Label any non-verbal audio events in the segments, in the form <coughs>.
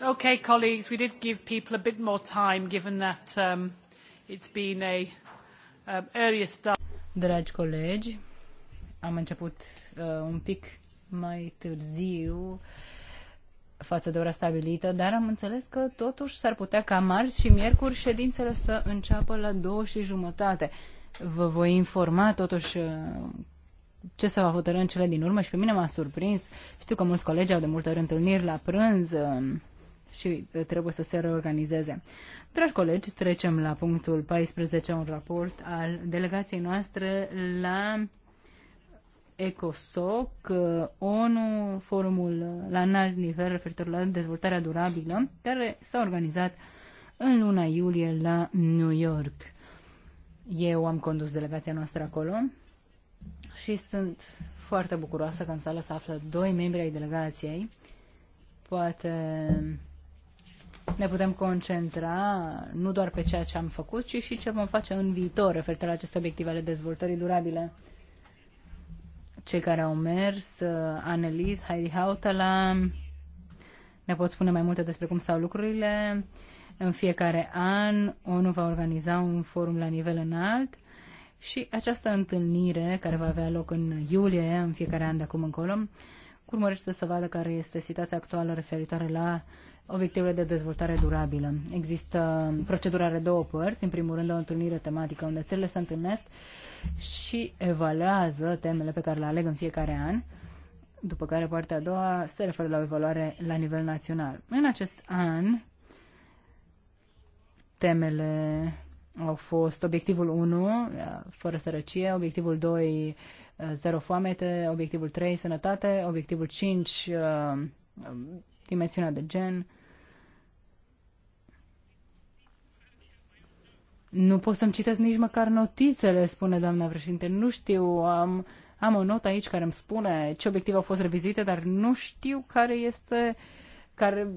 Okay, colleagues, we did give people a bit more time, given that um, it's been a um, earlier start. Dragi colegi, am început uh, un pic mai târziu față de ora stabilită, dar am înțeles că totuși s-ar putea ca marți și miercuri ședințele să înceapă la două și jumătate. Vă voi informa totuși uh, ce se va hotărâ în cele din urmă și pe mine m-a surprins. Știu că mulți colegi au de multe ori întâlniri la prânz, um, și uh, trebuie să se reorganizeze. Dragi colegi, trecem la punctul 14, un raport al delegației noastre la ECOSOC, uh, ONU, forumul uh, la înalt nivel referitor la dezvoltarea durabilă, care s-a organizat în luna iulie la New York. Eu am condus delegația noastră acolo și sunt foarte bucuroasă că în sală se află doi membri ai delegației. Poate ne putem concentra nu doar pe ceea ce am făcut, ci și ce vom face în viitor referitor la aceste obiective ale dezvoltării durabile. Cei care au mers, uh, Annelies, Heidi Hautala, ne pot spune mai multe despre cum stau lucrurile. În fiecare an, ONU va organiza un forum la nivel înalt și această întâlnire, care va avea loc în iulie, în fiecare an de acum încolo, urmărește să vadă care este situația actuală referitoare la uh, obiectivele de dezvoltare durabilă. Există, procedura are două părți. În primul rând, o întâlnire tematică unde țările se întâlnesc și evaluează temele pe care le aleg în fiecare an, după care partea a doua se referă la o evaluare la nivel național. În acest an, temele au fost obiectivul 1, fără sărăcie, obiectivul 2, zero foamete, obiectivul 3, sănătate, obiectivul 5, uh, um, dimensiunea de gen Nu pot să-mi citesc nici măcar notițele, spune doamna președinte. Nu știu, am, am o notă aici care îmi spune ce obiective au fost revizuite, dar nu știu care este care,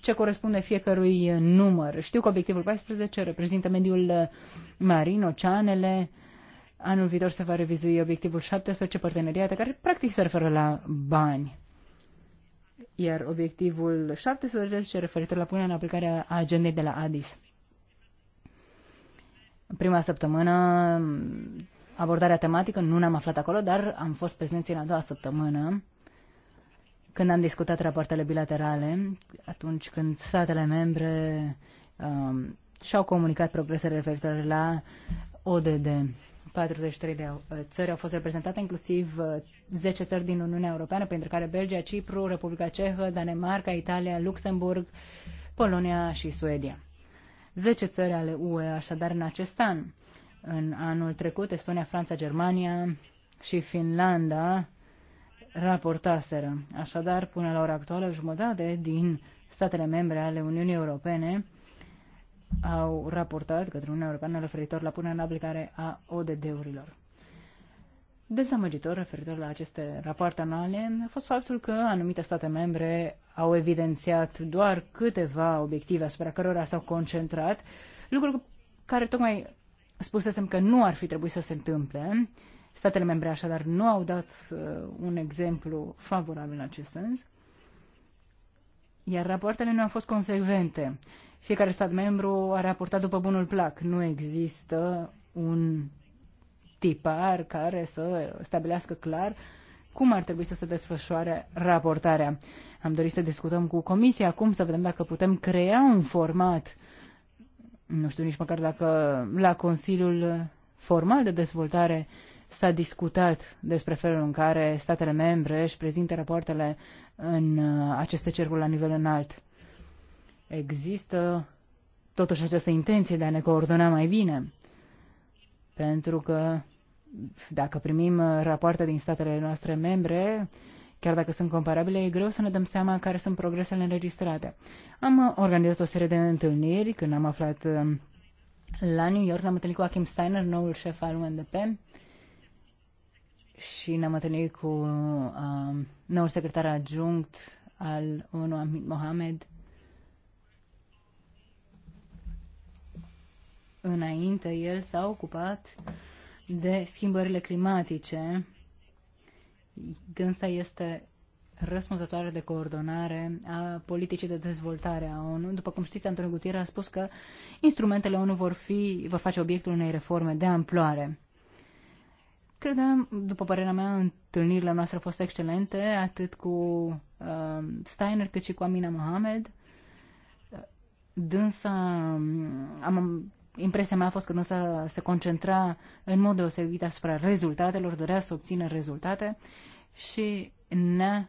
ce corespunde fiecărui număr. Știu că obiectivul 14 reprezintă mediul marin, oceanele. Anul viitor se va revizui obiectivul 17, parteneriate, care practic se referă la bani. Iar obiectivul 17 referitor la punerea în aplicare a agendei de la Addis. În prima săptămână abordarea tematică, nu ne-am aflat acolo, dar am fost prezenți în a doua săptămână când am discutat rapoartele bilaterale, atunci când statele membre um, și-au comunicat progresele referitoare la ODD. 43 de uh, țări au fost reprezentate, inclusiv 10 uh, țări din Uniunea Europeană, printre care Belgia, Cipru, Republica Cehă, Danemarca, Italia, Luxemburg, Polonia și Suedia. 10 țări ale UE, așadar în acest an. În anul trecut, Estonia, Franța, Germania și Finlanda raportaseră. Așadar, până la ora actuală, jumătate din statele membre ale Uniunii Europene au raportat către Uniunea Europeană referitor la punerea în aplicare a ODD-urilor dezamăgitor referitor la aceste rapoarte anuale a fost faptul că anumite state membre au evidențiat doar câteva obiective asupra cărora s-au concentrat, lucruri care tocmai spusesem că nu ar fi trebuit să se întâmple. Statele membre așadar nu au dat uh, un exemplu favorabil în acest sens, iar rapoartele nu au fost consecvente. Fiecare stat membru a raportat după bunul plac. Nu există un tipar care să stabilească clar cum ar trebui să se desfășoare raportarea. Am dorit să discutăm cu comisia acum să vedem dacă putem crea un format, nu știu nici măcar dacă la Consiliul Formal de Dezvoltare s-a discutat despre felul în care statele membre își prezintă rapoartele în uh, aceste cercuri la nivel înalt. Există totuși această intenție de a ne coordona mai bine, pentru că dacă primim uh, rapoarte din statele noastre membre, chiar dacă sunt comparabile, e greu să ne dăm seama care sunt progresele înregistrate. Am uh, organizat o serie de întâlniri când am aflat uh, la New York, ne-am întâlnit cu Achim Steiner, noul șef al UNDP, și ne-am întâlnit cu um, noul secretar adjunct al ONU, Amit Mohamed, înainte el s-a ocupat de schimbările climatice. Dânsa este răspunzătoare de coordonare a politicii de dezvoltare a ONU. După cum știți, Antonio Gutierrez a spus că instrumentele ONU vor, fi, vor face obiectul unei reforme de amploare. Credeam, după părerea mea, întâlnirile noastre au fost excelente, atât cu uh, Steiner cât și cu Amina Mohamed. Dânsa, um, am Impresia mea a fost că însă se concentra în mod deosebit asupra rezultatelor, dorea să obțină rezultate și ne-a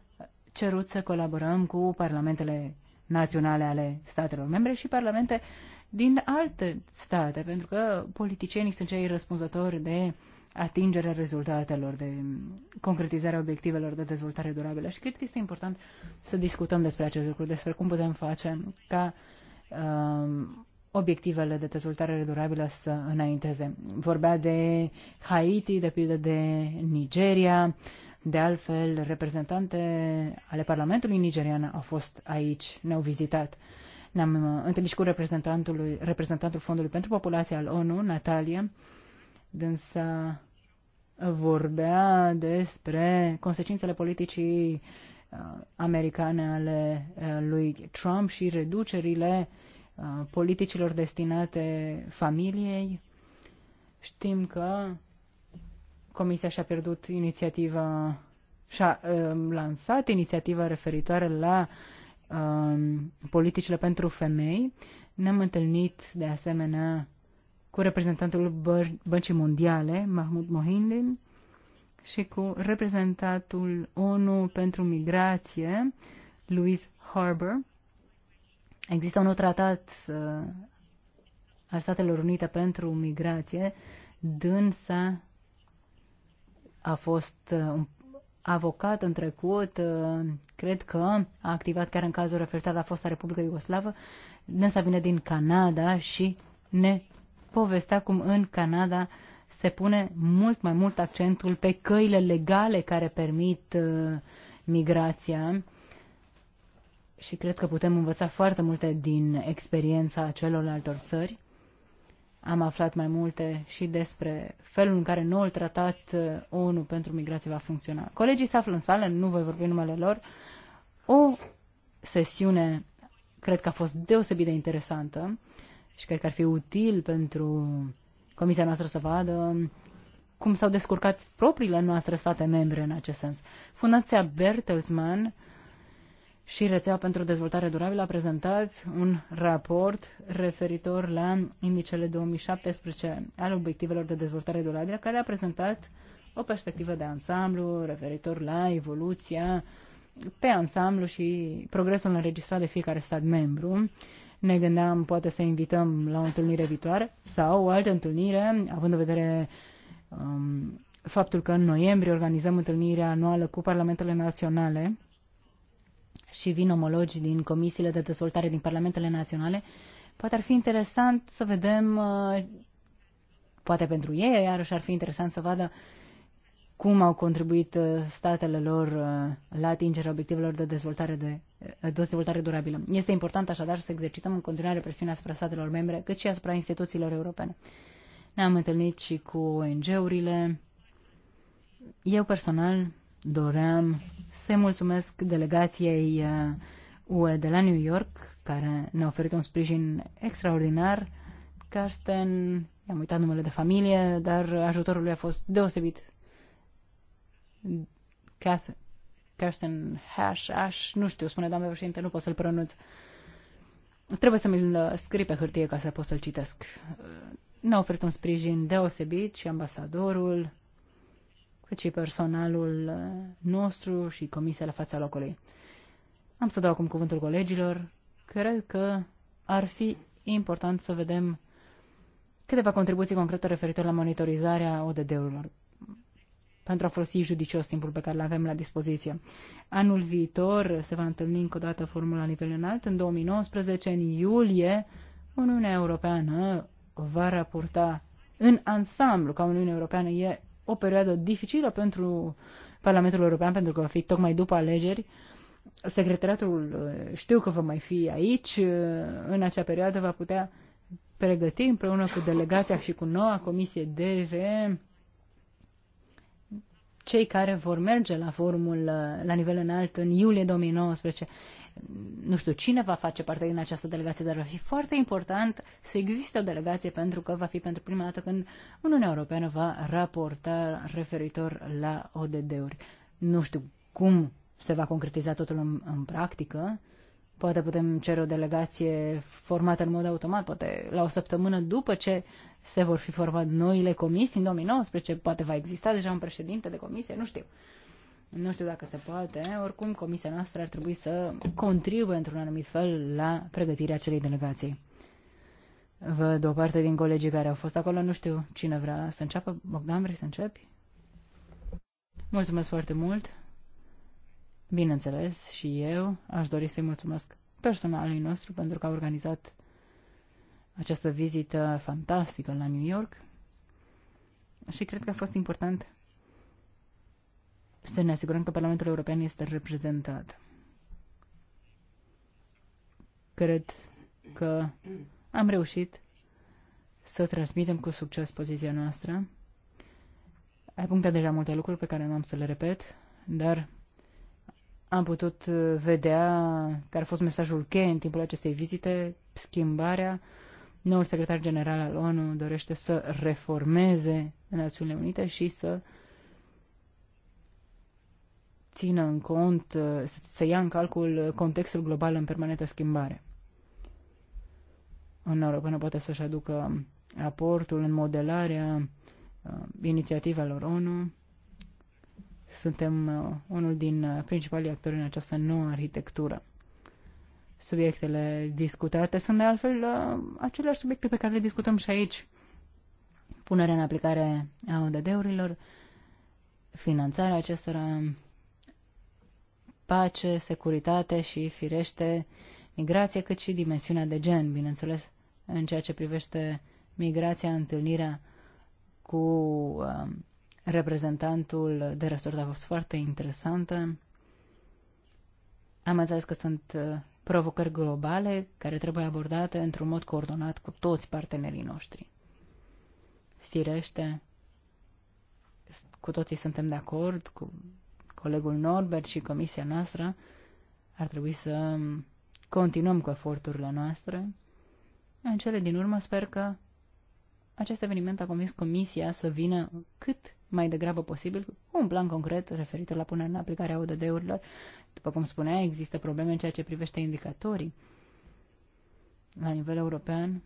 cerut să colaborăm cu parlamentele naționale ale statelor membre și parlamente din alte state, pentru că politicienii sunt cei răspunzători de atingerea rezultatelor, de concretizarea obiectivelor de dezvoltare durabilă. Și cred că este important să discutăm despre acest lucru, despre cum putem face ca uh, obiectivele de dezvoltare durabilă să înainteze. Vorbea de Haiti, de pildă de Nigeria, de altfel reprezentante ale Parlamentului nigerian au fost aici, ne-au vizitat. Ne-am întâlnit cu reprezentantul, reprezentantul Fondului pentru Populație al ONU, Natalia, dânsa vorbea despre consecințele politicii uh, americane ale uh, lui Trump și reducerile uh, politicilor destinate familiei. Știm că Comisia și-a pierdut inițiativa, și-a uh, lansat inițiativa referitoare la uh, politicile pentru femei. Ne-am întâlnit de asemenea cu reprezentantul Băncii Mondiale, Mahmoud Mohindin, și cu reprezentantul ONU pentru migrație, Louise Harbour. Există un nou tratat uh, al Statelor Unite pentru migrație, dânsa a fost uh, un avocat în trecut, uh, cred că a activat chiar în cazul referitor la fosta Republică Iugoslavă, dânsa vine din Canada și ne povestea cum în Canada se pune mult mai mult accentul pe căile legale care permit migrația și cred că putem învăța foarte multe din experiența celorlaltor țări. Am aflat mai multe și despre felul în care noul tratat uh, ONU pentru migrație va funcționa. Colegii se află în sală, nu voi vorbi numele lor. O sesiune cred că a fost deosebit de interesantă și cred că ar fi util pentru comisia noastră să vadă cum s-au descurcat propriile noastre state membre în acest sens. Fundația Bertelsmann și rețeaua pentru dezvoltare durabilă a prezentat un raport referitor la indicele 2017 al obiectivelor de dezvoltare durabilă, care a prezentat o perspectivă de ansamblu referitor la evoluția pe ansamblu și progresul înregistrat de fiecare stat membru. Ne gândeam poate să invităm la o întâlnire viitoare sau o altă întâlnire, având în vedere um, faptul că în noiembrie organizăm întâlnirea anuală cu parlamentele naționale și vin omologi din comisiile de dezvoltare din parlamentele naționale, poate ar fi interesant să vedem, uh, poate pentru ei, iarăși ar fi interesant să vadă cum au contribuit uh, statele lor uh, la atingerea obiectivelor de dezvoltare, de, de dezvoltare durabilă. Este important așadar să exercităm în continuare presiunea asupra statelor membre, cât și asupra instituțiilor europene. Ne-am întâlnit și cu ONG-urile. Eu personal doream se mulțumesc delegației UE uh, de la New York, care ne-a oferit un sprijin extraordinar. Carsten, i-am uitat numele de familie, dar ajutorul lui a fost deosebit. Cath Carsten Hash, Ash, nu știu, spune doamne președinte, nu pot să-l pronunț. Trebuie să mi-l uh, scrii pe hârtie ca să pot să-l citesc. Uh, ne-a oferit un sprijin deosebit și ambasadorul cât și personalul uh, nostru și comisia la fața locului. Am să dau acum cuvântul colegilor. Cred că ar fi important să vedem câteva contribuții concrete referitor la monitorizarea ODD-urilor pentru a folosi judicios timpul pe care îl avem la dispoziție. Anul viitor se va întâlni încă o dată formula la nivel înalt. În 2019, în iulie, Uniunea Europeană va raporta în ansamblu ca Uniunea Europeană e o perioadă dificilă pentru Parlamentul European, pentru că va fi tocmai după alegeri. Secretariatul uh, știu că va mai fi aici, uh, în acea perioadă va putea pregăti împreună cu delegația și cu noua comisie DVM cei care vor merge la forumul uh, la nivel înalt în iulie 2019. Nu știu cine va face parte din această delegație, dar va fi foarte important să existe o delegație pentru că va fi pentru prima dată când Uniunea Europeană va raporta referitor la ODD-uri. Nu știu cum se va concretiza totul în, în practică. Poate putem cere o delegație formată în mod automat, poate la o săptămână după ce se vor fi format noile comisii în 2019, poate va exista deja un președinte de comisie, nu știu. Nu știu dacă se poate, oricum comisia noastră ar trebui să contribuie într-un anumit fel la pregătirea acelei delegații. Văd o parte din colegii care au fost acolo, nu știu cine vrea să înceapă. Bogdan, vrei să începi? Mulțumesc foarte mult! Bineînțeles, și eu aș dori să-i mulțumesc personalului nostru pentru că a organizat această vizită fantastică la New York și cred că a fost important să ne asigurăm că Parlamentul European este reprezentat. Cred că am reușit să transmitem cu succes poziția noastră. Ai punctat deja multe lucruri pe care nu am să le repet, dar am putut vedea care a fost mesajul cheie în timpul acestei vizite, schimbarea Noul secretar general al ONU dorește să reformeze Națiunile Unite și să țină în cont, să ia în calcul contextul global în permanentă schimbare. Uniunea Europeană poate să-și aducă aportul în modelarea uh, inițiativelor ONU. Suntem uh, unul din uh, principalii actori în această nouă arhitectură. Subiectele discutate sunt de altfel uh, aceleași subiecte pe care le discutăm și aici. Punerea în aplicare a ODD-urilor, finanțarea acestora, pace, securitate și, firește, migrație, cât și dimensiunea de gen, bineînțeles, în ceea ce privește migrația, întâlnirea cu um, reprezentantul de resort a fost foarte interesantă. Am înțeles că sunt uh, provocări globale care trebuie abordate într-un mod coordonat cu toți partenerii noștri. Firește, cu toții suntem de acord, cu colegul Norbert și comisia noastră, ar trebui să continuăm cu eforturile noastre. În cele din urmă sper că acest eveniment a convins comisia să vină cât mai degrabă posibil cu un plan concret referitor la punerea în aplicare a ODD-urilor. După cum spunea, există probleme în ceea ce privește indicatorii. La nivel european,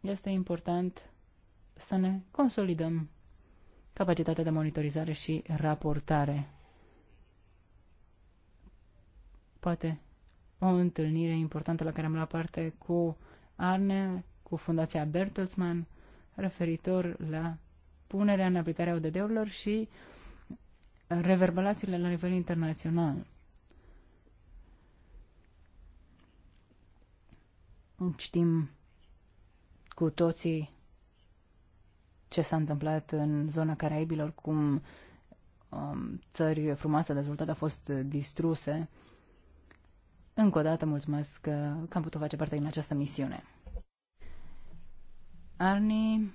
este important să ne consolidăm capacitatea de monitorizare și raportare. Poate o întâlnire importantă la care am luat parte cu Arne, cu Fundația Bertelsmann, referitor la punerea în aplicare a ODD-urilor și reverberațiile la nivel internațional. Știm cu toții ce s-a întâmplat în zona Caraibilor, cum um, țări frumoase dezvoltate au fost distruse. Încă o dată mulțumesc că, am putut face parte din această misiune. Arnie.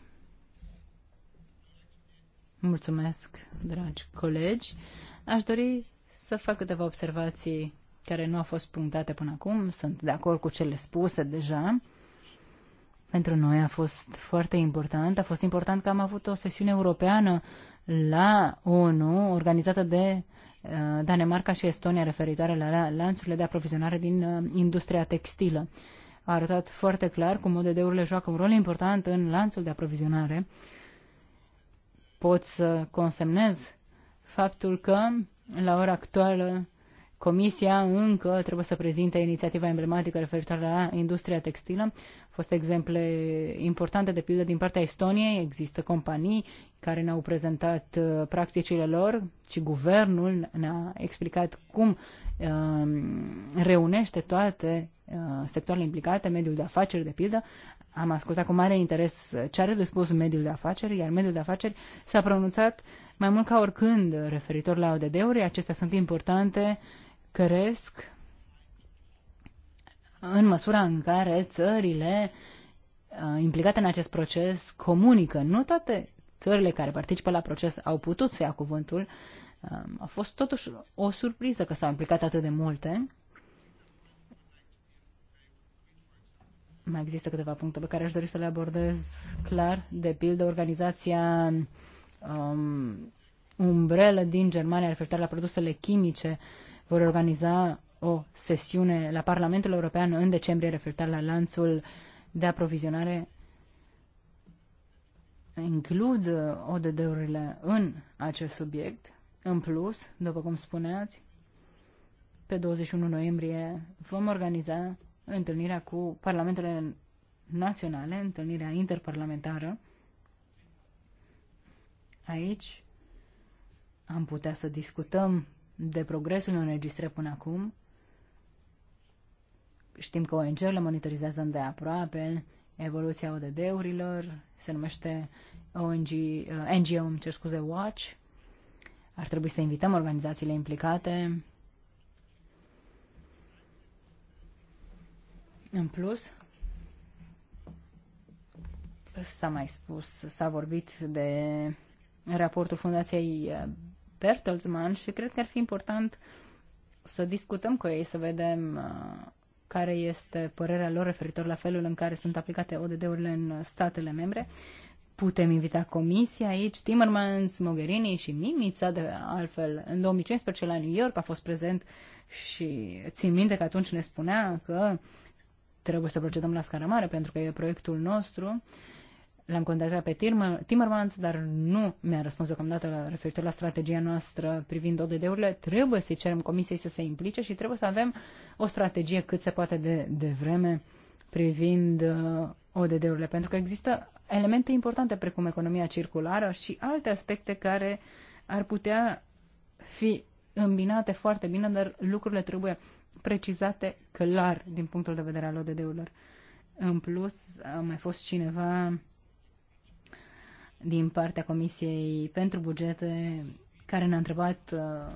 Mulțumesc, dragi colegi. Aș dori să fac câteva observații care nu au fost punctate până acum. Sunt de acord cu cele spuse deja. Pentru noi a fost foarte important. A fost important că am avut o sesiune europeană la ONU, organizată de uh, Danemarca și Estonia referitoare la lanțurile de aprovizionare din uh, industria textilă. A arătat foarte clar cum ODD-urile joacă un rol important în lanțul de aprovizionare pot să consemnez faptul că, la ora actuală, Comisia încă trebuie să prezinte inițiativa emblematică referitoare la industria textilă. Au fost exemple importante, de pildă, din partea Estoniei. Există companii care ne-au prezentat uh, practicile lor și guvernul ne-a explicat cum um, reunește toate uh, sectoarele implicate, mediul de afaceri, de pildă. Am ascultat cu mare interes ce are de spus mediul de afaceri, iar mediul de afaceri s-a pronunțat mai mult ca oricând referitor la ODD-uri. Acestea sunt importante, cresc în măsura în care țările uh, implicate în acest proces comunică. Nu toate țările care participă la proces au putut să ia cuvântul. Um, a fost totuși o surpriză că s-au implicat atât de multe. Mai există câteva puncte pe care aș dori să le abordez clar. De pildă, organizația um, Umbrelă din Germania referitoare la produsele chimice vor organiza o sesiune la Parlamentul European în decembrie referitoare la lanțul de aprovizionare includ ODD-urile în acest subiect. În plus, după cum spuneați, pe 21 noiembrie vom organiza întâlnirea cu parlamentele naționale, întâlnirea interparlamentară. Aici am putea să discutăm de progresul înregistrat până acum. Știm că ONG-urile monitorizează îndeaproape evoluția ODD-urilor, se numește ONG, eh, NGO, îmi cer scuze, Watch. Ar trebui să invităm organizațiile implicate În plus, s-a mai spus, s-a vorbit de raportul Fundației eh, Bertelsmann și cred că ar fi important să discutăm cu ei, să vedem eh, care este părerea lor referitor la felul în care sunt aplicate ODD-urile în statele membre. Putem invita comisia aici, Timmermans, Mogherini și Mimița, de altfel, în 2015 la New York a fost prezent și țin minte că atunci ne spunea că uh, trebuie să procedăm la scară mare pentru că e proiectul nostru. L-am contactat pe Timmermans, dar nu mi-a răspuns deocamdată la, referitor la strategia noastră privind ODD-urile. Trebuie să-i cerem comisiei să se implice și trebuie să avem o strategie cât se poate de, de vreme privind uh, ODD-urile, pentru că există elemente importante precum economia circulară și alte aspecte care ar putea fi îmbinate foarte bine, dar lucrurile trebuie precizate clar din punctul de vedere al ODD-urilor. În plus, a mai fost cineva din partea Comisiei pentru Bugete care ne-a întrebat uh,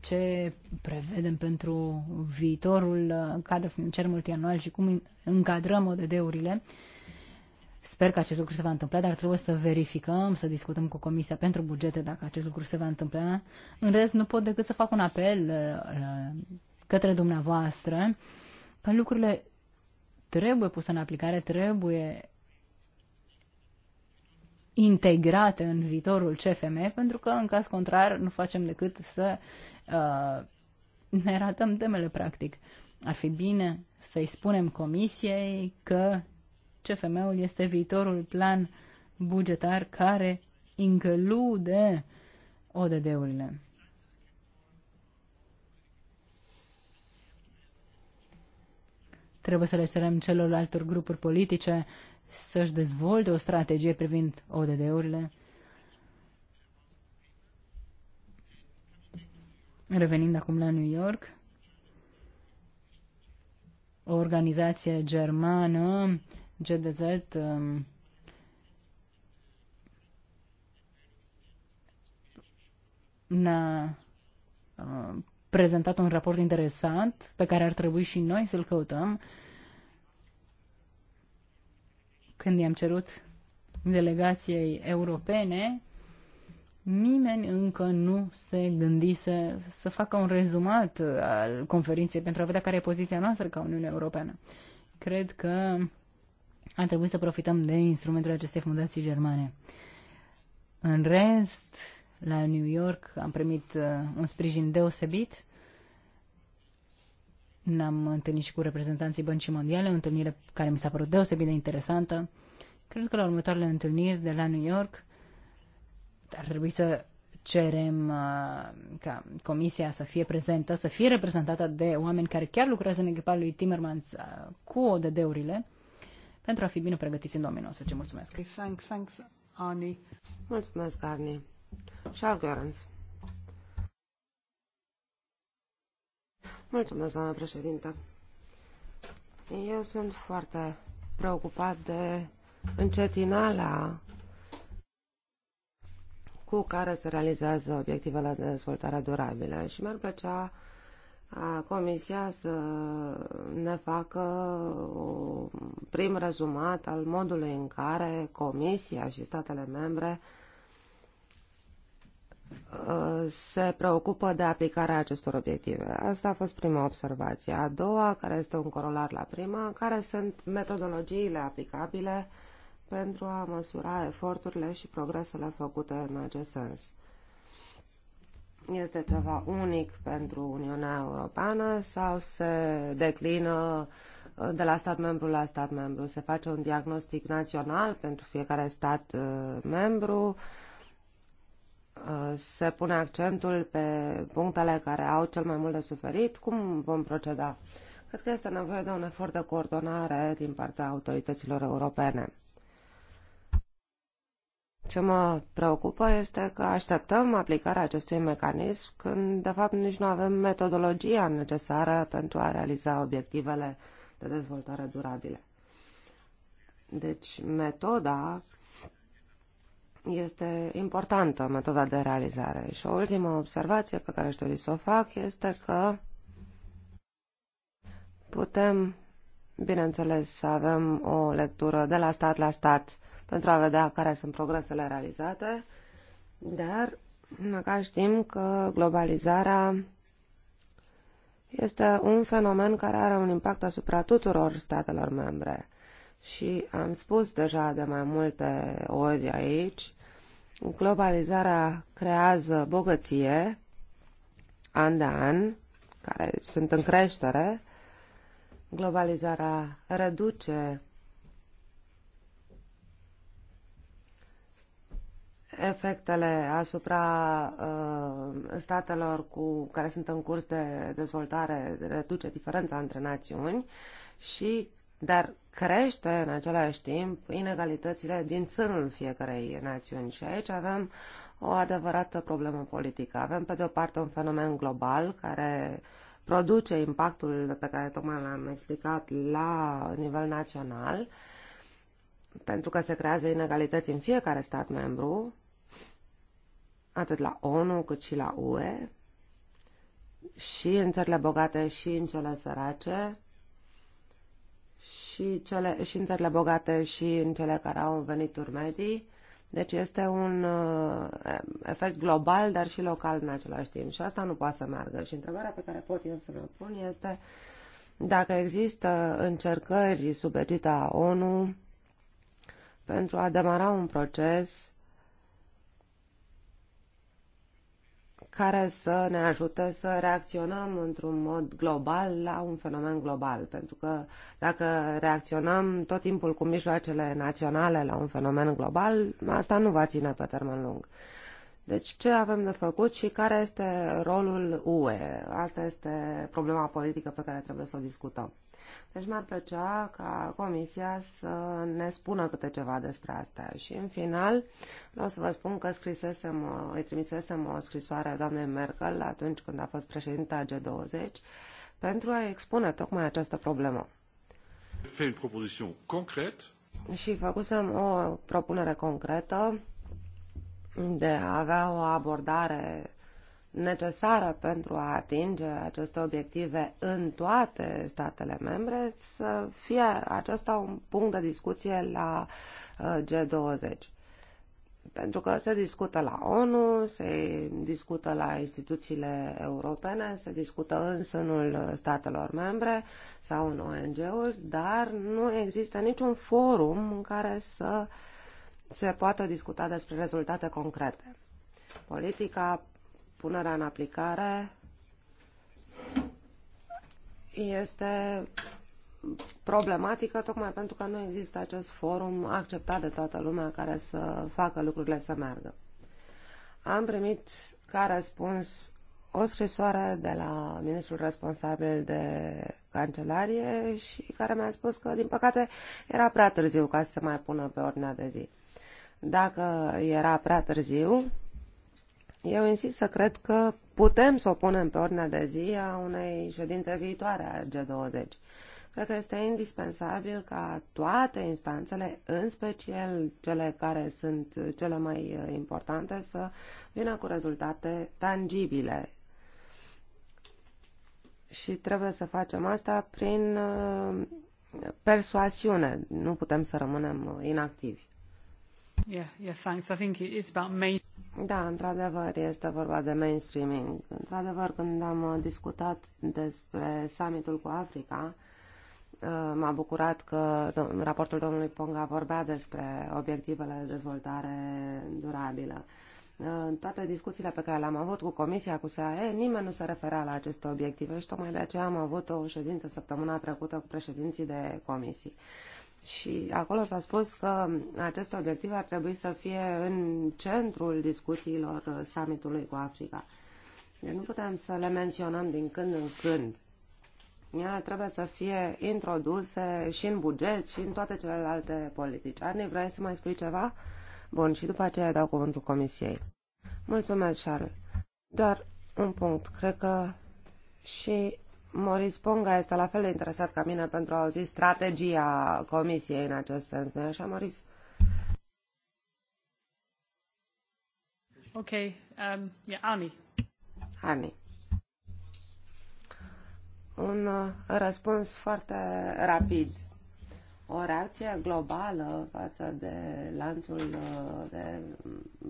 ce prevedem pentru viitorul uh, cadru financiar multianual și cum încadrăm ODD-urile. Sper că acest lucru se va întâmpla, dar trebuie să verificăm, să discutăm cu Comisia pentru Bugete dacă acest lucru se va întâmpla. În rest, nu pot decât să fac un apel uh, către dumneavoastră că lucrurile trebuie puse în aplicare, trebuie integrate în viitorul CFM, pentru că în caz contrar nu facem decât să uh, ne ratăm temele practic. Ar fi bine să-i spunem comisiei că CFM-ul este viitorul plan bugetar care include ODD-urile. Trebuie să le cerem altor grupuri politice să-și dezvolte o strategie privind ODD-urile. Revenind acum la New York, o organizație germană, GDZ, um, na. a uh, prezentat un raport interesant pe care ar trebui și noi să-l căutăm. Când i-am cerut delegației europene, nimeni încă nu se gândise să facă un rezumat al conferinței pentru a vedea care e poziția noastră ca Uniune Europeană. Cred că ar trebui să profităm de instrumentul acestei fundații germane. În rest, la New York am primit uh, un sprijin deosebit. Ne-am întâlnit și cu reprezentanții Băncii Mondiale, o întâlnire care mi s-a părut deosebit de interesantă. Cred că la următoarele întâlniri de la New York ar trebui să cerem uh, ca comisia să fie prezentă, să fie reprezentată de oameni care chiar lucrează în echipa lui Timmermans uh, cu ODD-urile pentru a fi bine pregătiți în 2019. Mulțumesc! Thanks, thanks, Ani. Mulțumesc, Arnie! Charles Görens. Mulțumesc, doamnă președinte. Eu sunt foarte preocupat de încetinala cu care se realizează obiectivele de dezvoltare durabilă și mi-ar plăcea a Comisia să ne facă un prim rezumat al modului în care Comisia și statele membre se preocupă de aplicarea acestor obiective. Asta a fost prima observație. A doua, care este un corolar la prima, care sunt metodologiile aplicabile pentru a măsura eforturile și progresele făcute în acest sens. Este ceva unic pentru Uniunea Europeană sau se declină de la stat membru la stat membru? Se face un diagnostic național pentru fiecare stat uh, membru? Uh, se pune accentul pe punctele care au cel mai mult de suferit, cum vom proceda? Cred că este nevoie de un efort de coordonare din partea autorităților europene. Ce mă preocupă este că așteptăm aplicarea acestui mecanism când, de fapt, nici nu avem metodologia necesară pentru a realiza obiectivele de dezvoltare durabile. Deci, metoda este importantă metoda de realizare. Și o ultimă observație pe care aș dori să o fac este că putem, bineînțeles, să avem o lectură de la stat la stat pentru a vedea care sunt progresele realizate, dar măcar știm că globalizarea este un fenomen care are un impact asupra tuturor statelor membre. Și am spus deja de mai multe ori aici globalizarea creează bogăție an de an, care sunt în creștere, globalizarea reduce efectele asupra uh, statelor cu, care sunt în curs de dezvoltare reduce diferența între națiuni și dar crește în același timp inegalitățile din sânul fiecarei națiuni. Și aici avem o adevărată problemă politică. Avem, pe de o parte, un fenomen global care produce impactul pe care tocmai l-am explicat la nivel național, pentru că se creează inegalități în fiecare stat membru, atât la ONU cât și la UE, și în țările bogate și în cele sărace, și, cele, și în țările bogate și în cele care au venituri medii. Deci este un uh, efect global, dar și local în același timp. Și asta nu poate să meargă. Și întrebarea pe care pot eu să mi-o pun este dacă există încercări sub egida ONU pentru a demara un proces care să ne ajute să reacționăm într-un mod global la un fenomen global. Pentru că dacă reacționăm tot timpul cu mijloacele naționale la un fenomen global, asta nu va ține pe termen lung. Deci ce avem de făcut și care este rolul UE? Asta este problema politică pe care trebuie să o discutăm. Deci mi-ar plăcea ca Comisia să ne spună câte ceva despre asta. Și în final vreau să vă spun că scrisesem, îi trimisesem o scrisoare a doamnei Merkel atunci când a fost președinta G20 pentru a expune tocmai această problemă. Și făcusem o propunere concretă de a avea o abordare necesară pentru a atinge aceste obiective în toate statele membre, să fie acesta un punct de discuție la uh, G20. Pentru că se discută la ONU, se discută la instituțiile europene, se discută în sânul statelor membre sau în ONG-uri, dar nu există niciun forum în care să se poată discuta despre rezultate concrete. Politica punerea în aplicare este problematică tocmai pentru că nu există acest forum acceptat de toată lumea care să facă lucrurile să meargă. Am primit ca răspuns o scrisoare de la ministrul responsabil de cancelarie și care mi-a spus că, din păcate, era prea târziu ca să se mai pună pe ordinea de zi. Dacă era prea târziu, eu insist să cred că putem să o punem pe ordinea de zi a unei ședințe viitoare a G20. Cred că este indispensabil ca toate instanțele, în special cele care sunt cele mai uh, importante, să vină cu rezultate tangibile. Și trebuie să facem asta prin uh, persoasiune. Nu putem să rămânem uh, inactivi. Da, într-adevăr, este vorba de mainstreaming. Într-adevăr, când am uh, discutat despre summitul cu Africa, uh, m-a bucurat că raportul domnului Ponga vorbea despre obiectivele de dezvoltare durabilă. Uh, în toate discuțiile pe care le-am avut cu Comisia, cu SAE, nimeni nu se referea la aceste obiective și tocmai de aceea am avut o ședință săptămâna trecută cu președinții de comisii. Și acolo s-a spus că acest obiectiv ar trebui să fie în centrul discuțiilor uh, summitului cu Africa. Deci nu putem să le menționăm din când în când. Ele trebuie să fie introduse și în buget și în toate celelalte politici. Arne, vrei să mai spui ceva? Bun, și după aceea dau cuvântul Comisiei. Mulțumesc, Charles. Doar un punct. Cred că și Moris Ponga este la fel de interesat ca mine pentru a auzi strategia Comisiei în acest sens, nu-i așa, Moris? Ok, um, yeah, Ani. Ani. Un uh, răspuns foarte rapid o reacție globală față de lanțul uh, de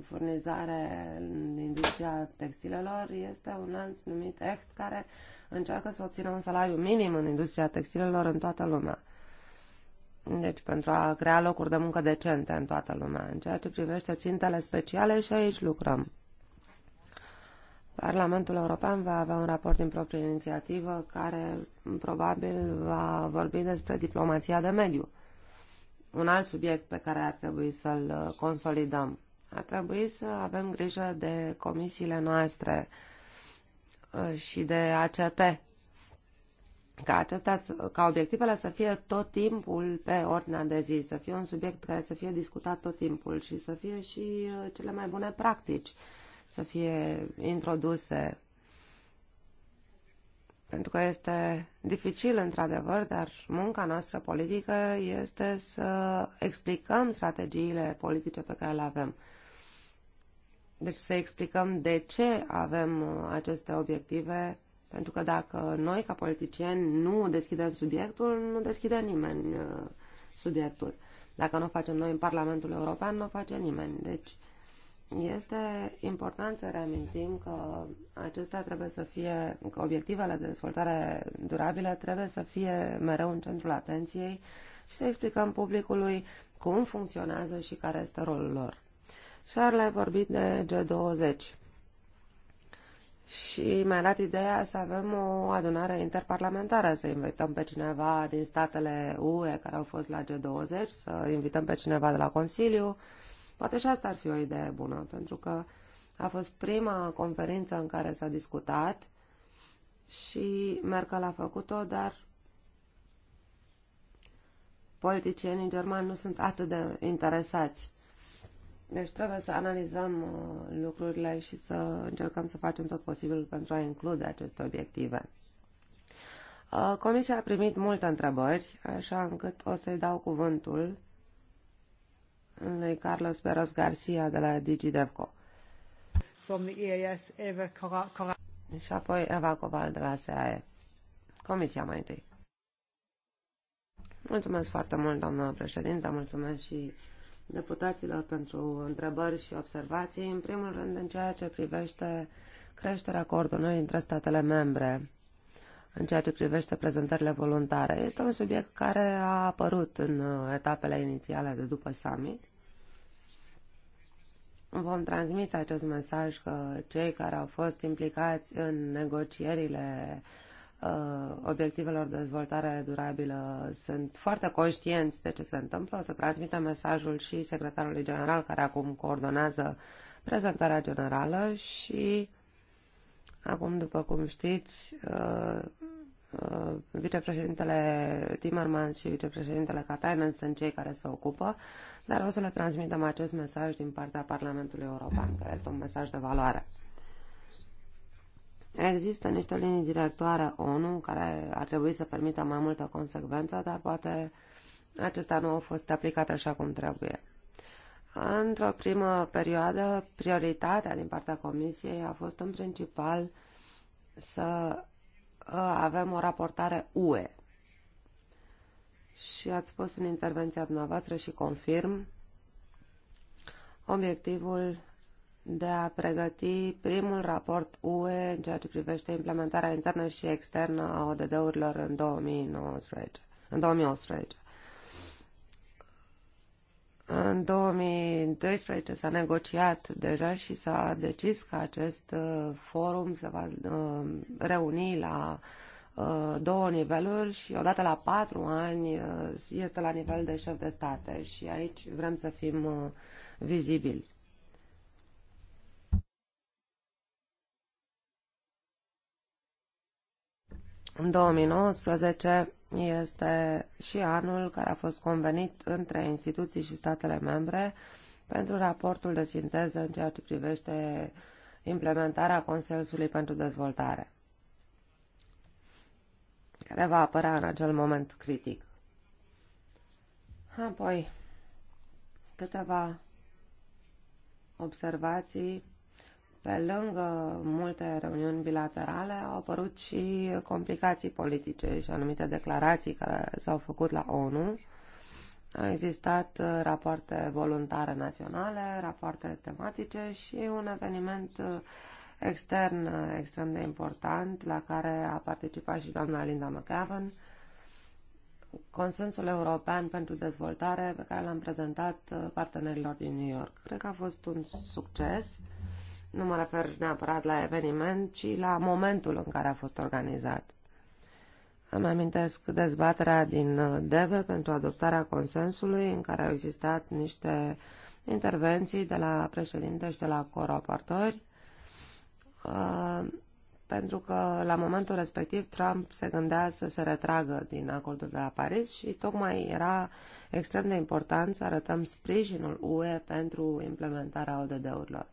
furnizare în industria textilelor este un lanț numit ECT care încearcă să obțină un salariu minim în industria textilelor în toată lumea. Deci pentru a crea locuri de muncă decente în toată lumea. În ceea ce privește țintele speciale și aici lucrăm. Parlamentul European va avea un raport din proprie inițiativă care probabil va vorbi despre diplomația de mediu. Un alt subiect pe care ar trebui să-l consolidăm. Ar trebui să avem grijă de comisiile noastre uh, și de ACP, ca, acestea, ca obiectivele să fie tot timpul pe ordinea de zi, să fie un subiect care să fie discutat tot timpul și să fie și uh, cele mai bune practici să fie introduse, pentru că este dificil într-adevăr, dar munca noastră politică este să explicăm strategiile politice pe care le avem. Deci să explicăm de ce avem uh, aceste obiective, pentru că dacă noi, ca politicieni, nu deschidem subiectul, nu deschide nimeni uh, subiectul. Dacă nu o facem noi în Parlamentul European, nu o face nimeni. Deci este important să reamintim că acestea trebuie să fie, că obiectivele de dezvoltare durabilă trebuie să fie mereu în centrul atenției și să explicăm publicului cum funcționează și care este rolul lor. Charles a vorbit de G20 și mi-a dat ideea să avem o adunare interparlamentară, să invităm pe cineva din statele UE care au fost la G20, să invităm pe cineva de la Consiliu, Poate și asta ar fi o idee bună, pentru că a fost prima conferință în care s-a discutat și Merkel a făcut-o, dar politicienii germani nu sunt atât de interesați. Deci trebuie să analizăm uh, lucrurile și să încercăm să facem tot posibilul pentru a include aceste obiective. Uh, Comisia a primit multe întrebări, așa încât o să-i dau cuvântul lui Carlos Peros Garcia de la DigiDevco. From the EAS, Eva Cora, Cora. Și apoi Eva Coval de la SAE. Comisia mai întâi. Mulțumesc foarte mult, doamnă președinte, mulțumesc și deputaților pentru întrebări și observații. În primul rând, în ceea ce privește creșterea coordonării între statele membre în ceea ce privește prezentările voluntare. Este un subiect care a apărut în uh, etapele inițiale de după summit. Vom transmite acest mesaj că cei care au fost implicați în negocierile uh, obiectivelor de dezvoltare durabilă sunt foarte conștienți de ce se întâmplă. O să transmită mesajul și secretarului general care acum coordonează prezentarea generală și Acum, după cum știți, uh, Uh, vicepreședintele Timmermans și vicepreședintele Katainen sunt cei care se ocupă, dar o să le transmitem acest mesaj din partea Parlamentului European, care este un mesaj de valoare. Există niște linii directoare ONU care ar trebui să permită mai multă consecvență, dar poate acestea nu au fost aplicate așa cum trebuie. Într-o primă perioadă, prioritatea din partea Comisiei a fost în principal să Uh, avem o raportare UE. Și ați spus în intervenția dumneavoastră și confirm obiectivul de a pregăti primul raport UE în ceea ce privește implementarea internă și externă a ODD-urilor în 2019. În 2018. În 2012 s-a negociat deja și s-a decis că acest uh, forum se va uh, reuni la uh, două niveluri și odată la patru ani este la nivel de șef de state și aici vrem să fim vizibili. În 2019 este și anul care a fost convenit între instituții și statele membre pentru raportul de sinteză în ceea ce privește implementarea consensului pentru dezvoltare, care va apărea în acel moment critic. Apoi, câteva observații pe lângă multe reuniuni bilaterale, au apărut și complicații politice și anumite declarații care s-au făcut la ONU. Au existat uh, rapoarte voluntare naționale, rapoarte tematice și un eveniment uh, extern uh, extrem de important la care a participat și doamna Linda McGavin, Consensul European pentru Dezvoltare pe care l-am prezentat partenerilor din New York. Cred că a fost un succes nu mă refer neapărat la eveniment, ci la momentul în care a fost organizat. Îmi amintesc dezbaterea din uh, DEVE pentru adoptarea consensului, în care au existat niște intervenții de la președinte și de la coraportori, uh, pentru că la momentul respectiv Trump se gândea să se retragă din acordul de la Paris și tocmai era extrem de important să arătăm sprijinul UE pentru implementarea ODD-urilor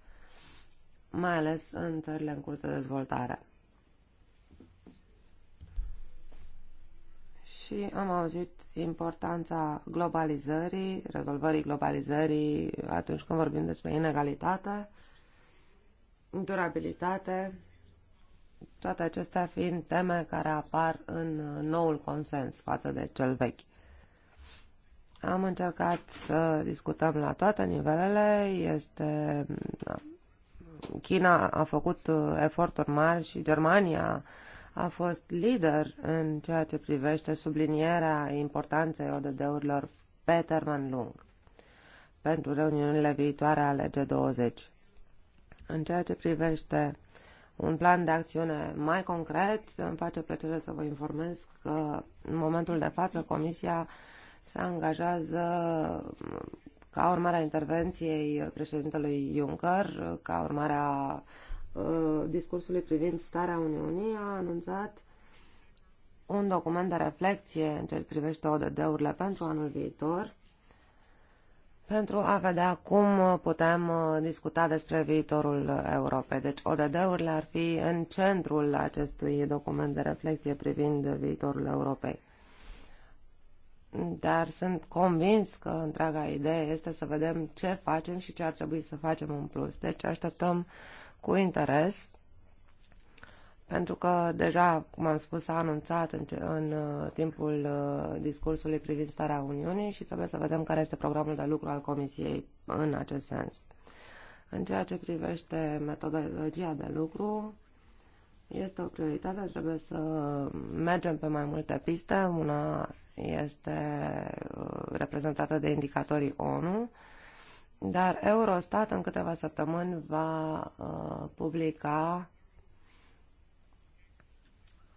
mai ales în țările în curs de dezvoltare. și am auzit importanța globalizării, rezolvării globalizării atunci când vorbim despre inegalitate, durabilitate, toate acestea fiind teme care apar în noul consens față de cel vechi. Am încercat să discutăm la toate nivelele, este da, China a făcut uh, eforturi mari și Germania a fost lider în ceea ce privește sublinierea importanței ODD-urilor pe termen lung pentru reuniunile viitoare ale G20. În ceea ce privește un plan de acțiune mai concret, îmi face plăcere să vă informez că în momentul de față Comisia se angajează ca urmare a intervenției președintelui Juncker, ca urmare a uh, discursului privind starea Uniunii, a anunțat un document de reflexie în ce privește ODD-urile pentru anul viitor, pentru a vedea cum putem uh, discuta despre viitorul Europei. Deci ODD-urile ar fi în centrul acestui document de reflexie privind viitorul Europei dar sunt convins că întreaga idee este să vedem ce facem și ce ar trebui să facem în plus. Deci așteptăm cu interes, pentru că deja, cum am spus, s-a anunțat în, în uh, timpul uh, discursului privind starea Uniunii și trebuie să vedem care este programul de lucru al Comisiei în acest sens. În ceea ce privește metodologia de lucru, este o prioritate, trebuie să mergem pe mai multe piste. Una este uh, reprezentată de indicatorii ONU, dar Eurostat în câteva săptămâni va uh, publica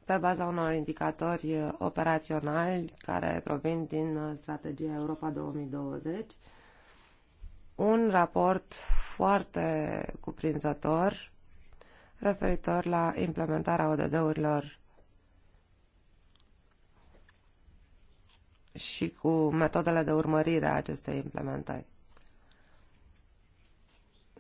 pe baza unor indicatori operaționali care provin din uh, strategia Europa 2020, un raport foarte cuprinzător referitor la implementarea ODD-urilor și cu metodele de urmărire a acestei implementări.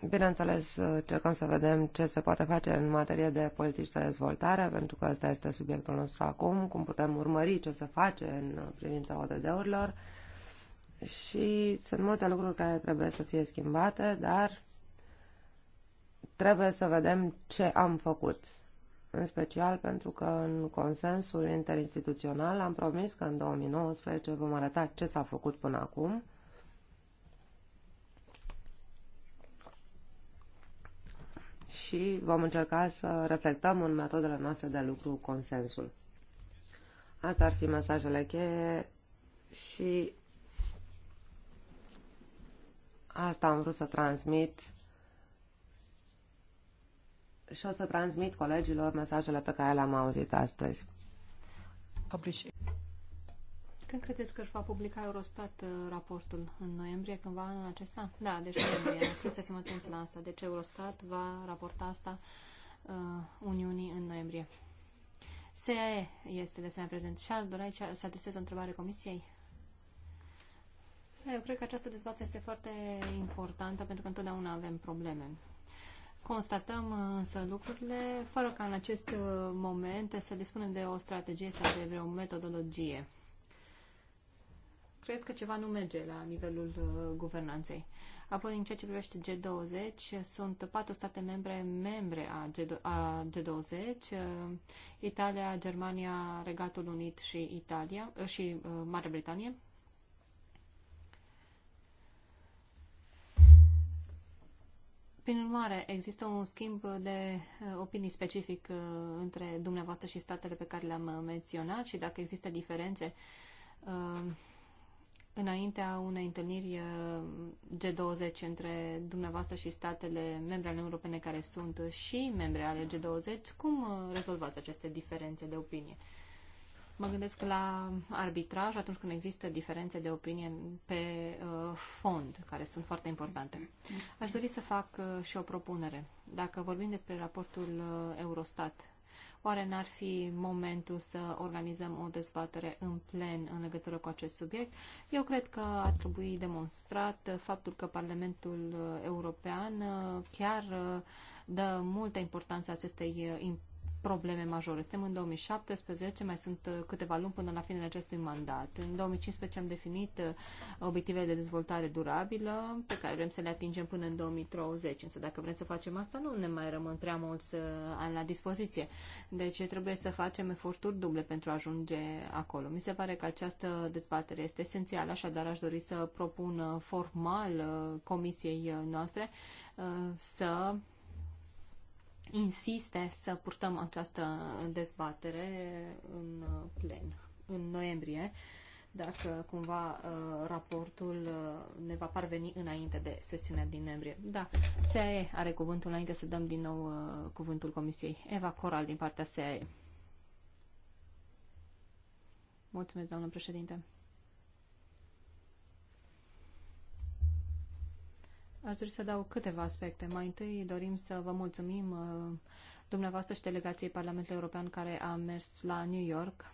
Bineînțeles, cercăm să vedem ce se poate face în materie de politici de dezvoltare, pentru că ăsta este subiectul nostru acum, cum putem urmări ce se face în privința ODD-urilor. Și sunt multe lucruri care trebuie să fie schimbate, dar trebuie să vedem ce am făcut în special pentru că în consensul interinstituțional am promis că în 2019 vom arăta ce s-a făcut până acum și vom încerca să reflectăm în metodele noastre de lucru consensul. Asta ar fi mesajele cheie și asta am vrut să transmit și o să transmit colegilor mesajele pe care le-am auzit astăzi. Publici. Când credeți că își va publica Eurostat uh, raportul? În noiembrie, cândva în acesta? Da, deci noiembrie. Trebuie să fim atenți la asta. Deci Eurostat va raporta asta uh, Uniunii în noiembrie. SAE este de asemenea prezent. Și Charles, aici să adresez o întrebare Comisiei? eu cred că această dezbatere este foarte importantă pentru că întotdeauna avem probleme. Constatăm uh, însă lucrurile fără ca în acest uh, moment să dispunem de o strategie sau de vreo metodologie. Cred că ceva nu merge la nivelul uh, guvernanței. Apoi, în ceea ce privește G20, sunt patru state membre membre a, G- a G20, Italia, Germania, Regatul Unit și Italia și Marea Britanie. Prin urmare, există un schimb de uh, opinii specific uh, între dumneavoastră și statele pe care le-am uh, menționat și dacă există diferențe înaintea unei întâlniri G20 între dumneavoastră și statele membre ale europene care sunt și membre ale G20, cum rezolvați aceste diferențe de opinie? Mă gândesc la arbitraj atunci când există diferențe de opinie pe uh, fond, care sunt foarte importante. Aș dori să fac uh, și o propunere. Dacă vorbim despre raportul uh, Eurostat, oare n-ar fi momentul să organizăm o dezbatere în plen în legătură cu acest subiect? Eu cred că ar trebui demonstrat uh, faptul că Parlamentul uh, European uh, chiar uh, dă multă importanță acestei uh, probleme majore. Suntem în 2017, mai sunt uh, câteva luni până la finele acestui mandat. În 2015 am definit uh, obiectivele de dezvoltare durabilă pe care vrem să le atingem până în 2030, însă dacă vrem să facem asta, nu ne mai rămân prea mulți uh, ani la dispoziție. Deci trebuie să facem eforturi duble pentru a ajunge acolo. Mi se pare că această dezbatere este esențială, așadar aș dori să propun formal comisiei noastre să insiste să purtăm această dezbatere în uh, plen, în noiembrie, dacă cumva uh, raportul uh, ne va parveni înainte de sesiunea din noiembrie. Da, SAE are cuvântul înainte să dăm din nou cuvântul Comisiei. Eva Coral din partea SAE. Mulțumesc, doamnă președinte. Aș dori să dau câteva aspecte. Mai întâi dorim să vă mulțumim uh, dumneavoastră și delegației Parlamentului European care a mers la New York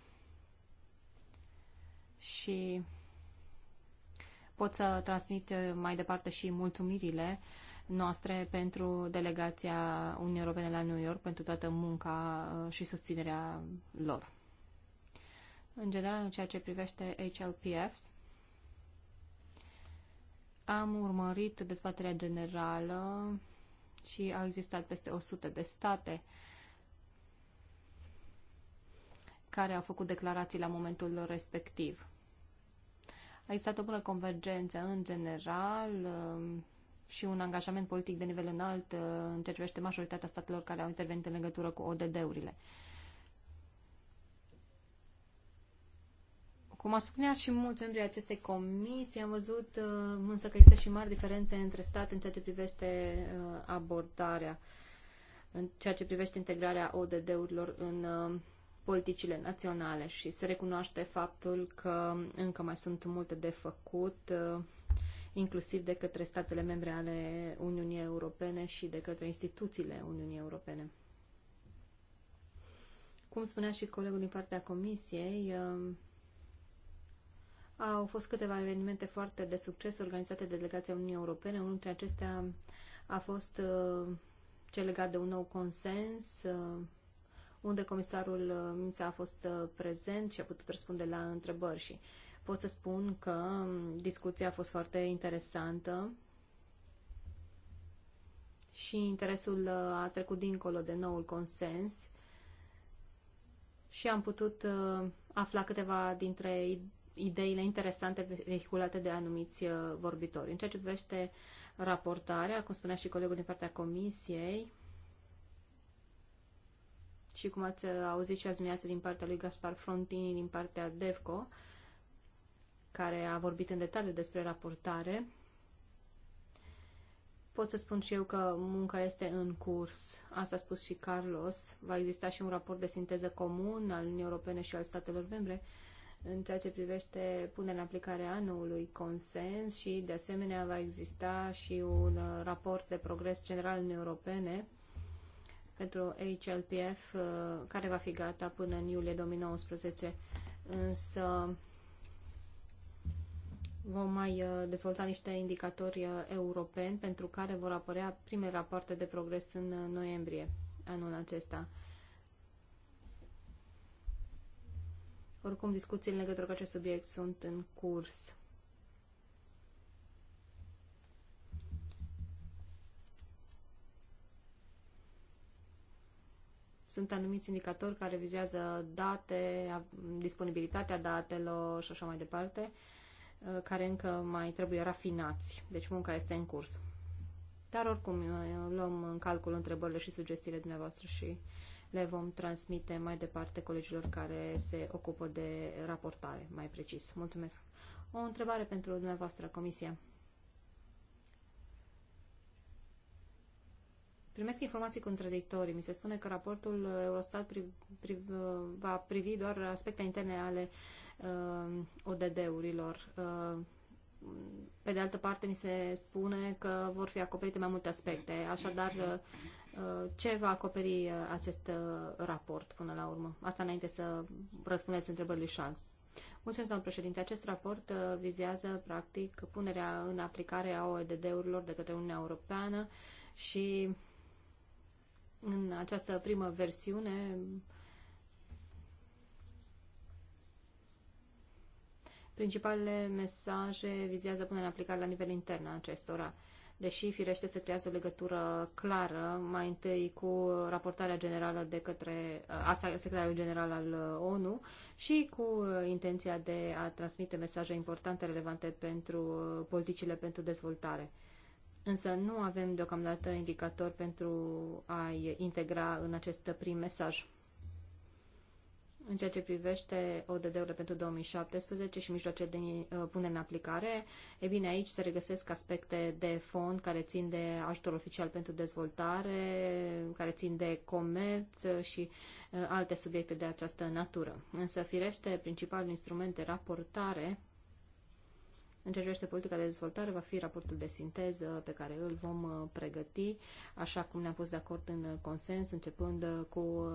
și pot să transmit uh, mai departe și mulțumirile noastre pentru delegația Uniunii Europene la New York, pentru toată munca uh, și susținerea lor. În general, în ceea ce privește HLPFs, am urmărit dezbaterea generală și au existat peste 100 de state care au făcut declarații la momentul respectiv. A existat o bună convergență în general um, și un angajament politic de nivel înalt uh, în ceea ce privește majoritatea statelor care au intervenit în legătură cu ODD-urile. Cum a spunea și mulți membrii acestei comisii, am văzut uh, însă că există și mari diferențe între state în ceea ce privește uh, abordarea, în ceea ce privește integrarea ODD-urilor în uh, politicile naționale și se recunoaște faptul că încă mai sunt multe de făcut, inclusiv de către statele membre ale Uniunii Europene și de către instituțiile Uniunii Europene. Cum spunea și colegul din partea Comisiei, au fost câteva evenimente foarte de succes organizate de delegația Uniunii Europene. Unul dintre acestea a fost uh, cel legat de un nou consens, uh, unde comisarul uh, Mința a fost prezent și a putut răspunde la întrebări și pot să spun că um, discuția a fost foarte interesantă și interesul a trecut dincolo de noul consens și am putut afla câteva dintre ideile interesante vehiculate de anumiți uh, vorbitori. În ceea ce privește raportarea, cum spunea și colegul din partea comisiei, și cum ați uh, auzit și azi dimineață din partea lui Gaspar Frontini, din partea DEVCO, care a vorbit în detaliu despre raportare, pot să spun și eu că munca este în curs. Asta a spus și Carlos. Va exista și un raport de sinteză comun al Uniunii Europene și al statelor membre în ceea ce privește punerea în aplicare a noului consens și, de asemenea, va exista și un uh, raport de progres general în europene pentru HLPF, uh, care va fi gata până în iulie 2019. Însă vom mai uh, dezvolta niște indicatori europeni pentru care vor apărea prime rapoarte de progres în noiembrie anul acesta. Oricum, discuțiile în legătură cu acest subiect sunt în curs. Sunt anumiți indicatori care vizează date, disponibilitatea datelor și așa mai departe, uh, care încă mai trebuie rafinați. Deci munca este în curs. Dar oricum, uh, luăm în calcul întrebările și sugestiile dumneavoastră și le vom transmite mai departe colegilor care se ocupă de raportare, mai precis. Mulțumesc. O întrebare pentru dumneavoastră, Comisia. Primesc informații contradictorii. Mi se spune că raportul Eurostat pri, pri, va privi doar aspecte interne ale uh, ODD-urilor. Uh, pe de altă parte, ni se spune că vor fi acoperite mai multe aspecte. Așadar, uh, ce va acoperi uh, acest uh, raport până la urmă? Asta înainte să răspundeți întrebările șans. Mulțumesc, domnul președinte. Acest raport vizează, practic, punerea în aplicare a OEDD-urilor de către Uniunea Europeană și în această primă versiune Principalele mesaje vizează punerea în aplicare la nivel intern a acestora, deși firește se creează o legătură clară mai întâi cu raportarea generală de către asta secretarul general al ONU și cu intenția de a transmite mesaje importante relevante pentru politicile pentru dezvoltare. Însă nu avem deocamdată indicator pentru a integra în acest prim mesaj în ceea ce privește ODD-urile pentru 2017 și mijloacele de uh, punere în aplicare, e bine, aici se regăsesc aspecte de fond care țin de ajutor oficial pentru dezvoltare, care țin de comerț uh, și uh, alte subiecte de această natură. Însă, firește, principalul instrument de raportare în ceea ce privește politica de dezvoltare, va fi raportul de sinteză pe care îl vom uh, pregăti, așa cum ne-am pus de acord în uh, consens, începând uh, cu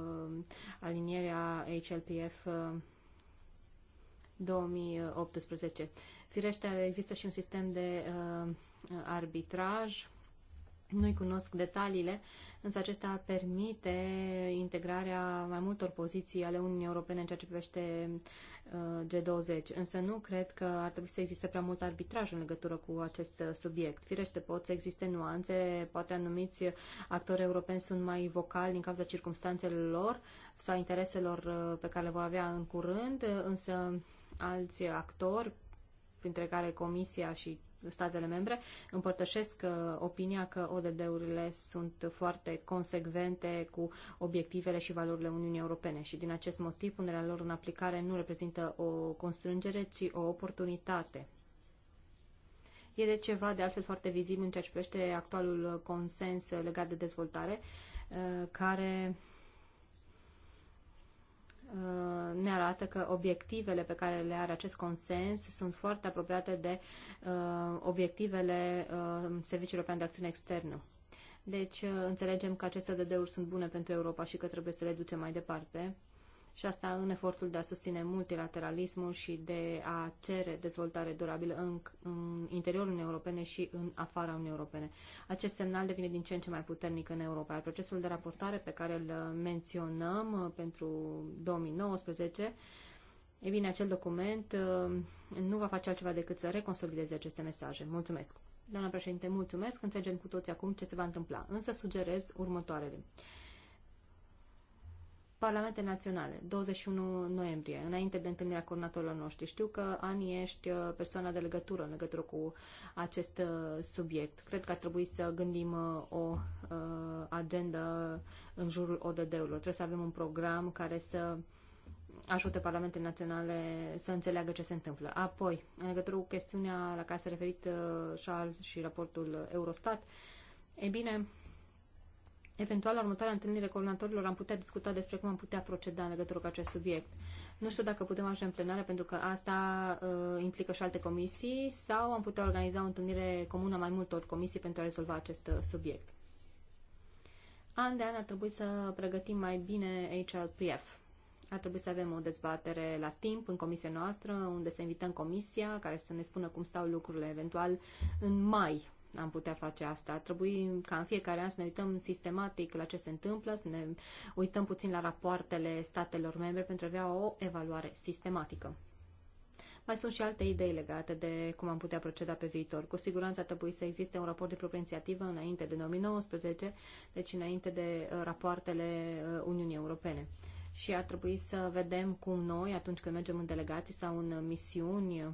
alinierea HLPF 2018. Firește, există și un sistem de arbitraj nu-i cunosc detaliile, însă acesta permite integrarea mai multor poziții ale Uniunii Europene în ceea ce privește uh, G20. Însă nu cred că ar trebui să existe prea mult arbitraj în legătură cu acest subiect. Firește, pot să existe nuanțe, poate anumiți actori europeni sunt mai vocali din cauza circumstanțelor lor sau intereselor uh, pe care le vor avea în curând, însă alți actori, printre care Comisia și statele membre împărtășesc uh, opinia că ODD-urile sunt foarte consecvente cu obiectivele și valorile Uniunii Europene și din acest motiv punerea lor în aplicare nu reprezintă o constrângere, ci o oportunitate. E de ceva de altfel foarte vizibil în ceea ce privește actualul consens legat de dezvoltare, uh, care Uh, ne arată că obiectivele pe care le are acest consens sunt foarte apropiate de uh, obiectivele uh, Serviciului European de Acțiune Externă. Deci înțelegem că aceste odd uri sunt bune pentru Europa și că trebuie să le ducem mai departe și asta în efortul de a susține multilateralismul și de a cere dezvoltare durabilă în, în interiorul Uniunii Europene și în afara Uniunii Europene. Acest semnal devine din ce în ce mai puternic în Europa. Iar procesul de raportare pe care îl menționăm uh, pentru 2019 E bine, acel document uh, nu va face altceva decât să reconsolideze aceste mesaje. Mulțumesc! Doamna președinte, mulțumesc, înțelegem cu toți acum ce se va întâmpla, însă sugerez următoarele. Parlamente Naționale, 21 noiembrie, înainte de întâlnirea coordonatorilor noștri. Știu că, Ani, ești uh, persoana de legătură în legătură cu acest uh, subiect. Cred că ar trebui să gândim uh, o agendă în jurul ODD-urilor. Trebuie să avem un program care să ajute parlamentele naționale să înțeleagă ce se întâmplă. Apoi, în legătură cu chestiunea la care s-a referit Charles și raportul Eurostat, e bine, Eventual, la următoarea întâlnire coordonatorilor am putea discuta despre cum am putea proceda în legătură cu acest subiect. Nu știu dacă putem ajunge în plenară, pentru că asta uh, implică și alte comisii, sau am putea organiza o întâlnire comună mai multor comisii pentru a rezolva acest uh, subiect. An de an ar trebui să pregătim mai bine HLPF. Ar trebui să avem o dezbatere la timp în comisia noastră, unde să invităm comisia care să ne spună cum stau lucrurile eventual în mai am putea face asta. Ar trebui ca în fiecare an să ne uităm sistematic la ce se întâmplă, să ne uităm puțin la rapoartele statelor membre pentru a avea o evaluare sistematică. Mai sunt și alte idei legate de cum am putea proceda pe viitor. Cu siguranță ar trebui să existe un raport de proprie inițiativă înainte de 2019, deci înainte de uh, rapoartele uh, Uniunii Europene. Și ar trebui să vedem cum noi, atunci când mergem în delegații sau în uh, misiuni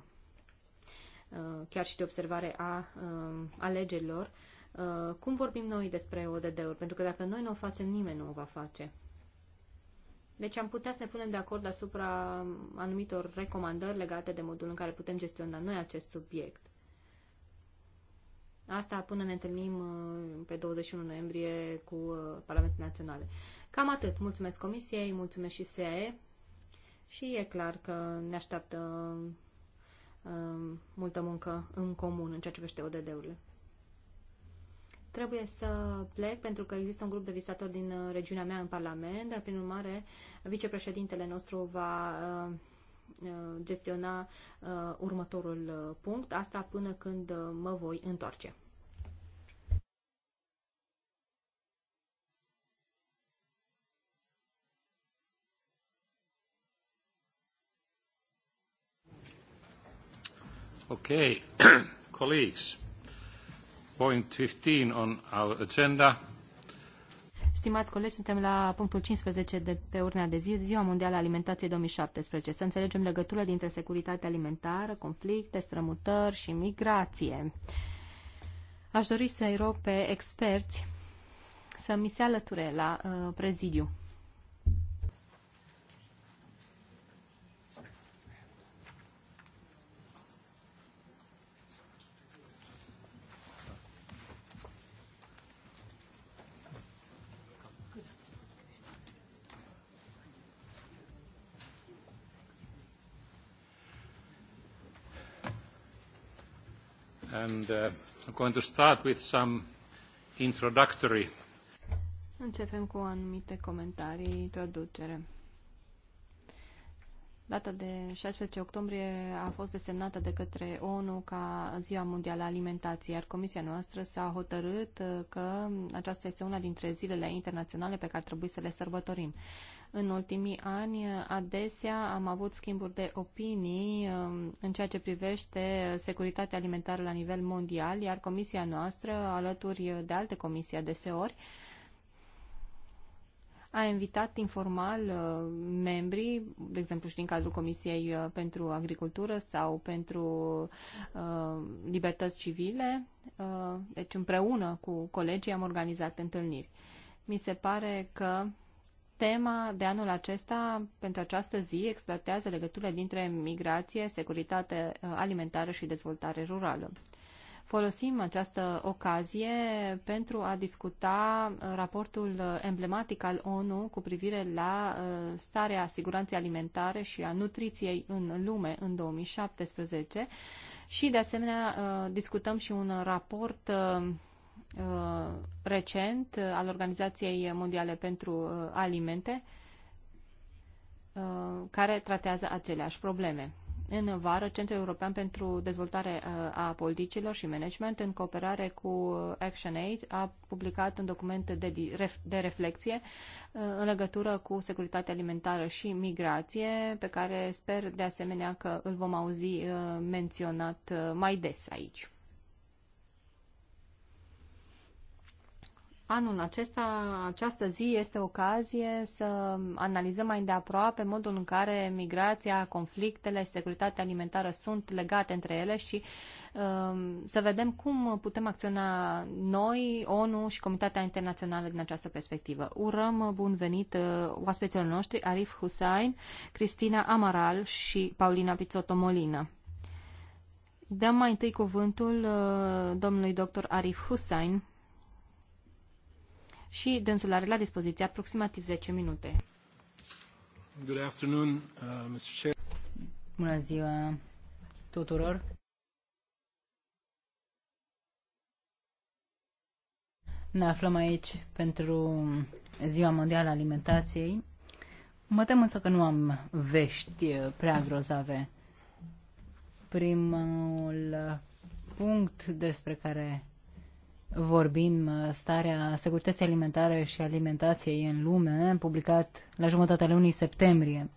Uh, chiar și de observare a um, alegerilor, uh, cum vorbim noi despre ODD-uri? Pentru că dacă noi nu o facem, nimeni nu o va face. Deci am putea să ne punem de acord asupra anumitor recomandări legate de modul în care putem gestiona noi acest subiect. Asta până ne întâlnim uh, pe 21 noiembrie cu Parlamentul Național. Cam atât. Mulțumesc Comisiei, mulțumesc și SE. și e clar că ne așteaptă Um, multă muncă în comun în ceea ce vește ODD-urile. Trebuie să plec pentru că există un grup de visatori din uh, regiunea mea în Parlament, dar prin urmare vicepreședintele nostru va uh, uh, gestiona următorul punct, asta până când mă voi întoarce. Okay. <coughs> Colleagues, point 15 on our agenda. Stimați colegi, suntem la punctul 15 de pe ordinea de zi, Ziua Mondială a Alimentației 2017. Să înțelegem legătura dintre securitatea alimentară, conflicte, strămutări și migrație. Aș dori să-i rog pe experți să mi se alăture la uh, prezidiu. and uh, I'm going to start with some introductory. Începem cu anumite comentarii, introducere. Data de 16 octombrie a fost desemnată de către ONU ca Ziua Mondială a Alimentației, iar Comisia noastră s-a hotărât uh, că aceasta este una dintre zilele internaționale pe care trebuie să le sărbătorim. În ultimii ani, adesea am avut schimburi de opinii um, în ceea ce privește securitatea alimentară la nivel mondial, iar Comisia noastră, alături de alte comisii adeseori, a invitat informal uh, membrii, de exemplu și din cadrul Comisiei uh, pentru Agricultură sau pentru uh, Libertăți Civile, deci împreună cu colegii am organizat întâlniri. Mi se pare că tema de anul acesta, pentru această zi, exploatează legăturile dintre migrație, securitate alimentară și dezvoltare rurală folosim această ocazie pentru a discuta uh, raportul emblematic al ONU cu privire la uh, starea siguranței alimentare și a nutriției în lume în 2017 și, de asemenea, uh, discutăm și un raport recent al Organizației Mondiale pentru Alimente care tratează aceleași probleme în vară Centrul European pentru Dezvoltare uh, a Politicilor și Management, în cooperare cu uh, ActionAid, a publicat un document de, de reflexie uh, în legătură cu securitatea alimentară și migrație, pe care sper de asemenea că îl vom auzi menționat mai des aici. anul acesta, această zi este ocazie să analizăm mai îndeaproape modul în care migrația, conflictele și securitatea alimentară sunt legate între ele și um, să vedem cum putem acționa noi, ONU și Comunitatea Internațională din această perspectivă. Urăm bun venit uh, oaspeților noștri Arif Hussain, Cristina Amaral și Paulina Pizzotto Molina. Dăm mai întâi cuvântul uh, domnului dr. Arif Hussain, și dânsul are la dispoziție aproximativ 10 minute. Good afternoon, uh, Mr. Chair. Bună ziua tuturor. Ne aflăm aici pentru Ziua Mondială a Alimentației. Mă tem însă că nu am vești uh, prea grozave. Primul punct despre care vorbim uh, starea securității alimentare și alimentației în lume, publicat la jumătatea lunii septembrie.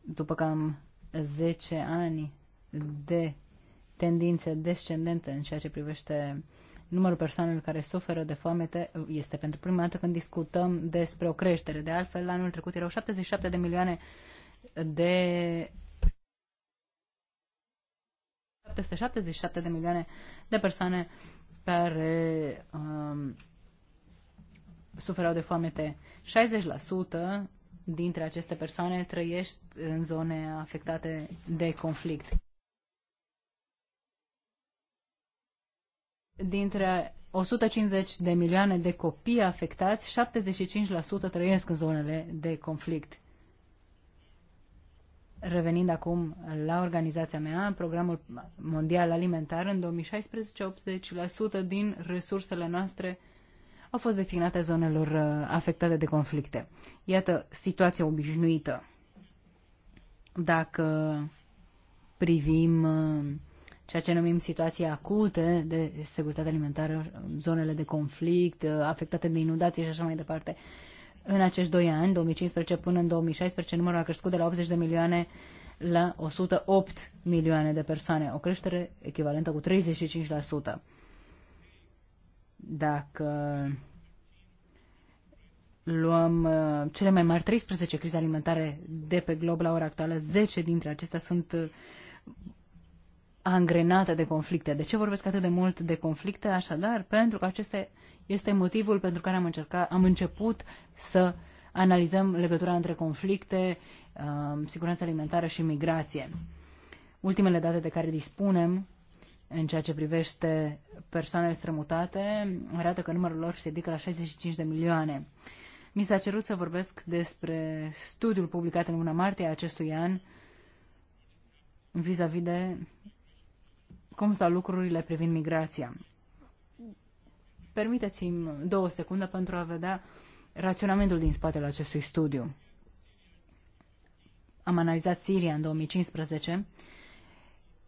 După cam 10 ani de tendințe descendente în ceea ce privește numărul persoanelor care suferă de foamete este pentru prima dată când discutăm despre o creștere. De altfel, anul trecut erau 77 de milioane de 777 de milioane de persoane care um, suferau de foamete. 60% dintre aceste persoane trăiești în zone afectate de conflict. Dintre 150 de milioane de copii afectați, 75% trăiesc în zonele de conflict. Revenind acum la organizația mea, programul mondial alimentar, în 2016, 80% din resursele noastre au fost destinate zonelor uh, afectate de conflicte. Iată situația obișnuită. Dacă privim uh, ceea ce numim situații acute de securitate alimentară, zonele de conflict, uh, afectate de inundații și așa mai departe, în acești doi ani, 2015 până în 2016, numărul a crescut de la 80 de milioane la 108 milioane de persoane, o creștere echivalentă cu 35%. Dacă luăm uh, cele mai mari 13 crize alimentare de pe glob la ora actuală, 10 dintre acestea sunt uh, angrenate de conflicte. De ce vorbesc atât de mult de conflicte? Așadar, pentru că aceste este motivul pentru care am, încercat, am început să analizăm legătura între conflicte, um, siguranță alimentară și migrație. Ultimele date de care dispunem în ceea ce privește persoanele strămutate arată că numărul lor se ridică la 65 de milioane. Mi s-a cerut să vorbesc despre studiul publicat în luna martie a acestui an vis-a-vis -vis de cum stau lucrurile privind migrația. Permiteți-mi două secunde pentru a vedea raționamentul din spatele acestui studiu. Am analizat Siria în 2015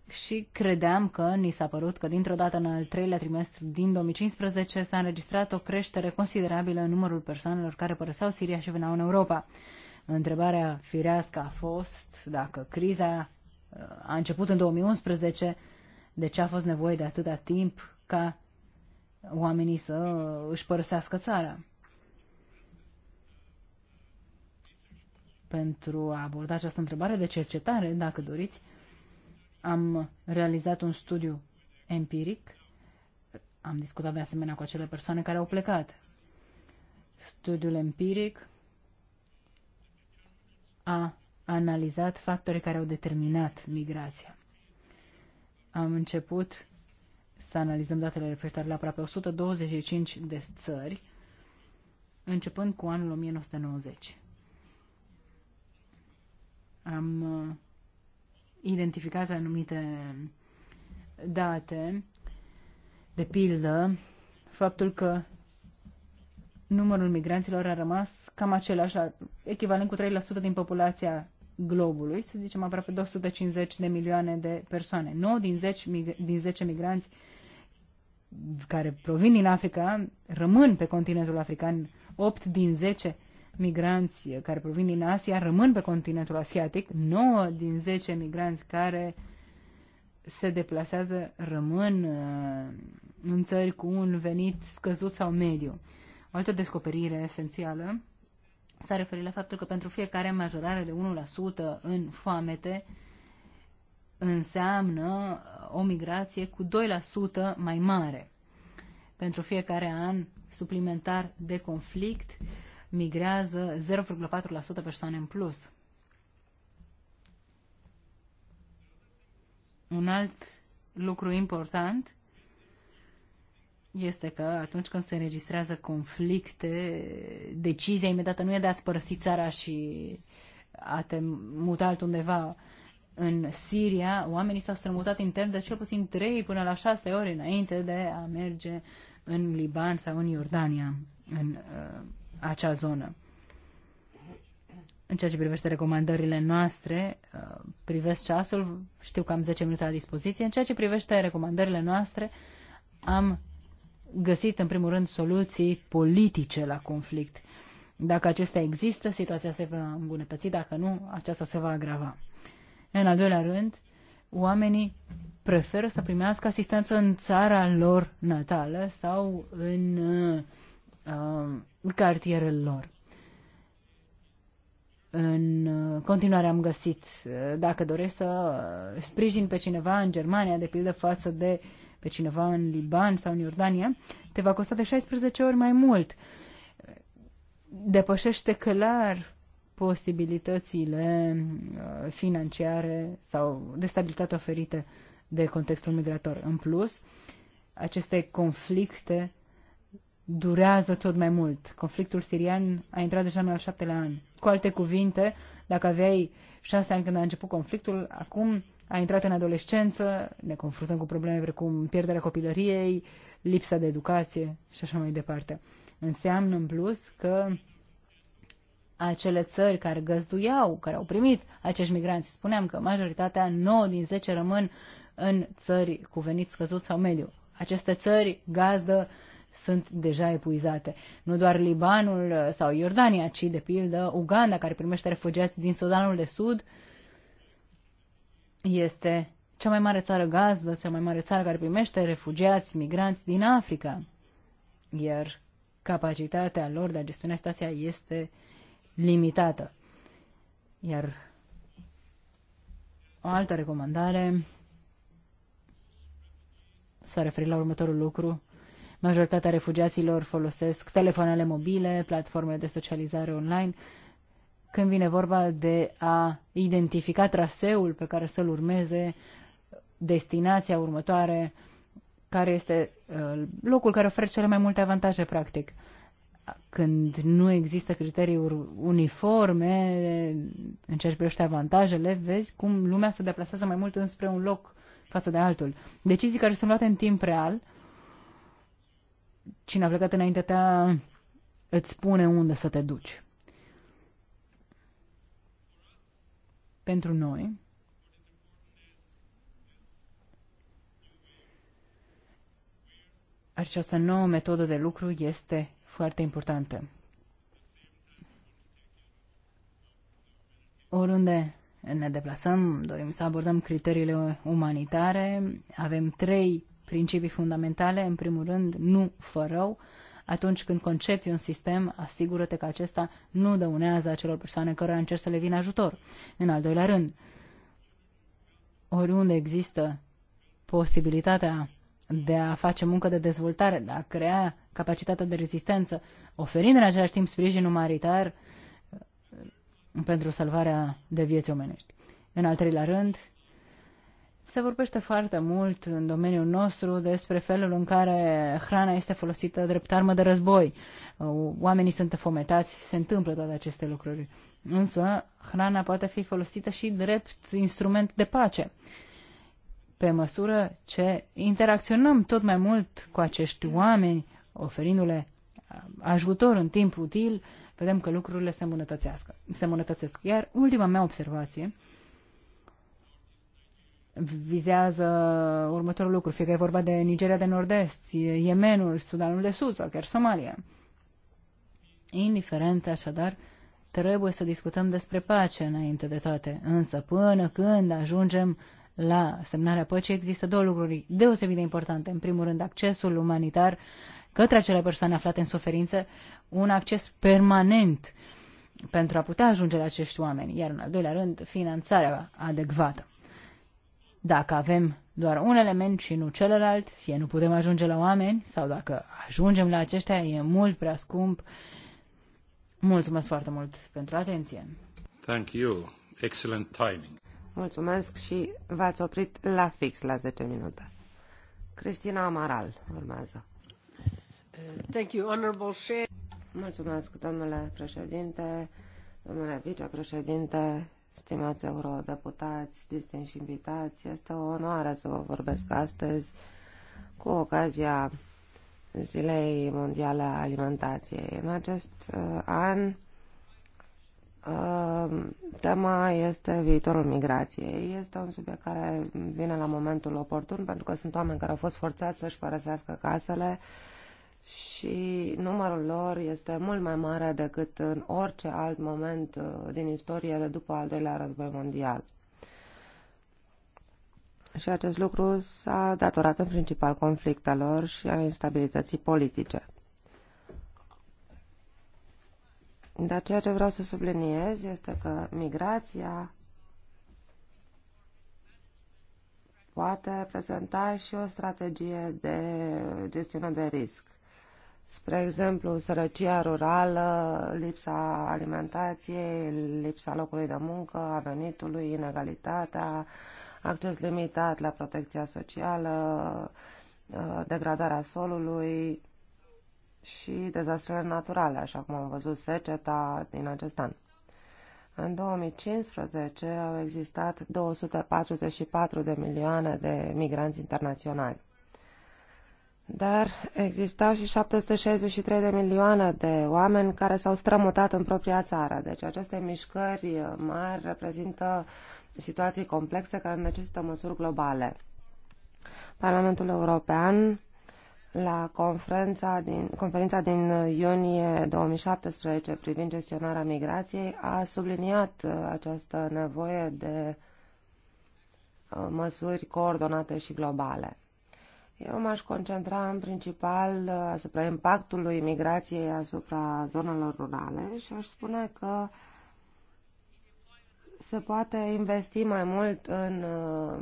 și credeam că ni s-a părut că dintr-o dată în al treilea trimestru din 2015 s-a înregistrat o creștere considerabilă în numărul persoanelor care părăseau Siria și veneau în Europa. Întrebarea firească a fost dacă criza uh, a început în 2011, de ce a fost nevoie de atâta timp ca oamenii să își părăsească țara. Pentru a aborda această întrebare de cercetare, dacă doriți, am realizat un studiu empiric. Am discutat de asemenea cu acele persoane care au plecat. Studiul empiric a analizat factorii care au determinat migrația. Am început să analizăm datele referitoare la aproape 125 de țări, începând cu anul 1990. Am uh, identificat anumite date, de pildă, faptul că numărul migranților a rămas cam același, echivalent cu 3% din populația globului, să zicem aproape 250 de milioane de persoane. 9 din 10, din 10 migranți care provin din Africa rămân pe continentul african. 8 din 10 migranți care provin din Asia rămân pe continentul asiatic. 9 din 10 migranți care se deplasează rămân uh, în țări cu un venit scăzut sau mediu. O altă descoperire esențială s-a referit la faptul că pentru fiecare majorare de 1% în foamete, înseamnă uh, o migrație cu 2% mai mare. Pentru fiecare an suplimentar de conflict migrează 0,4% persoane în plus. Un alt lucru important este că atunci când se înregistrează conflicte, decizia imediată nu e de a-ți părăsi țara și a te muta altundeva. Uh, în Siria, oamenii s-au strămutat intern de cel puțin 3 până la 6 ore înainte de a merge în Liban sau în Iordania, în uh, acea zonă. În ceea ce privește recomandările noastre, uh, privesc ceasul, știu că am 10 minute la dispoziție, în ceea ce privește recomandările noastre, am găsit în primul rând soluții politice la conflict. Dacă acestea există, situația se va îmbunătăți, dacă nu, aceasta se va agrava. În al doilea rând, oamenii preferă să primească asistență în țara lor natală sau în uh, cartierul lor. În continuare am găsit, uh, dacă dorești să sprijin pe cineva în Germania, de pildă față de pe cineva în Liban sau în Iordania, te va costa de 16 ori mai mult. Depășește clar posibilitățile uh, financiare sau de stabilitate oferite de contextul migrator. În plus, aceste conflicte durează tot mai mult. Conflictul sirian a intrat deja în al șaptelea an. Cu alte cuvinte, dacă aveai șase ani când a început conflictul, acum a intrat în adolescență, ne confruntăm cu probleme precum pierderea copilăriei, lipsa de educație și așa mai departe. Înseamnă în plus că acele țări care găzduiau, care au primit acești migranți. Spuneam că majoritatea, 9 din 10 rămân în țări cu venit scăzut sau mediu. Aceste țări gazdă sunt deja epuizate. Nu doar Libanul uh, sau Iordania, ci, de pildă, Uganda, care primește refugiați din Sudanul de Sud, este cea mai mare țară gazdă, cea mai mare țară care primește refugiați, migranți din Africa. Iar capacitatea lor de a gestiona situația este uh, limitată. Iar o altă recomandare s-a referit la următorul lucru. Majoritatea refugiaților folosesc telefoanele mobile, platforme de socializare online, când vine vorba de a identifica traseul pe care să-l urmeze, destinația următoare, care este uh, locul care oferă cele mai multe avantaje, practic când nu există criterii uniforme în ceea ce privește avantajele, vezi cum lumea se deplasează mai mult înspre un loc față de altul. Decizii care sunt luate în timp real, cine a plecat înainte ta îți spune unde să te duci. Pentru noi, această nouă metodă de lucru este foarte importantă. Oriunde ne deplasăm, dorim să abordăm criteriile umanitare, avem trei principii fundamentale. În primul rând, nu fă rău. Atunci când concepi un sistem, asigură-te că acesta nu dăunează acelor persoane care încerci să le vină ajutor. În al doilea rând, oriunde există posibilitatea de a face muncă de dezvoltare, de a crea capacitatea de rezistență, oferind în același timp sprijin umanitar uh, pentru salvarea de vieți omenești. În al treilea rând, se vorbește foarte mult în domeniul nostru despre felul în care hrana este folosită drept armă de război. Uh, oamenii sunt fometați, se întâmplă toate aceste lucruri. Însă, hrana poate fi folosită și drept instrument de pace pe măsură ce interacționăm tot mai mult cu acești oameni, oferindu-le uh, ajutor în timp util, vedem că lucrurile se îmbunătățească. Se îmbunătățesc. Iar ultima mea observație vizează următorul lucru, fie că e vorba de Nigeria de Nord-Est, Yemenul, Sudanul de Sud sau chiar Somalia. Indiferent, așadar, trebuie să discutăm despre pace înainte de toate. Însă, până când ajungem la semnarea păcii, există două lucruri deosebit de importante. În primul rând, accesul umanitar către acele persoane aflate în suferință, un acces permanent pentru a putea ajunge la acești oameni, iar în al doilea rând, finanțarea adecvată. Dacă avem doar un element și nu celălalt, fie nu putem ajunge la oameni, sau dacă ajungem la aceștia, e mult prea scump. Mulțumesc foarte mult pentru atenție. Thank you. Excellent timing. Mulțumesc și v-ați oprit la fix la 10 minute. Cristina Amaral urmează. Thank you, Honorable Shea. Mulțumesc, domnule președinte, domnule vicepreședinte, stimați eurodeputați, distinși invitați. Este o onoare să vă vorbesc astăzi cu ocazia Zilei Mondiale a Alimentației. În acest uh, an Tema este viitorul migrației. Este un subiect care vine la momentul oportun pentru că sunt oameni care au fost forțați să-și părăsească casele și numărul lor este mult mai mare decât în orice alt moment uh, din istorie de după al doilea război mondial. Și acest lucru s-a datorat în principal conflictelor și a instabilității politice. Dar ceea ce vreau să subliniez este că migrația poate prezenta și o strategie de gestiune de risc. Spre exemplu, sărăcia rurală, lipsa alimentației, lipsa locului de muncă, a venitului, inegalitatea, acces limitat la protecția socială, degradarea solului, și dezastrele naturale, așa cum am văzut seceta din acest an. În 2015 au existat 244 de milioane de migranți internaționali. Dar existau și 763 de milioane de oameni care s-au strămutat în propria țară. Deci aceste mișcări mari reprezintă situații complexe care necesită măsuri globale. Parlamentul European la conferința din, conferința din iunie 2017 privind gestionarea migrației a subliniat uh, această nevoie de uh, măsuri coordonate și globale. Eu m-aș concentra în principal uh, asupra impactului migrației asupra zonelor rurale și aș spune că uh, se poate investi mai mult în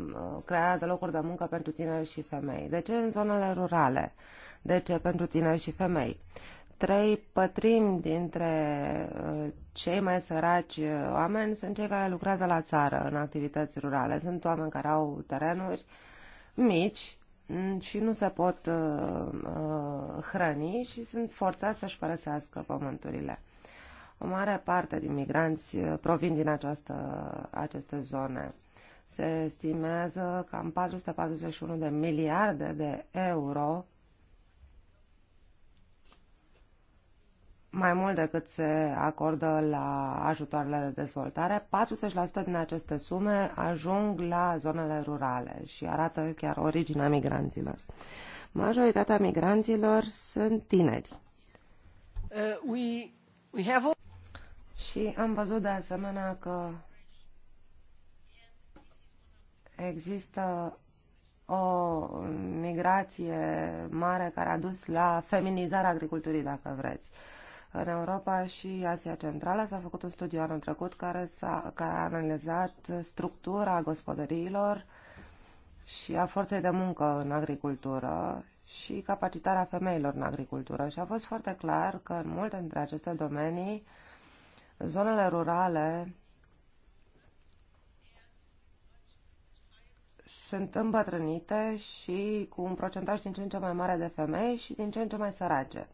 uh, uh, crearea de locuri de muncă pentru tineri și femei. De ce în zonele rurale? De ce pentru tineri și femei? Trei pătrimi dintre uh, cei mai săraci oameni sunt cei care lucrează la țară în activități rurale. Sunt oameni care au terenuri mici și nu se pot uh, hrăni și sunt forțați să-și părăsească pământurile. O mare parte din migranți eh, provin din această, aceste zone. Se estimează cam 441 de miliarde de euro mai mult decât se acordă la ajutoarele de dezvoltare, 40% din aceste sume ajung la zonele rurale și arată chiar originea migranților. Majoritatea migranților sunt tineri. Uh, we, we have all... Și am văzut de asemenea că există o migrație mare care a dus la feminizarea agriculturii, dacă vreți. În Europa și Asia Centrală s-a făcut un studiu anul trecut care, a care a analizat structura gospodăriilor și a forței de muncă în agricultură și capacitarea femeilor în agricultură. Și a fost foarte clar că în multe dintre aceste domenii zonele rurale sunt îmbătrânite și cu un procentaj din ce în ce mai mare de femei și din ce în ce mai sărace.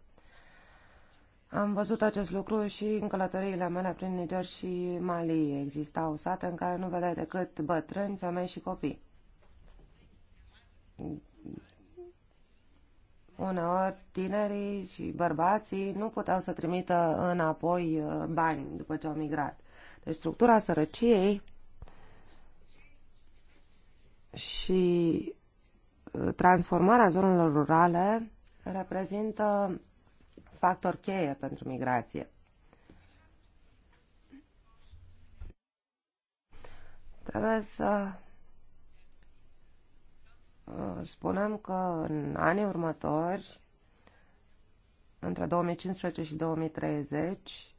Am văzut acest lucru și în călătoriile mele prin Niger și Mali. Existau sate în care nu vedeai decât bătrâni, femei și copii. Uneori tinerii și bărbații nu puteau să trimită înapoi uh, bani după ce au migrat. Deci structura sărăciei și uh, transformarea zonelor rurale reprezintă factor cheie pentru migrație. Trebuie să Uh, spunem că în anii următori, între 2015 și 2030,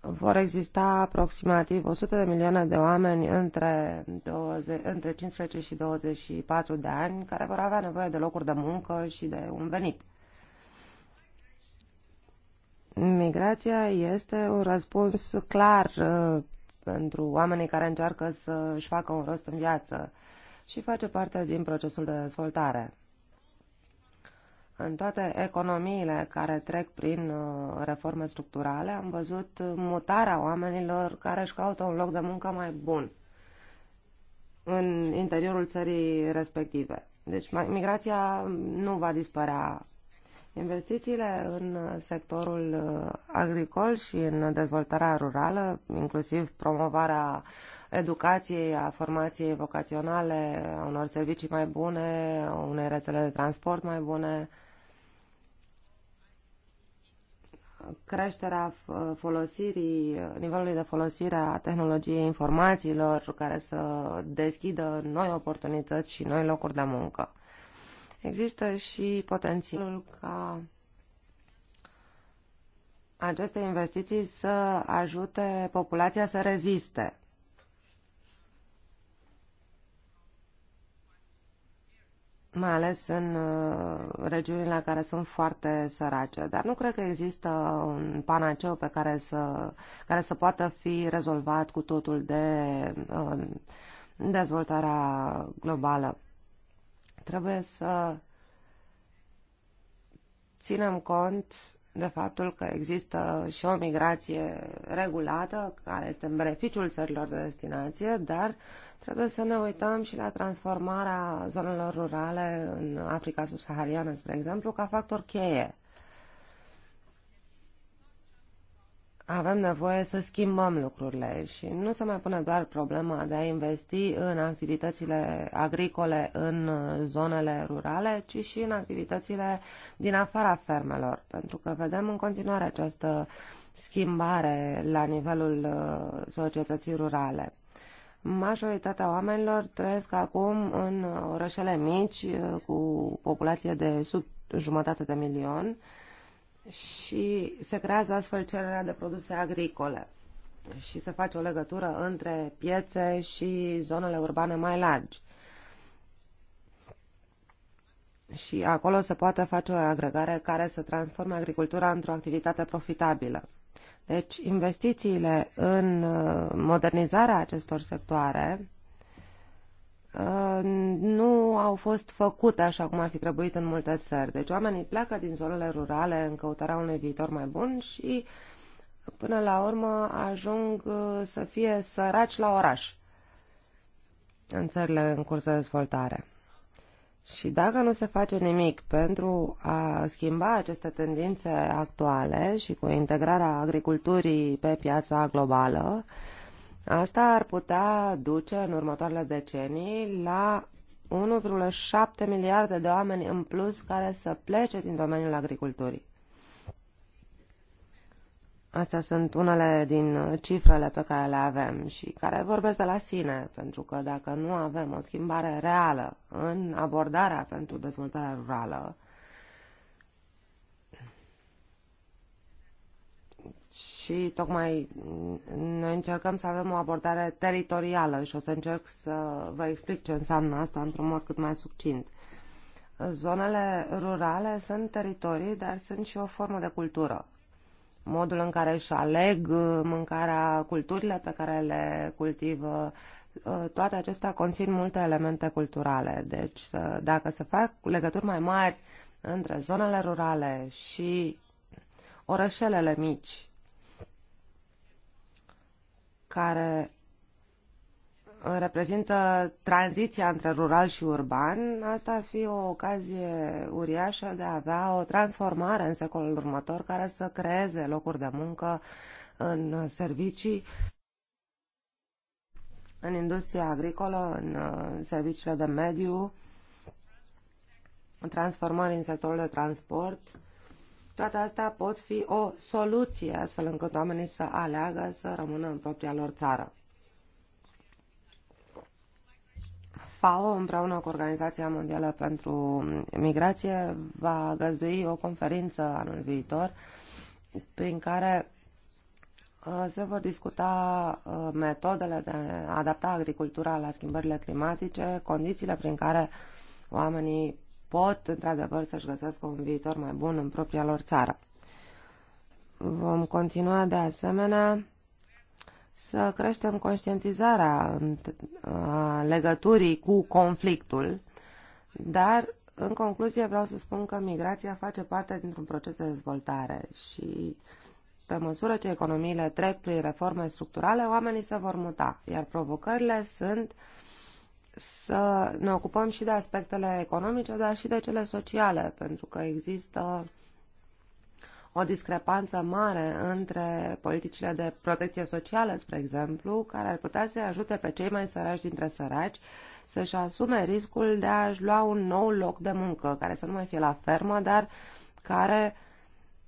vor exista aproximativ 100 de milioane de oameni între, 20, între 15 și 24 de ani care vor avea nevoie de locuri de muncă și de un venit. Migrația este un răspuns clar uh, pentru oamenii care încearcă să-și facă un rost în viață. Uh, și face parte din procesul de dezvoltare. În toate economiile care trec prin uh, reforme structurale am văzut mutarea oamenilor care își caută un loc de muncă mai bun în interiorul țării respective. Deci migrația nu va dispărea Investițiile în sectorul uh, agricol și în dezvoltarea rurală, inclusiv promovarea educației, a formației vocaționale, a unor servicii mai bune, a unei rețele de transport mai bune, creșterea uh, folosirii, nivelului de folosire a tehnologiei informațiilor care să deschidă noi oportunități și noi locuri de muncă. Există și potențialul ca aceste investiții să ajute populația să reziste. mai ales în uh, regiunile care sunt foarte sărace. Dar nu cred că există un panaceu pe care să, care să poată fi rezolvat cu totul de uh, dezvoltarea globală. Trebuie să ținem cont de faptul că există și o migrație regulată, care este în beneficiul țărilor de destinație, dar trebuie să ne uităm și la transformarea zonelor rurale în Africa subsahariană, spre exemplu, ca factor cheie avem nevoie să schimbăm lucrurile și nu se mai pune doar problema de a investi în activitățile agricole în uh, zonele rurale, ci și în activitățile din afara fermelor, pentru că vedem în continuare această schimbare la nivelul uh, societății rurale. Majoritatea oamenilor trăiesc acum în uh, orășele mici cu populație de sub jumătate de milion, și se creează astfel cererea de produse agricole și se face o legătură între piețe și zonele urbane mai largi. Și acolo se poate face o agregare care să transforme agricultura într-o activitate profitabilă. Deci investițiile în uh, modernizarea acestor sectoare Uh, nu au fost făcute așa cum ar fi trebuit în multe țări. Deci oamenii pleacă din zonele rurale în căutarea unui viitor mai bun și până la urmă ajung uh, să fie săraci la oraș în țările în curs de dezvoltare. Și dacă nu se face nimic pentru a schimba aceste tendințe actuale și cu integrarea agriculturii pe piața globală, Asta ar putea duce în următoarele decenii la 1,7 miliarde de oameni în plus care să plece din domeniul agriculturii. Astea sunt unele din cifrele pe care le avem și care vorbesc de la sine, pentru că dacă nu avem o schimbare reală în abordarea pentru dezvoltarea rurală, și tocmai noi încercăm să avem o abordare teritorială și o să încerc să vă explic ce înseamnă asta într-un mod cât mai succint. Zonele rurale sunt teritorii, dar sunt și o formă de cultură. Modul în care își aleg uh, mâncarea, culturile pe care le cultivă, uh, toate acestea conțin multe elemente culturale. Deci, dacă se fac legături mai mari între zonele rurale și orășelele mici care uh, reprezintă tranziția între rural și urban, asta ar fi o ocazie uriașă de a avea o transformare în secolul următor care să creeze locuri de muncă în servicii, în industria agricolă, în uh, serviciile de mediu, transformări în sectorul de transport, toate astea pot fi o soluție, astfel încât oamenii să aleagă să rămână în propria lor țară. FAO, împreună cu Organizația Mondială pentru Migrație, va găzdui o conferință anul viitor prin care uh, se vor discuta uh, metodele de a adapta agricultura la schimbările climatice, condițiile prin care oamenii pot, într-adevăr, să-și găsească un viitor mai bun în propria lor țară. Vom continua, de asemenea, să creștem conștientizarea în legăturii cu conflictul, dar, în concluzie, vreau să spun că migrația face parte dintr-un proces de dezvoltare și pe măsură ce economiile trec prin reforme structurale, oamenii se vor muta, iar provocările sunt uh, să ne ocupăm și de aspectele economice, dar și de cele sociale, pentru că există o discrepanță mare între politicile de protecție socială, spre exemplu, care ar putea să ajute pe cei mai săraci dintre săraci să-și asume riscul de a-și lua un nou loc de muncă, care să nu mai fie la fermă, dar care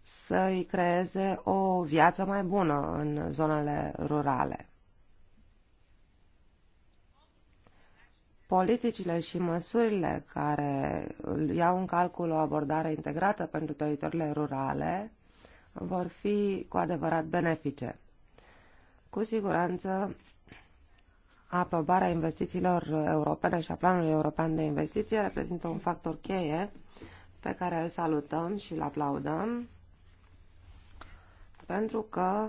să-i creeze o viață mai bună în zonele rurale. politicile și măsurile care iau în calcul o abordare integrată pentru teritoriile rurale vor fi cu adevărat benefice. Cu siguranță, aprobarea investițiilor europene și a planului european de investiție reprezintă un factor cheie pe care îl salutăm și îl aplaudăm pentru că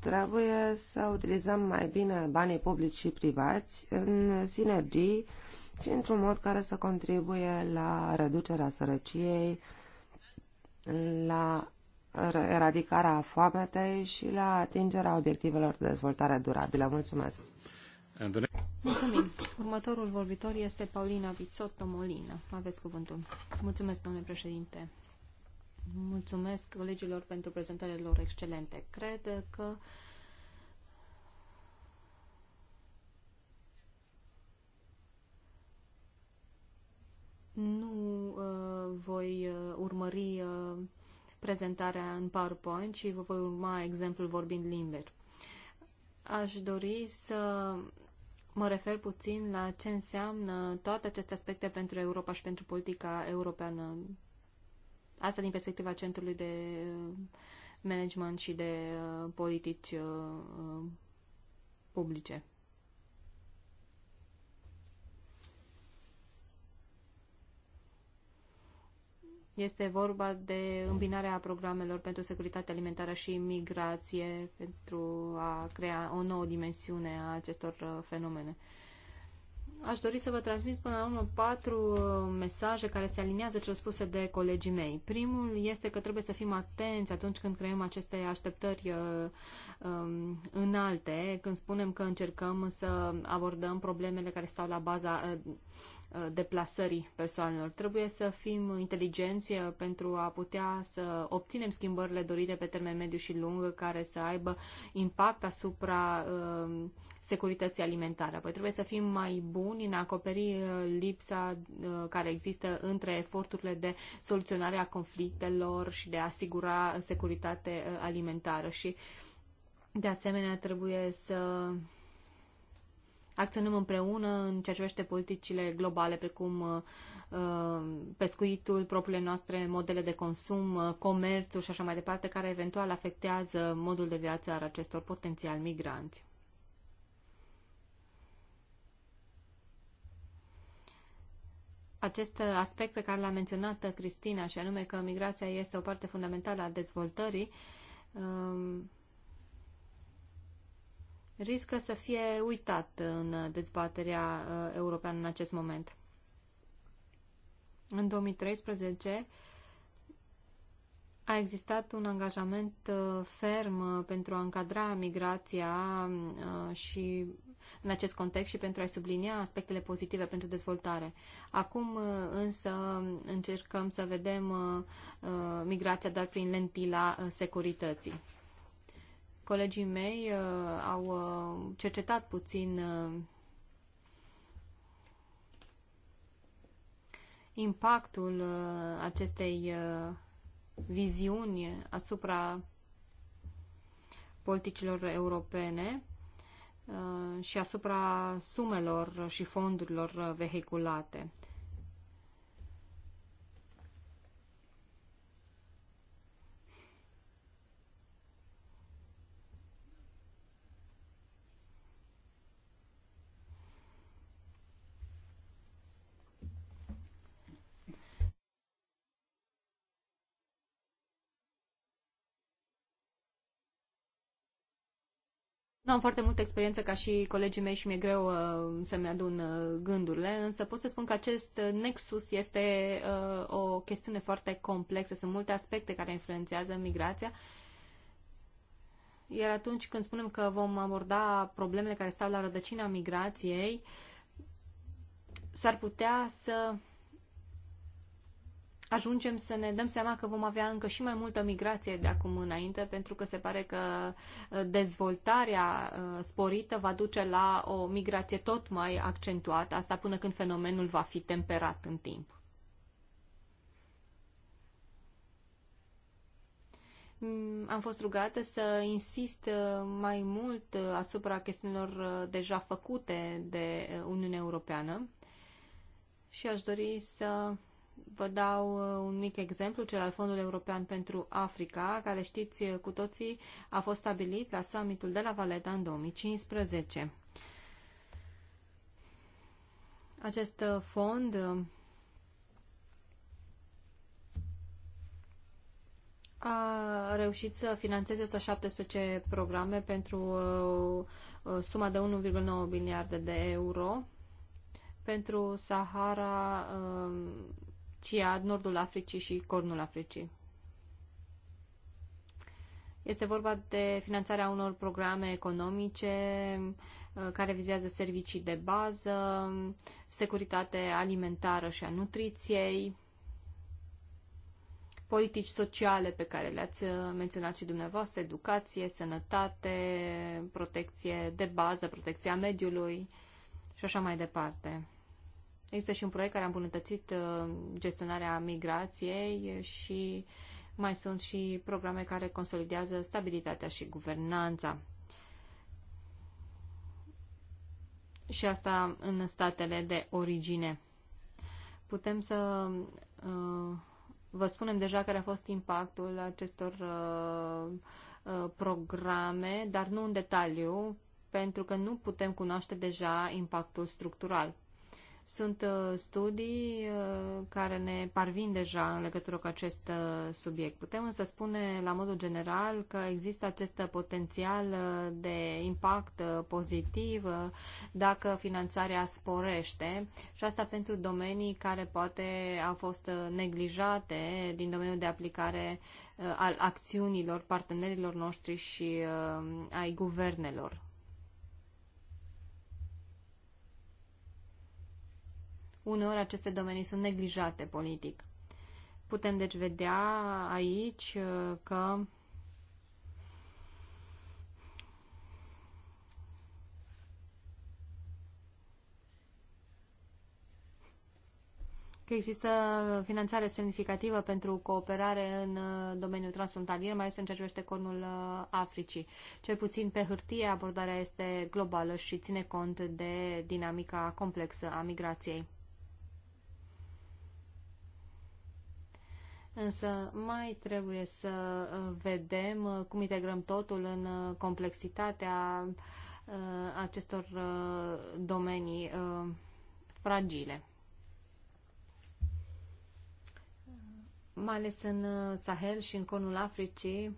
Trebuie să utilizăm mai bine banii publici și privați în sinergii și într-un mod care să contribuie la reducerea sărăciei, la eradicarea foametei și la atingerea obiectivelor de dezvoltare durabilă. Mulțumesc! Mulțumim. Următorul vorbitor este Paulina Vițotto Molina. Aveți cuvântul. Mulțumesc, domnule președinte. Mulțumesc colegilor pentru prezentările lor excelente. Cred că nu uh, voi uh, urmări uh, prezentarea în PowerPoint și vă voi urma exemplul vorbind liber. Aș dori să mă refer puțin la ce înseamnă toate aceste aspecte pentru Europa și pentru politica europeană Asta din perspectiva Centrului de uh, Management și de uh, politici uh, publice. Este vorba de îmbinarea programelor pentru securitate alimentară și migrație pentru a crea o nouă dimensiune a acestor fenomene aș dori să vă transmit până la urmă patru uh, mesaje care se aliniază au spuse de colegii mei. Primul este că trebuie să fim atenți atunci când creăm aceste așteptări uh, um, înalte, când spunem că încercăm să abordăm problemele care stau la baza uh, Uh, deplasării persoanelor. Trebuie să fim inteligenți uh, pentru a putea să obținem schimbările dorite pe termen mediu și lung care să aibă impact asupra uh, securității alimentare. Apoi trebuie să fim mai buni în a acoperi lipsa care există între eforturile de soluționare a conflictelor și de a asigura securitate alimentară și de asemenea trebuie să acționăm împreună în ceea ce privește politicile globale, precum uh, uh, pescuitul, propriile noastre modele de consum, uh, comerțul și așa mai departe, care eventual afectează modul de viață al acestor potențial migranți. acest aspect pe care l-a menționat Cristina, și anume că migrația este o parte fundamentală a dezvoltării, um, riscă să fie uitat în dezbaterea uh, europeană în acest moment. În 2013 a existat un angajament uh, ferm uh, pentru a încadra migrația și în acest context și pentru a-i sublinia aspectele pozitive pentru dezvoltare. Acum însă încercăm să vedem migrația doar prin lentila securității. Colegii mei uh, au uh, cercetat puțin uh, impactul acestei viziuni asupra politicilor europene și asupra sumelor și fondurilor vehiculate. Nu am foarte multă experiență ca și colegii mei și mi-e greu uh, să-mi adun uh, gândurile, însă pot să spun că acest nexus este uh, o chestiune foarte complexă. Sunt multe aspecte care influențează migrația. Iar atunci când spunem că vom aborda problemele care stau la rădăcina migrației, s-ar putea să ajungem să ne dăm seama că vom avea încă și mai multă migrație de acum înainte, pentru că se pare că uh, dezvoltarea uh, sporită va duce la o migrație tot mai accentuată, asta până când fenomenul va fi temperat în timp. Mm, am fost rugată să insist uh, mai mult asupra chestiunilor deja făcute de Uniunea Europeană și aș dori să Vă dau uh, un mic exemplu, cel al Fondului European pentru Africa, care știți uh, cu toții a fost stabilit la summitul de la Valeta în 2015. Acest uh, fond a reușit să financeze 117 programe pentru suma de 1,9 miliarde de euro pentru Sahara um, Ciad, Nordul Africii și Cornul Africii. Este vorba de finanțarea unor programe economice uh, care vizează servicii de bază, securitate alimentară și a nutriției, politici sociale pe care le-ați uh, menționat și dumneavoastră, educație, sănătate, protecție de bază, protecția mediului și așa mai departe. Există și un proiect care a îmbunătățit uh, gestionarea migrației și mai sunt și programe care consolidează stabilitatea și guvernanța. Și asta în statele de origine. Putem să uh, vă spunem deja care a fost impactul acestor uh, programe, dar nu în detaliu, pentru că nu putem cunoaște deja impactul structural. Sunt uh, studii uh, care ne parvin deja în legătură cu acest uh, subiect. Putem însă spune la modul general că există acest potențial de impact pozitiv dacă finanțarea sporește și asta pentru domenii care poate au fost neglijate din domeniul de aplicare al acțiunilor partenerilor noștri și ai guvernelor uneori aceste domenii sunt neglijate politic. Putem deci vedea aici uh, că că există finanțare semnificativă pentru cooperare în uh, domeniul transfrontalier, mai ales în ceea ce privește cornul uh, Africii. Cel puțin pe hârtie abordarea este globală și ține cont de dinamica complexă a migrației. însă mai trebuie să uh, vedem uh, cum integrăm totul în uh, complexitatea acestor domenii fragile. Mai ales în Sahel și în conul Africii,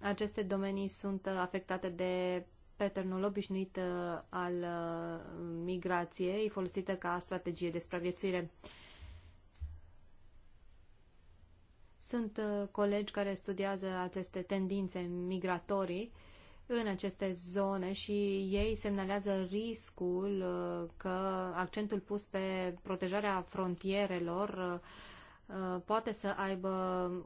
aceste domenii sunt afectate de patternul obișnuit al migrației folosită ca strategie de supraviețuire. Sunt uh, colegi care studiază aceste tendințe migratorii în aceste zone și ei semnalează riscul uh, că accentul pus pe protejarea frontierelor uh, poate să aibă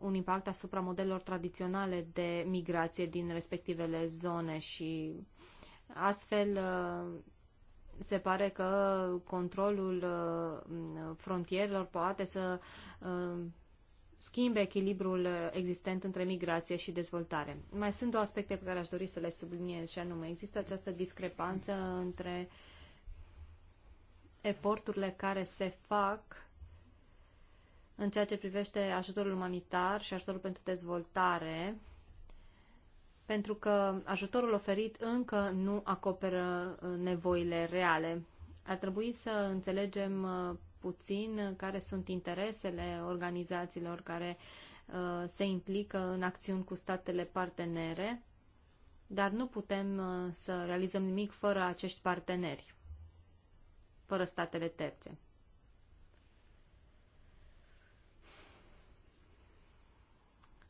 un impact asupra modelor tradiționale de migrație din respectivele zone și astfel se pare că controlul frontierelor poate să schimbe echilibrul uh, existent între migrație și dezvoltare. Mai sunt două aspecte pe care aș dori să le subliniez și anume, există această discrepanță între eforturile care se fac în ceea ce privește ajutorul umanitar și ajutorul pentru dezvoltare, pentru că ajutorul oferit încă nu acoperă uh, nevoile reale. Ar trebui să înțelegem uh, puțin care sunt interesele organizațiilor care uh, se implică în acțiuni cu statele partenere, dar nu putem uh, să realizăm nimic fără acești parteneri, fără statele terțe.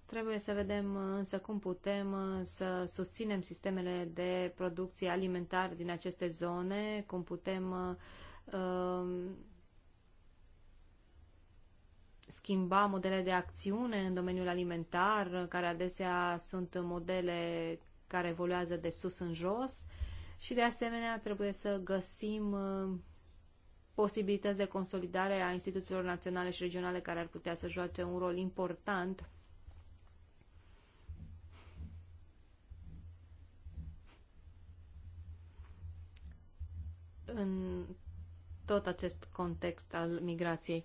Trebuie să vedem uh, însă cum putem să susținem sistemele de producție alimentar din aceste zone, cum putem uh, schimba modele de acțiune în domeniul alimentar, care adesea sunt modele care evoluează de sus în jos și de asemenea trebuie să găsim uh, posibilități de consolidare a instituțiilor naționale și regionale care ar putea să joace un rol important în tot acest context al migrației.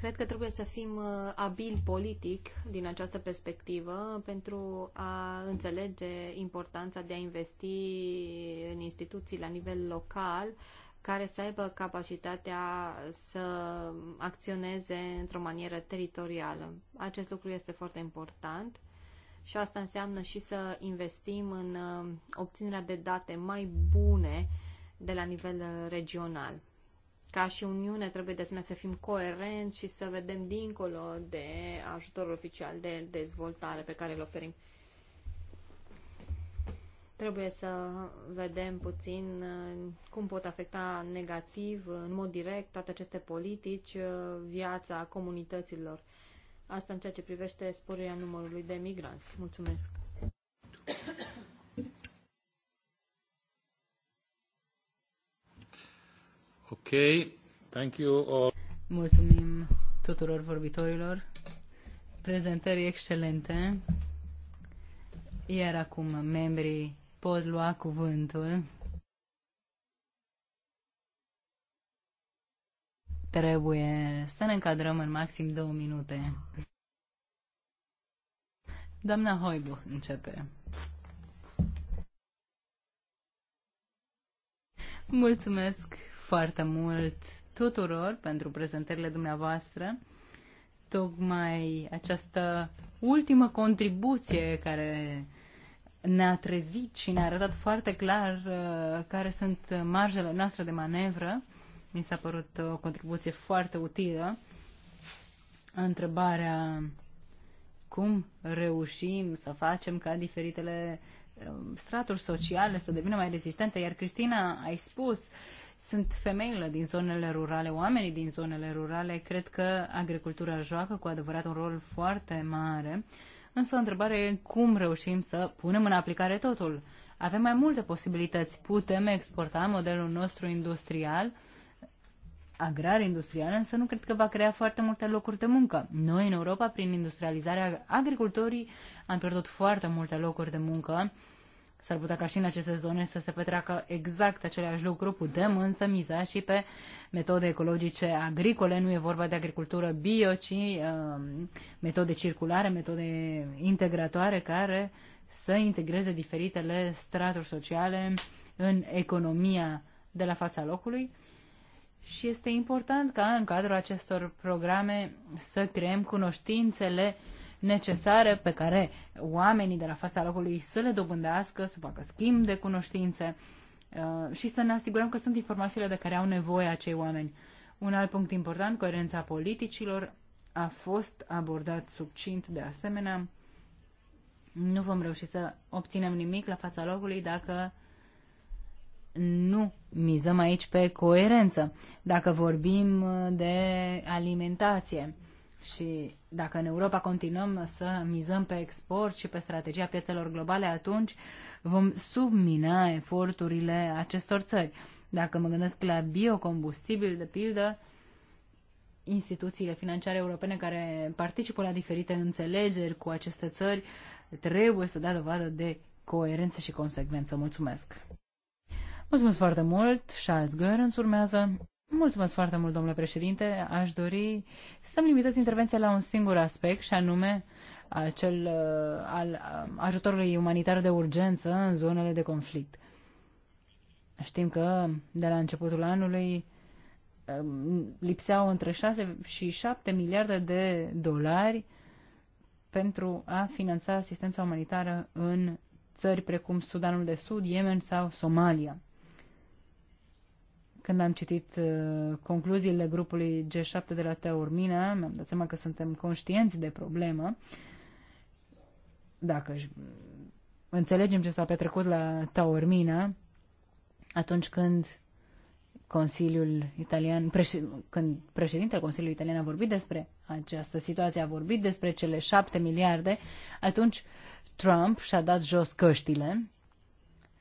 Cred că trebuie să fim uh, abili politic din această perspectivă pentru a înțelege importanța de a investi în instituții la nivel local care să aibă capacitatea să acționeze într-o manieră teritorială. Acest lucru este foarte important și asta înseamnă și să investim în uh, obținerea de date mai bune de la nivel uh, regional ca și Uniune trebuie de asemenea să fim coerenți și să vedem dincolo de ajutorul oficial de dezvoltare pe care îl oferim. Trebuie să vedem puțin uh, cum pot afecta negativ, uh, în mod direct, toate aceste politici, uh, viața comunităților. Asta în ceea ce privește sporirea numărului de migranți. Mulțumesc! Ok, thank you all. Mulțumim tuturor vorbitorilor. Prezentări excelente. Iar acum membrii pot lua cuvântul. Trebuie să ne încadrăm în maxim două minute. Doamna Hoibuch începe. Mulțumesc foarte mult tuturor pentru prezentările dumneavoastră. Tocmai această ultimă contribuție care ne-a trezit și ne-a arătat foarte clar uh, care sunt marjele noastre de manevră. Mi s-a părut o contribuție foarte utilă. Întrebarea cum reușim să facem ca diferitele uh, straturi sociale să devină mai rezistente. Iar Cristina, ai spus, uh, sunt femeile din zonele rurale, oamenii din zonele rurale. Cred că agricultura joacă cu adevărat un rol foarte mare. Însă o întrebare e cum reușim să punem în aplicare totul. Avem mai multe posibilități. Putem exporta modelul nostru industrial, agrar industrial, însă nu cred că va crea foarte multe locuri de muncă. Noi, în Europa, prin industrializarea agricultorii, am pierdut foarte multe locuri de muncă S-ar putea ca și în aceste zone să se petreacă exact același lucru, putem însă miza și pe metode ecologice agricole, nu e vorba de agricultură bio, ci uh, metode circulare, metode integratoare care să integreze diferitele straturi sociale în economia de la fața locului. Și este important ca în cadrul acestor programe să creăm cunoștințele necesare pe care oamenii de la fața locului să le dobândească, să facă schimb de cunoștințe uh, și să ne asigurăm că sunt informațiile de care au nevoie acei oameni. Un alt punct important, coerența politicilor, a fost abordat subcint de asemenea. Nu vom reuși să obținem nimic la fața locului dacă nu mizăm aici pe coerență. Dacă vorbim de alimentație și dacă în Europa continuăm să mizăm pe export și pe strategia piețelor globale, atunci vom submina eforturile acestor țări. Dacă mă gândesc la biocombustibil, de pildă, instituțiile financiare europene care participă la diferite înțelegeri cu aceste țări trebuie să dea dovadă de coerență și consecvență. Mulțumesc! Mulțumesc foarte mult! Charles Goerens urmează. Mulțumesc foarte mult, domnule președinte. Aș dori să-mi limitez intervenția la un singur aspect și anume cel al ajutorului umanitar de urgență în zonele de conflict. Știm că de la începutul anului lipseau între 6 și 7 miliarde de dolari pentru a finanța asistența umanitară în țări precum Sudanul de Sud, Yemen sau Somalia. Când am citit uh, concluziile grupului G7 de la Teormina, mi-am dat seama că suntem conștienți de problemă. Dacă înțelegem ce s-a petrecut la Taormina, atunci când Consiliul Italian, preș- când președintele Consiliului Italian a vorbit despre această situație, a vorbit despre cele șapte miliarde, atunci Trump și-a dat jos căștile.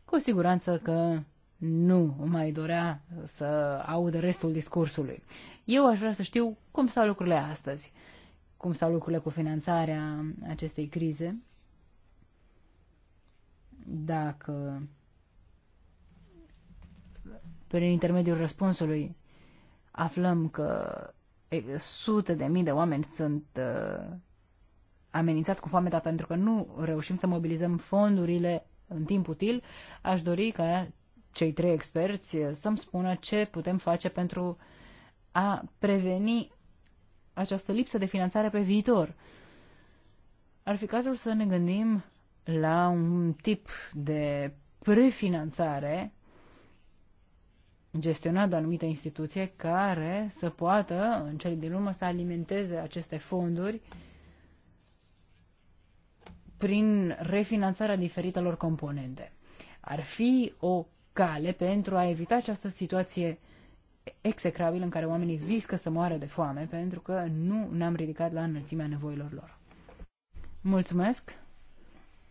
Cu siguranță că nu mai dorea să audă restul discursului. Eu aș vrea să știu cum stau lucrurile astăzi, cum stau lucrurile cu finanțarea acestei crize, dacă prin intermediul răspunsului aflăm că sute de mii de oameni sunt uh, amenințați cu foamea pentru că nu reușim să mobilizăm fondurile în timp util, aș dori ca cei trei experți să-mi spună ce putem face pentru a preveni această lipsă de finanțare pe viitor. Ar fi cazul să ne gândim la un tip de prefinanțare gestionat de o anumită instituție care să poată, în cele din urmă, să alimenteze aceste fonduri prin refinanțarea diferitelor componente. Ar fi o cale pentru a evita această situație execrabilă în care oamenii riscă să moară de foame pentru că nu ne-am ridicat la înălțimea nevoilor lor. Mulțumesc!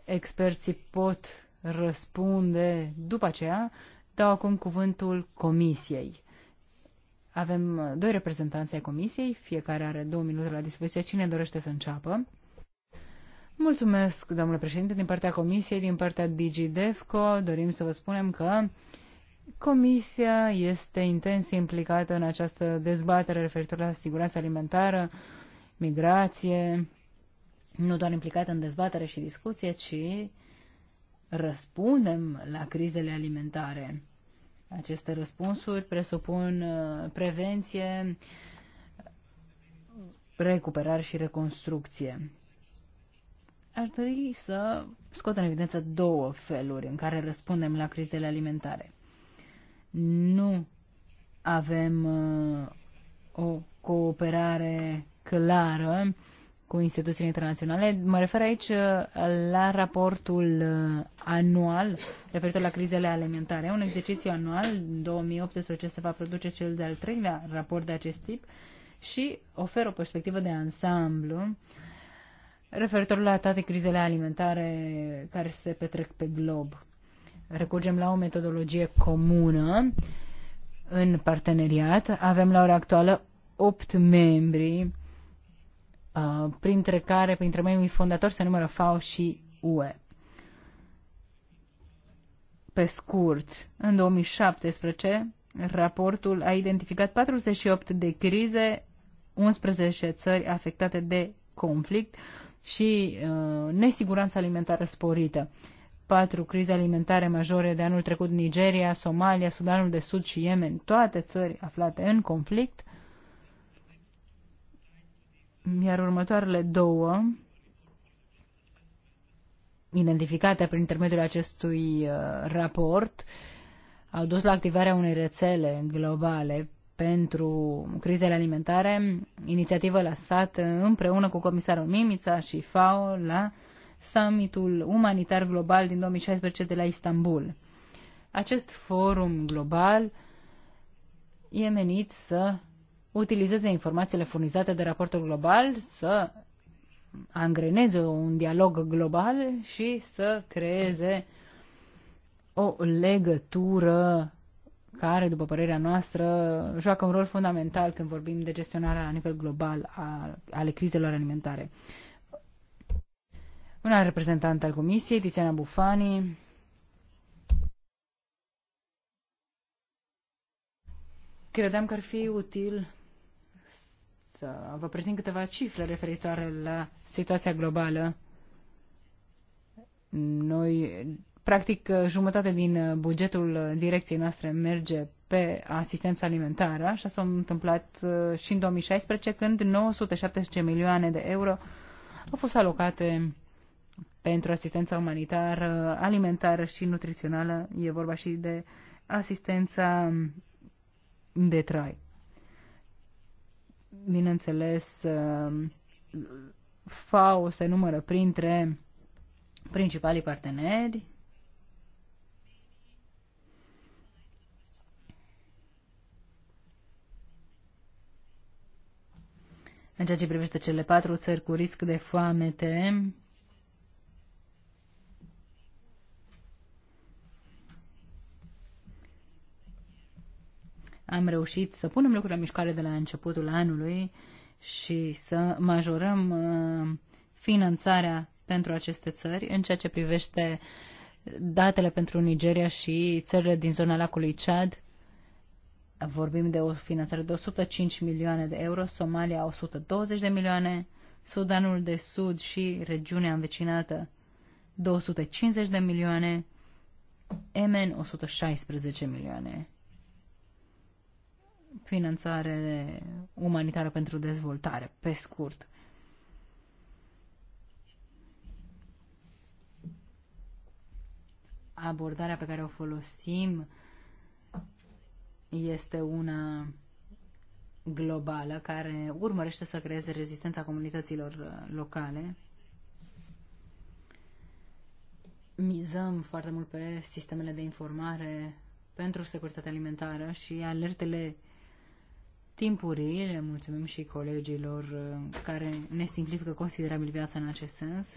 Experții pot răspunde după aceea. Dau acum cuvântul comisiei. Avem doi reprezentanți ai comisiei, fiecare are două minute la dispoziție. Cine dorește să înceapă? Mulțumesc, domnule președinte, din partea Comisiei, din partea DigiDevco. Dorim să vă spunem că Comisia este intens implicată în această dezbatere referitoare la siguranța alimentară, migrație, nu doar implicată în dezbatere și discuție, ci răspundem la crizele alimentare. Aceste răspunsuri presupun uh, prevenție, recuperare și reconstrucție. Aș dori să scot în evidență două feluri în care răspundem la crizele alimentare. Nu avem uh, o cooperare clară cu instituțiile internaționale. Mă refer aici uh, la raportul uh, anual referitor la crizele alimentare. Un exercițiu anual, 2018 se va produce cel de-al treilea raport de acest tip și oferă o perspectivă de ansamblu referitor la toate crizele alimentare care se petrec pe glob. Recurgem la o metodologie comună în parteneriat. Avem la ora actuală 8 membri, uh, printre care, printre membrii fondatori, se numără FAO și UE. Pe scurt, în 2017, raportul a identificat 48 de crize, 11 țări afectate de conflict, și uh, nesiguranța alimentară sporită. Patru crize alimentare majore de anul trecut, Nigeria, Somalia, Sudanul de Sud și Yemen, toate țări aflate în conflict, iar următoarele două, identificate prin intermediul acestui uh, raport, au dus la activarea unei rețele globale pentru crizele alimentare, inițiativă lansată împreună cu comisarul Mimița și FAO la summitul umanitar global din 2016 de la Istanbul. Acest forum global e menit să utilizeze informațiile furnizate de raportul global, să angreneze un dialog global și să creeze o legătură care, după părerea noastră, joacă un rol fundamental când vorbim de gestionarea la nivel global a, ale crizelor alimentare. Un alt reprezentant al Comisiei, Tiziana Bufani, credeam că ar fi util să vă prezint câteva cifre referitoare la situația globală. Noi Practic, uh, jumătate din uh, bugetul uh, direcției noastre merge pe asistența alimentară. Așa s-a întâmplat și în 2016, când 970 milioane de euro au fost alocate pentru asistența umanitară, alimentară și nutrițională. E vorba și de asistența de trai. Bineînțeles, FAO se numără printre principalii parteneri În ceea ce privește cele patru țări cu risc de foamete, am reușit să punem lucrurile în mișcare de la începutul anului și să majorăm uh, finanțarea pentru aceste țări în ceea ce privește datele pentru Nigeria și țările din zona lacului Chad vorbim de o finanțare de 105 milioane de euro, Somalia 120 de milioane, Sudanul de Sud și regiunea învecinată 250 de milioane, Emen 116 milioane. Finanțare umanitară pentru dezvoltare, pe scurt. Abordarea pe care o folosim este una globală care urmărește să creeze rezistența comunităților uh, locale. Mizăm foarte mult pe sistemele de informare pentru securitatea alimentară și alertele timpurii. Le mulțumim și colegilor uh, care ne simplifică considerabil viața în acest sens.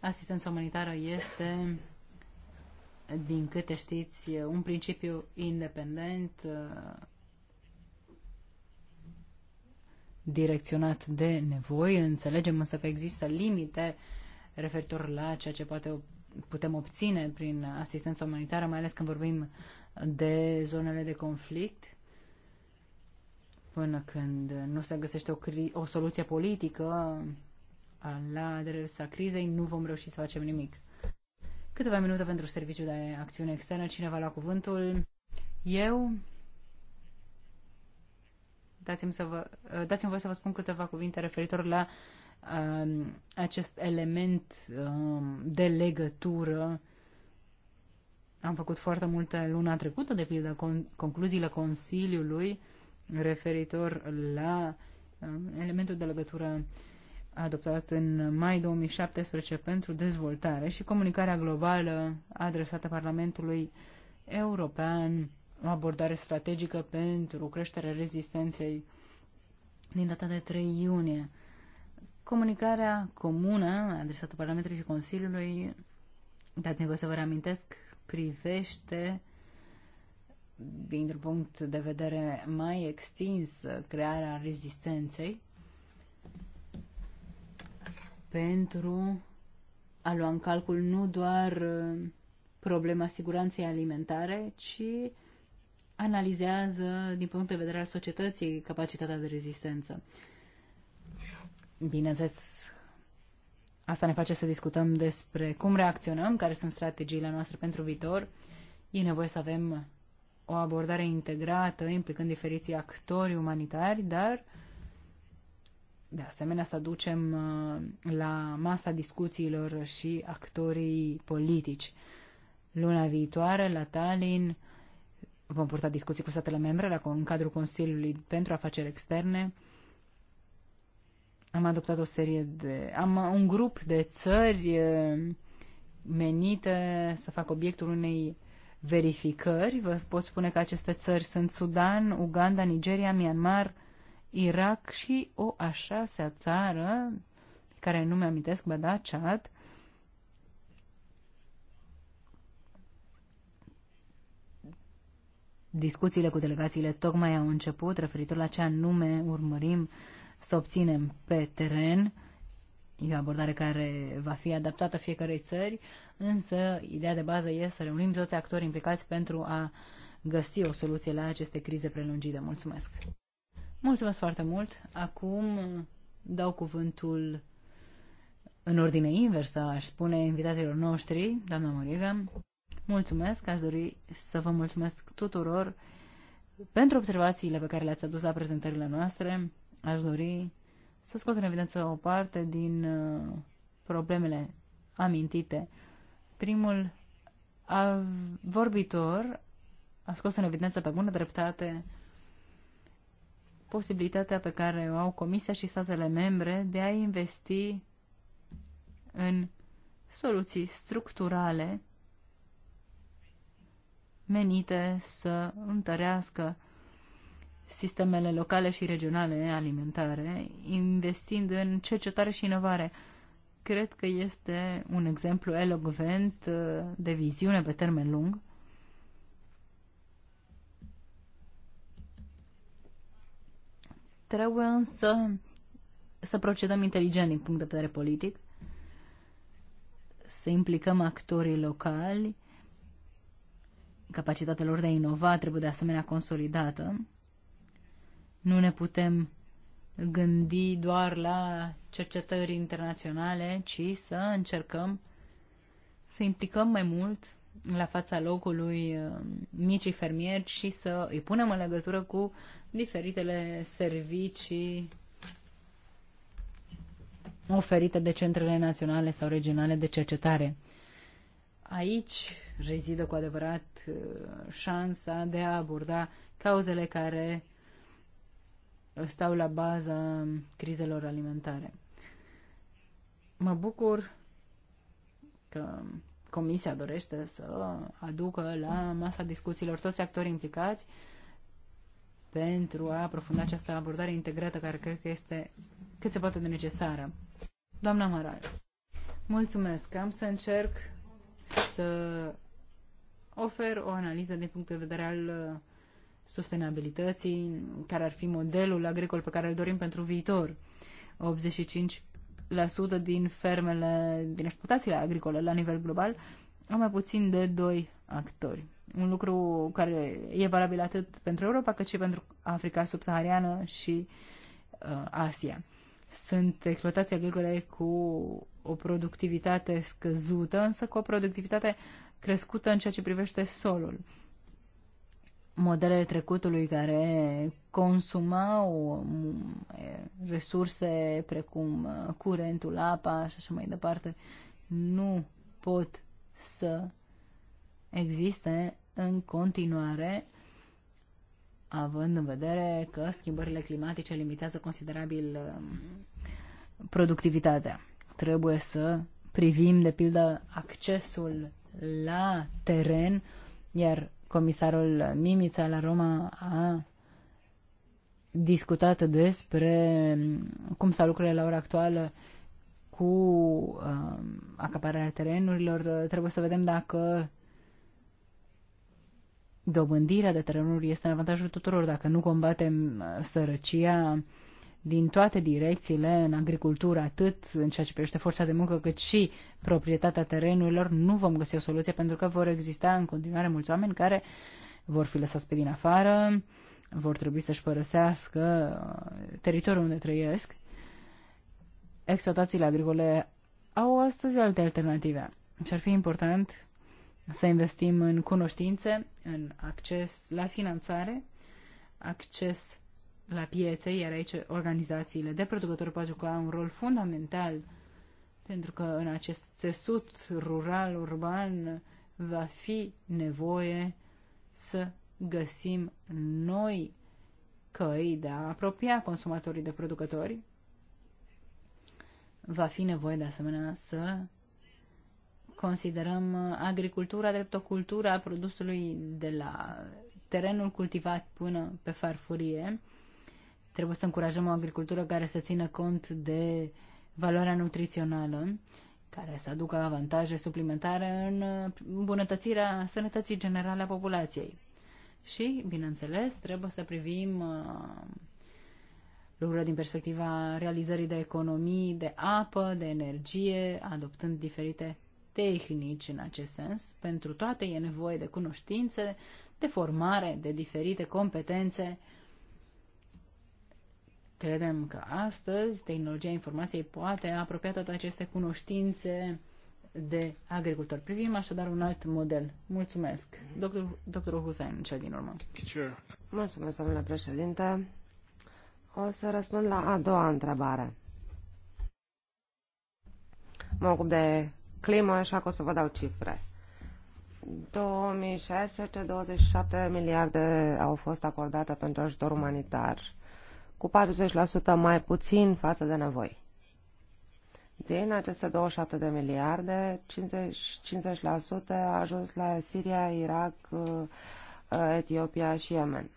Asistența umanitară este din câte știți, un principiu independent uh, direcționat de nevoi. Înțelegem însă că există limite referitor la ceea ce poate putem obține prin asistența umanitară, mai ales când vorbim de zonele de conflict. Până când nu se găsește o, o soluție politică la adresa crizei, nu vom reuși să facem nimic. Câteva minute pentru serviciul de acțiune externă. Cine va lua cuvântul? Eu. Dați-mi, să vă, dați-mi voie să vă spun câteva cuvinte referitor la um, uh, acest element um, uh, de legătură. Am făcut foarte multe luna trecută, de pildă, con- concluziile Consiliului referitor la um, uh, elementul de legătură uh, adoptat în mai 2017 pentru dezvoltare și comunicarea globală adresată Parlamentului European, o abordare strategică pentru creșterea rezistenței din data de 3 iunie. Comunicarea comună adresată Parlamentului și Consiliului, dați-mi vă să vă reamintesc, privește dintr-un punct de vedere mai extins crearea rezistenței pentru a lua în calcul nu doar uh, problema siguranței alimentare, ci analizează din punct de vedere al societății capacitatea de rezistență. Bineînțeles, asta ne face să discutăm despre cum reacționăm, care sunt strategiile noastre pentru viitor. E nevoie să avem o abordare integrată, implicând diferiții actori umanitari, dar uh, de asemenea, să ducem uh, la masa discuțiilor și actorii politici. Luna viitoare, la Tallinn, vom purta discuții cu statele membre la, în cadrul Consiliului pentru Afaceri Externe. Am adoptat o serie de... Am un grup de țări uh, menite să facă obiectul unei verificări. Vă pot spune că aceste țări sunt Sudan, Uganda, Nigeria, Myanmar, Irak și o a șasea țară, care nu mi-amintesc, bă, da, Chad, Discuțiile cu delegațiile tocmai au început referitor la ce anume urmărim să obținem pe teren. E o abordare care va fi adaptată fiecarei țări, însă ideea de bază este să reunim toți actorii implicați pentru a găsi o soluție la aceste crize prelungite. Mulțumesc! Mulțumesc foarte mult. Acum dau cuvântul în ordine inversă, aș spune, invitațiilor noștri, doamna Moriga. Mulțumesc, aș dori să vă mulțumesc tuturor pentru observațiile pe care le-ați adus la prezentările noastre. Aș dori să scot în evidență o parte din uh, problemele amintite. Primul vorbitor a scos în evidență pe bună dreptate posibilitatea pe care o au Comisia și statele membre de a investi în soluții structurale menite să întărească sistemele locale și regionale alimentare, investind în cercetare și inovare. Cred că este un exemplu elogvent uh, de viziune pe termen lung Trebuie însă să procedăm inteligent din punct de vedere politic, să implicăm actorii locali, capacitatea lor de a inova trebuie de asemenea consolidată. Nu ne putem gândi doar la cercetări internaționale, ci să încercăm să implicăm mai mult la fața locului uh, micii fermieri și să îi punem în legătură cu diferitele servicii oferite de centrele naționale sau regionale de cercetare. Aici rezidă cu adevărat uh, șansa de a aborda cauzele care stau la baza crizelor alimentare. Mă bucur că Comisia dorește să aducă la masa discuțiilor toți actorii implicați, pentru a aprofunda această abordare integrată care cred că este cât se poate de necesară. Doamna Maral, mulțumesc. Am să încerc să ofer o analiză din punct de vedere al uh, sustenabilității, care ar fi modelul agricol pe care îl dorim pentru viitor. 85% din fermele, din exploatațiile agricole la nivel global, au mai puțin de doi actori un lucru care e valabil atât pentru Europa cât și pentru Africa subsahariană și uh, Asia. Sunt exploatații agricole cu o productivitate scăzută, însă cu o productivitate crescută în ceea ce privește solul. Modelele trecutului care consumau eh, resurse precum eh, curentul, apa și așa mai departe, nu pot să existe în continuare, având în vedere că schimbările climatice limitează considerabil um, productivitatea. Trebuie să privim, de pildă, accesul la teren, iar comisarul Mimița la Roma a discutat despre um, cum stau lucrurile la ora actuală cu uh, acapararea terenurilor. Trebuie să vedem dacă dobândirea de terenuri este în avantajul tuturor. Dacă nu combatem uh, sărăcia din toate direcțiile, în agricultură, atât în ceea ce privește forța de muncă, cât și proprietatea terenurilor, nu vom găsi o soluție pentru că vor exista în continuare mulți oameni care vor fi lăsați pe din afară, vor trebui să-și părăsească uh, teritoriul unde trăiesc. Exploatațiile agricole au astăzi alte alternative și ar fi important să investim în cunoștințe, în acces la finanțare, acces la piețe, iar aici organizațiile de producători pot juca un rol fundamental pentru că în acest țesut rural, urban, va fi nevoie să găsim noi căi de a apropia consumatorii de producători. Va fi nevoie de asemenea să considerăm agricultura drept o cultură a produsului de la terenul cultivat până pe farfurie. Trebuie să încurajăm o agricultură care să țină cont de valoarea nutrițională, care să aducă avantaje suplimentare în îmbunătățirea sănătății generale a populației. Și, bineînțeles, trebuie să privim uh, lucrurile din perspectiva realizării de economii, de apă, de energie, adoptând diferite tehnici în acest sens. Pentru toate e nevoie de cunoștințe, de formare, de diferite competențe. Credem că astăzi tehnologia informației poate apropia toate aceste cunoștințe de agricultori. Privim așadar un alt model. Mulțumesc. dr dr Hussein, cel din urmă. Mulțumesc, domnule președinte. O să răspund la a doua întrebare. Mă ocup de climă, așa că o să vă dau cifre. 2016, 27 miliarde au fost acordate pentru ajutor umanitar, cu 40% mai puțin față de nevoi. Din aceste 27 de miliarde, 50, 50% a ajuns la Siria, Irak, uh, Etiopia și Yemen.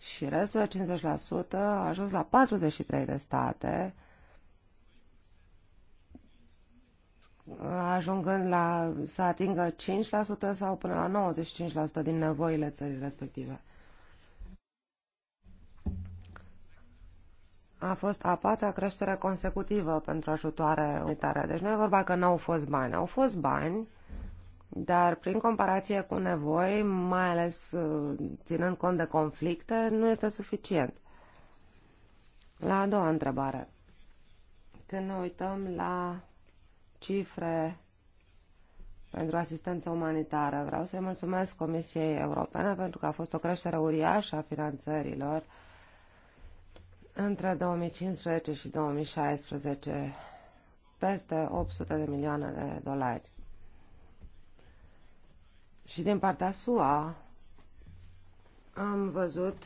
Și restul de 50% a ajuns la 43 de state, ajungând la să atingă 5% sau până la 95% din nevoile țării respective. A fost a patra creștere consecutivă pentru ajutoare unitare. Deci nu e vorba că nu au fost bani. Au fost bani, dar prin comparație cu nevoi, mai ales uh, ținând cont de conflicte, nu este suficient. La a doua întrebare. Când ne uităm la cifre pentru asistență umanitară. Vreau să-i mulțumesc Comisiei Europene pentru că a fost o creștere uriașă a finanțărilor între 2015 și 2016, peste 800 de milioane de dolari. Și din partea SUA am văzut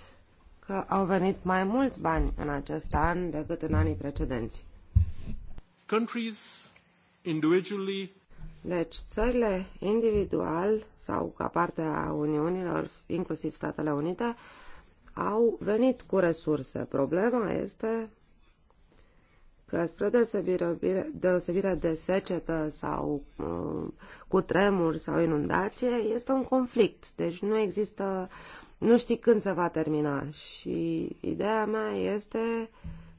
că au venit mai mulți bani în acest an decât în anii precedenți. Countries individually deci, țările individual sau ca parte a Uniunilor, inclusiv Statele Unite, au venit cu resurse. Problema este că spre deosebire, deosebire de secetă sau uh, cu tremuri sau inundație, este un conflict. Deci nu există, nu știi când se va termina. Și ideea mea este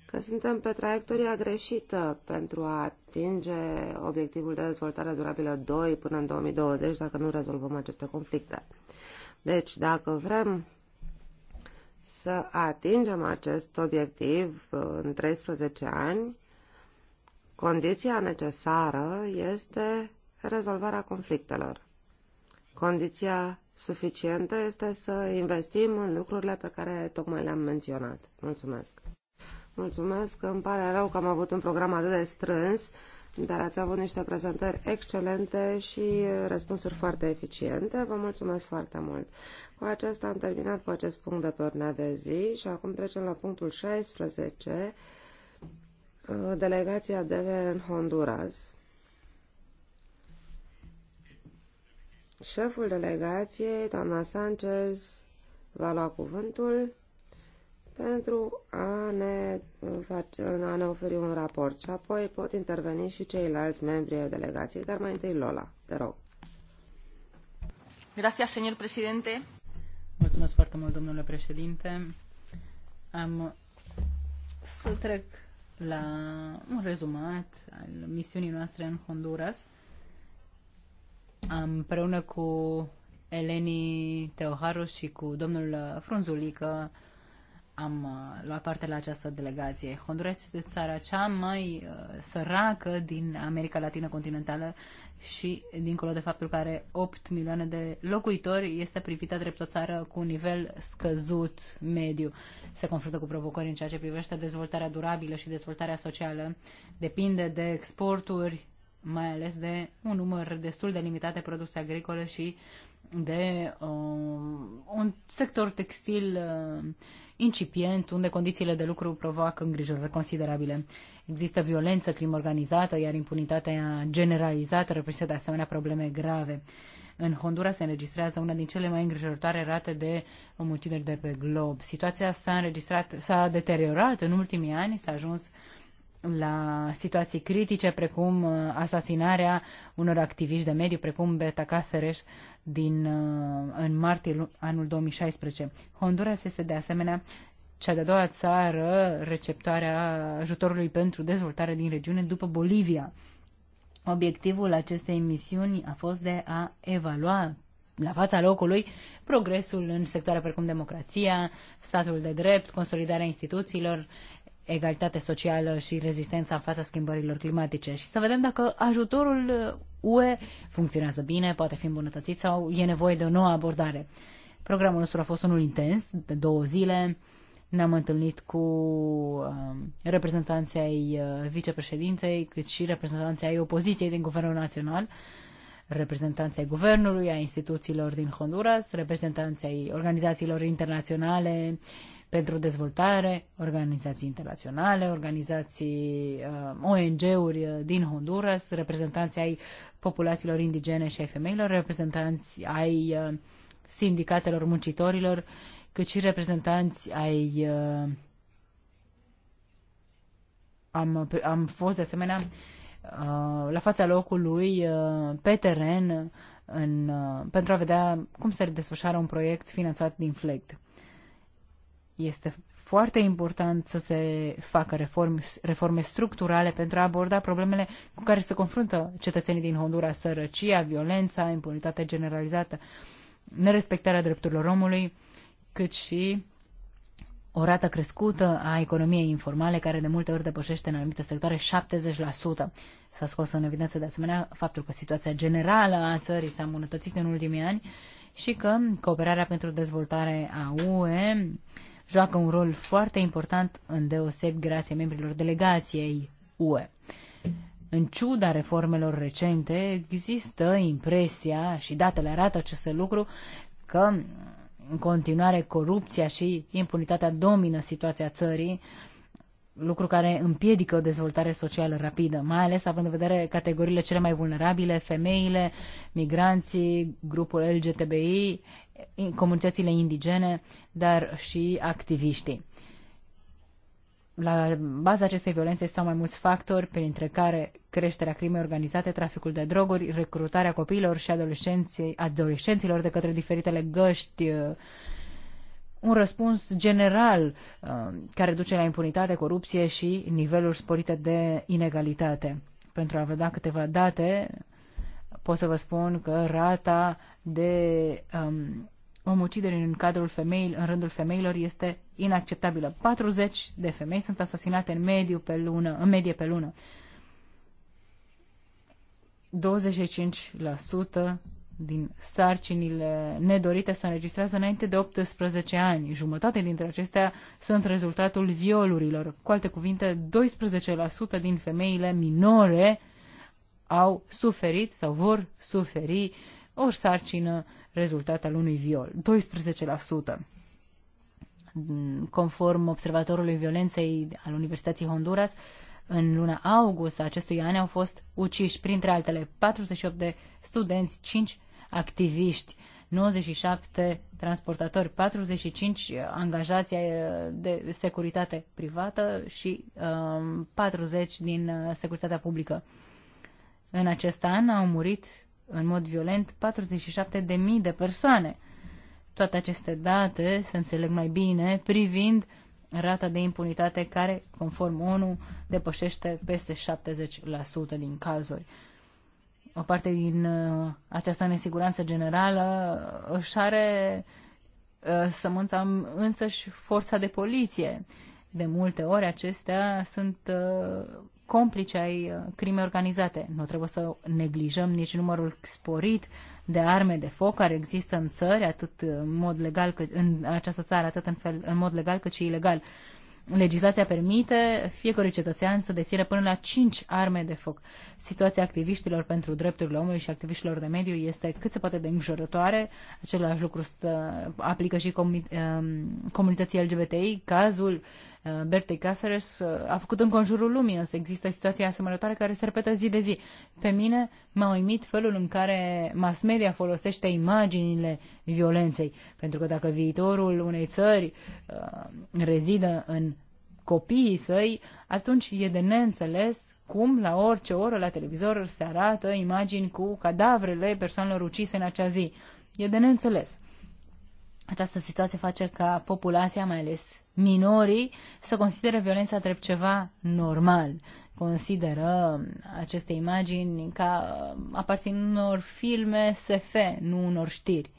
că suntem pe traiectoria greșită pentru a atinge obiectivul de dezvoltare durabilă 2 până în 2020 dacă nu rezolvăm aceste conflicte. Deci, dacă vrem să atingem acest obiectiv uh, în 13 ani, condiția necesară este rezolvarea conflictelor. Condiția suficientă este să investim în lucrurile pe care tocmai le-am menționat. Mulțumesc! Mulțumesc, îmi pare rău că am avut un program atât de strâns, dar ați avut niște prezentări excelente și răspunsuri foarte eficiente. Vă mulțumesc foarte mult. Cu acesta am terminat cu acest punct de pe ordinea de zi și acum trecem la punctul 16, delegația DEVE în Honduras. Șeful delegației, doamna Sanchez, va lua cuvântul pentru a ne, face, a ne oferi un raport și apoi pot interveni și ceilalți membri ai delegației, dar mai întâi Lola, te rog. Gracias, señor presidente. Mulțumesc foarte mult, domnule președinte. Am să trec la un rezumat al misiunii noastre în Honduras. Am, împreună cu Eleni Teoharu și cu domnul Frunzulică am uh, luat parte la această delegație. Honduras este țara cea mai uh, săracă din America Latină continentală și, dincolo de faptul că are 8 milioane de locuitori, este privită drept o țară cu un nivel scăzut mediu. Se confruntă cu provocări în ceea ce privește dezvoltarea durabilă și dezvoltarea socială. Depinde de exporturi, mai ales de un număr destul de limitat de produse agricole și uh, de uh, un sector textil uh, incipient, unde condițiile de lucru provoacă îngrijorări considerabile. Există violență, crimă organizată, iar impunitatea generalizată reprezintă de asemenea probleme grave. În Honduras se înregistrează una din cele mai îngrijorătoare rate de omucideri de pe glob. Situația s-a înregistrat, s-a deteriorat în ultimii ani, s-a ajuns uh, la situații critice, precum uh, asasinarea unor activiști de mediu, precum Beta Cáceres din, uh, în martie anul 2016. Honduras este de asemenea cea de-a doua țară receptarea ajutorului pentru dezvoltare din regiune după Bolivia. Obiectivul acestei misiuni a fost de a evalua la fața locului progresul în sectoare precum democrația, statul de drept, consolidarea instituțiilor, egalitate socială și rezistența în fața schimbărilor climatice și să vedem dacă ajutorul uh, UE funcționează bine, poate fi îmbunătățit sau e nevoie de o nouă abordare. Programul nostru a fost unul intens, de două zile. Ne-am întâlnit cu um, reprezentanții ai uh, vicepreședinței, cât și reprezentanții ai opoziției din Guvernul Național, reprezentanții ai guvernului, ai instituțiilor din Honduras, reprezentanții ai organizațiilor internaționale, uh, pentru dezvoltare, organizații internaționale, organizații uh, ONG-uri uh, din Honduras, reprezentanții ai populațiilor indigene și ai femeilor, reprezentanți ai uh, sindicatelor muncitorilor, cât și reprezentanți ai am, am fost de asemenea la fața locului, pe teren, în, pentru a vedea cum se desfășoară un proiect finanțat din FLEGT. Este foarte important să se facă reforme, reforme structurale pentru a aborda problemele cu care se confruntă cetățenii din Honduras, sărăcia, violența, impunitatea generalizată, nerespectarea drepturilor omului, cât și o rată crescută a economiei informale, care de multe ori depășește în anumite sectoare 70%. S-a scos în evidență de asemenea faptul că situația generală a țării s-a îmbunătățit în ultimii ani și că cooperarea pentru dezvoltare a UE joacă un rol foarte important în deoseb grație membrilor delegației UE. În ciuda reformelor recente, există impresia, și datele arată acest lucru, că în continuare corupția și impunitatea domină situația țării, lucru care împiedică o dezvoltare socială rapidă, mai ales având în vedere categoriile cele mai vulnerabile, femeile, migranții, grupul LGTBI, comunitățile indigene, dar și activiștii. La baza acestei violențe stau mai mulți factori, printre care creșterea crimei organizate, traficul de droguri, recrutarea copiilor și adolescenților de către diferitele găști, uh, un răspuns general uh, care duce la impunitate, corupție și niveluri sporite de inegalitate. Pentru a vedea câteva date, pot să vă spun că rata de um, omucideri în cadrul femei, în rândul femeilor este inacceptabilă. 40 de femei sunt asasinate în mediu pe lună, în medie pe lună. 25% din sarcinile nedorite se înregistrează înainte de 18 ani. Jumătate dintre acestea sunt rezultatul violurilor. Cu alte cuvinte, 12% din femeile minore uh, au suferit sau vor suferi o sarcină rezultat al unui viol, 12%. Conform observatorului violenței al Universității Honduras, în luna august a acestui an au fost uciși, printre altele, 48 de studenți, 5 activiști, 97 transportatori, 45 angajați eh, de securitate privată și 40 ehm, din eh, securitatea publică. În acest an au murit în mod violent 47.000 de persoane. Toate aceste date se înțeleg mai bine privind rata de impunitate care, conform ONU, depășește peste 70% din cazuri. O parte din uh, această nesiguranță generală își are uh, sămânța însăși forța de poliție. De multe ori acestea sunt uh, complice ai uh, crimei organizate. Nu trebuie să neglijăm nici numărul sporit de arme de foc care există în țări, atât în mod legal cât în această țară, atât în, fel, în mod legal cât și ilegal. Legislația permite fiecărui cetățean să dețină până la 5 arme de foc. Situația activiștilor pentru drepturile omului și activiștilor de mediu este cât se poate de îngrijorătoare. Același lucru stă, aplică și um, comunității LGBTI. Cazul uh, Eh, Bertie Cáceres eh, a făcut în conjurul lumii, însă există situații asemănătoare care se repetă zi de zi. Pe mine m-a uimit felul în care mass media folosește imaginile violenței, pentru că dacă viitorul unei țări uh, rezidă în copiii săi, atunci e de neînțeles cum la orice oră la televizor se arată imagini cu cadavrele persoanelor ucise în acea zi. E de neînțeles. Această situație face ca populația, mai ales minorii să consideră violența drept ceva normal. Consideră aceste imagini ca aparțin unor filme SF, nu unor știri.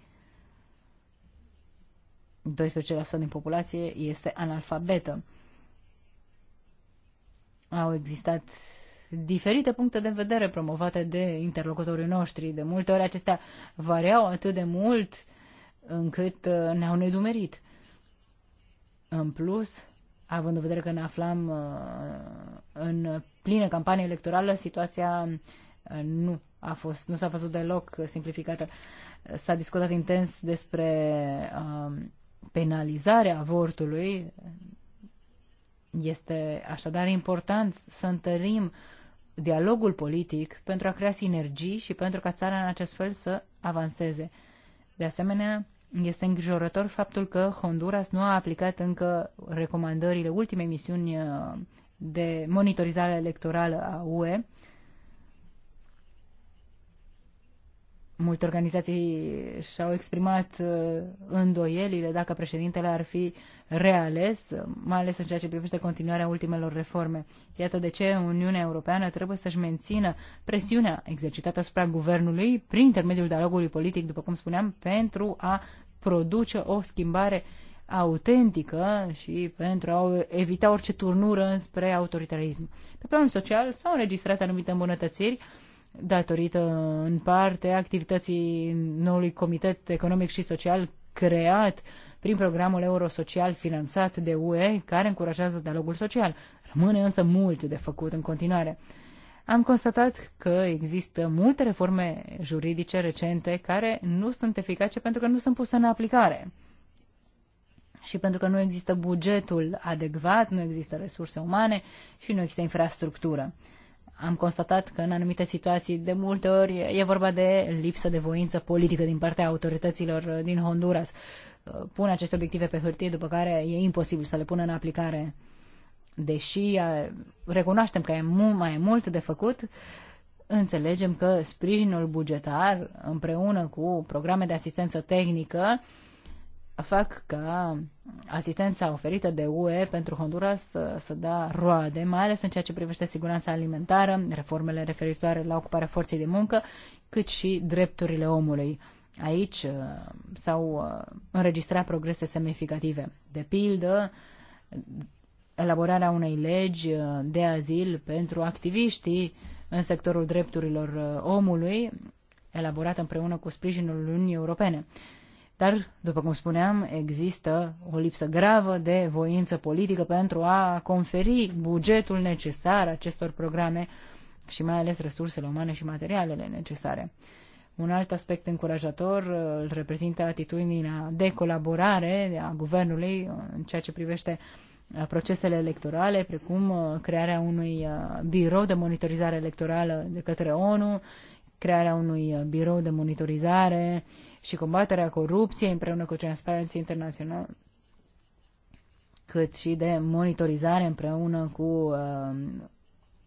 12% din populație este analfabetă. Au existat diferite puncte de vedere promovate de interlocutorii noștri. De multe ori acestea variau atât de mult încât uh, ne-au nedumerit. În plus, având în vedere că ne aflam uh, în plină campanie electorală, situația uh, nu a fost, nu s-a făcut deloc simplificată. S-a discutat intens despre um, penalizarea avortului. Este așadar important să întărim dialogul politic pentru a crea sinergii și pentru ca țara în acest fel să avanseze. De asemenea, este îngrijorător faptul că Honduras nu a aplicat încă recomandările ultimei misiuni uh, de monitorizare electorală a UE Multe organizații și-au exprimat uh, îndoielile dacă președintele ar fi reales, uh, mai ales în ceea ce privește continuarea ultimelor reforme. Iată de ce Uniunea Europeană trebuie să-și mențină presiunea exercitată asupra guvernului prin intermediul dialogului politic, după cum spuneam, pentru a produce o schimbare autentică și pentru a evita orice turnură înspre autoritarism. Pe planul social s-au înregistrat anumite îmbunătățiri, datorită în parte activității noului Comitet Economic și Social creat prin programul Eurosocial finanțat de UE, care încurajează dialogul social. Rămâne însă mult de făcut în continuare. Am constatat că există multe reforme juridice recente care nu sunt eficace pentru că nu sunt puse în aplicare și pentru că nu există bugetul adecvat, nu există resurse umane și nu există infrastructură am constatat că în anumite situații, de multe ori, e vorba de lipsă de voință politică din partea autorităților uh, din Honduras. Uh, pun aceste obiective pe hârtie, după care e imposibil să le pună în aplicare. Deși uh, recunoaștem că e mult mai mult de făcut, înțelegem că sprijinul bugetar, împreună cu programe de asistență tehnică, fac ca asistența oferită de UE pentru Honduras să, să da roade, mai ales în ceea ce privește siguranța alimentară, reformele referitoare la ocuparea forței de muncă, cât și drepturile omului. Aici uh, s-au uh, înregistrat progrese semnificative. De pildă, elaborarea unei legi uh, de azil pentru activiștii în sectorul drepturilor omului, elaborată împreună cu sprijinul Uniunii Europene. Dar, după cum spuneam, există o lipsă gravă de voință politică pentru a conferi bugetul necesar acestor programe și mai ales resursele umane și materialele necesare. Un alt aspect încurajator uh, îl reprezintă atitudinea de colaborare a guvernului în ceea ce privește uh, procesele electorale, precum uh, crearea unui birou de monitorizare electorală de către ONU, crearea unui birou de monitorizare uh, și combaterea corupției împreună cu Transparency International, cât și de monitorizare împreună cu uh,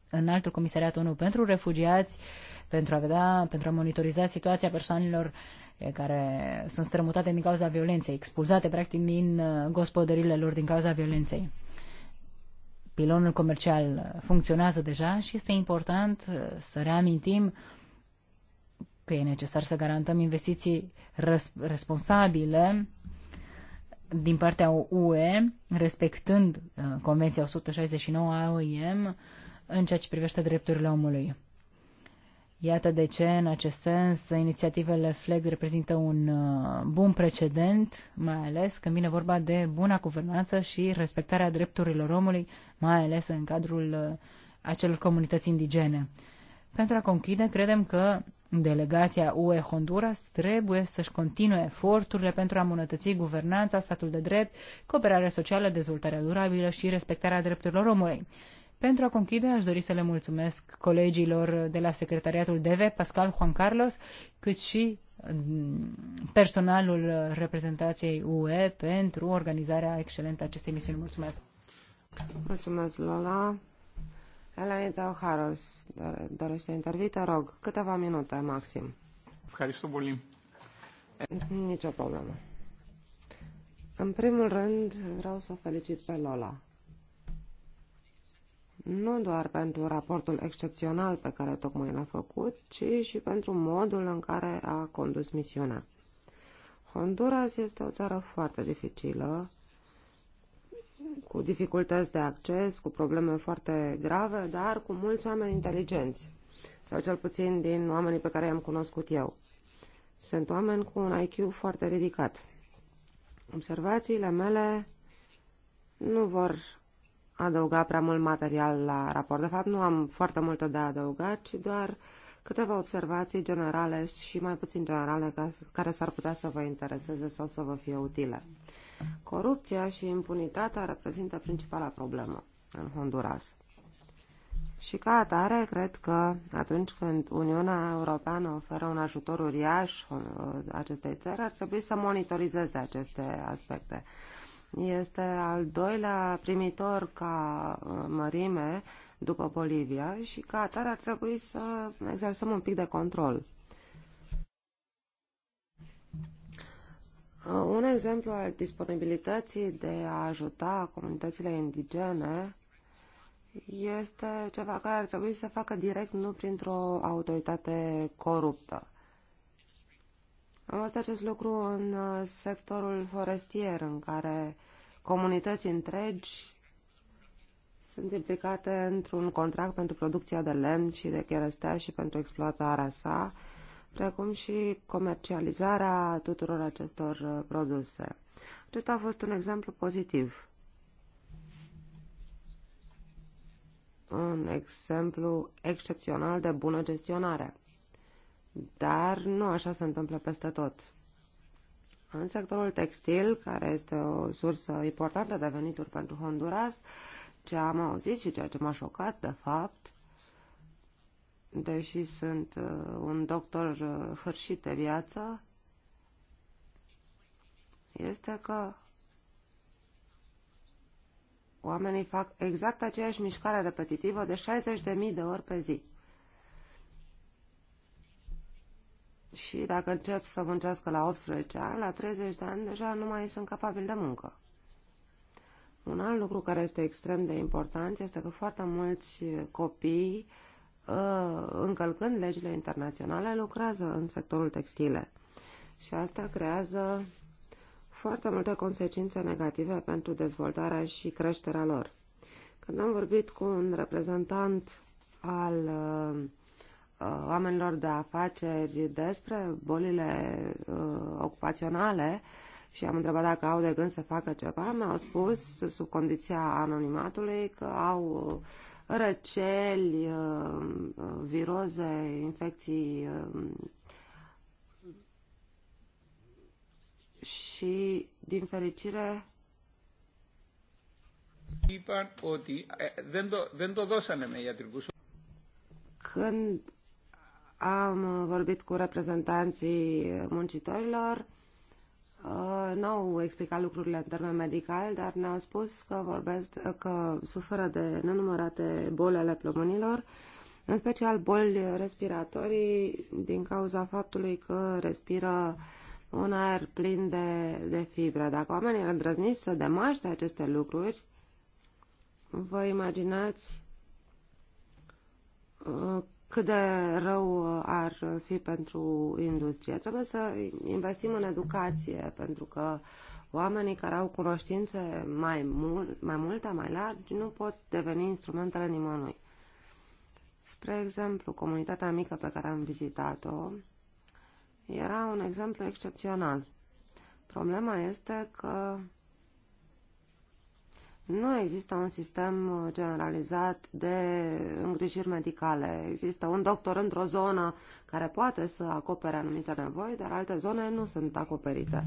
Înaltul Comisariat ONU pentru Refugiați, pentru a vedea, pentru a monitoriza situația persoanelor eh, care sunt strămutate din cauza violenței, expulzate practic din uh, gospodările lor din cauza violenței. Pilonul comercial funcționează deja și este important uh, să reamintim că e necesar să garantăm investiții responsabile din partea UE, respectând uh, Convenția 169 a OIM în ceea ce privește drepturile omului. Iată de ce, în acest sens, inițiativele FLEG reprezintă un uh, bun precedent, mai ales când vine vorba de buna guvernanță și respectarea drepturilor omului, mai ales în cadrul uh, acelor comunități indigene. Pentru a conchide, credem că Delegația UE Honduras trebuie să-și continue eforturile pentru a îmbunătăți guvernanța, statul de drept, cooperarea socială, dezvoltarea durabilă și respectarea drepturilor omului. Pentru a conchide, aș dori să le mulțumesc colegilor de la Secretariatul DV, Pascal Juan Carlos, cât și mm, personalul reprezentației UE pentru organizarea excelentă a acestei misiuni. Mulțumesc! Mulțumesc, Lola! Elenita Oharos dorește intervii, te rog, câteva minute maxim. Nicio problemă. În primul rând, vreau să o felicit pe Lola. Nu doar pentru raportul excepțional pe care tocmai l-a făcut, ci și pentru modul în care a condus misiunea. Honduras este o țară foarte dificilă, cu dificultăți de acces, cu probleme foarte grave, dar cu mulți oameni inteligenți, sau cel puțin din oamenii pe care i-am cunoscut eu. Sunt oameni cu un IQ foarte ridicat. Observațiile mele nu vor adăuga prea mult material la raport. De fapt, nu am foarte multe de adăugat, ci doar câteva observații generale și mai puțin generale care s-ar putea să vă intereseze sau să vă fie utile. Corupția și impunitatea reprezintă principala problemă în Honduras. Și ca atare, cred că atunci când Uniunea Europeană oferă un ajutor uriaș uh, acestei țări, ar trebui să monitorizeze aceste aspecte. Este al doilea primitor ca uh, mărime după Bolivia și ca atare ar trebui să exersăm un pic de control. Uh, un exemplu al disponibilității de a ajuta comunitățile indigene este ceva care ar trebui să se facă direct, nu printr-o autoritate coruptă. Am văzut acest lucru în uh, sectorul forestier, în care comunități întregi sunt implicate într-un contract pentru producția de lemn și de cherestea și pentru exploatarea sa, precum și comercializarea tuturor acestor uh, produse. Acesta a fost un exemplu pozitiv. Un exemplu excepțional de bună gestionare. Dar nu așa se întâmplă peste tot. În sectorul textil, care este o sursă importantă de venituri pentru Honduras, ce am auzit și ceea ce m-a șocat, de fapt, deși sunt uh, un doctor uh, hârșit de viață, este că oamenii fac exact aceeași mișcare repetitivă de 60.000 de ori pe zi. Și dacă încep să muncească la 18 ani, la 30 de ani, deja nu mai sunt capabil de muncă. Un alt lucru care este extrem de important este că foarte mulți copii uh, Uh, încălcând legile internaționale, lucrează în sectorul textile. Și asta creează foarte multe consecințe negative pentru dezvoltarea și creșterea lor. Când am vorbit cu un reprezentant al uh, uh oamenilor de afaceri despre bolile uh, ocupaționale și am întrebat dacă au de gând să facă ceva, mi-au spus, sub condiția anonimatului, că au uh, răceli, uh, uh, viroze, infecții uh, și, din fericire, Când am vorbit cu reprezentanții muncitorilor, Uh, n-au explicat lucrurile în termen medical, dar ne-au spus că, vorbesc, că suferă de nenumărate boli ale plămânilor, în special boli respiratorii din cauza faptului că respiră un aer plin de, de fibre. Dacă oamenii ar îndrăzni să demaște aceste lucruri, vă imaginați uh, cât de rău ar fi pentru industrie. Trebuie să investim în educație, pentru că oamenii care au cunoștințe mai, mul- mai multe, mai largi, nu pot deveni instrumentele nimănui. Spre exemplu, comunitatea mică pe care am vizitat-o era un exemplu excepțional. Problema este că nu există un sistem uh, generalizat de îngrijiri medicale. Există un doctor într-o zonă care poate să acopere anumite nevoi, dar alte zone nu sunt acoperite.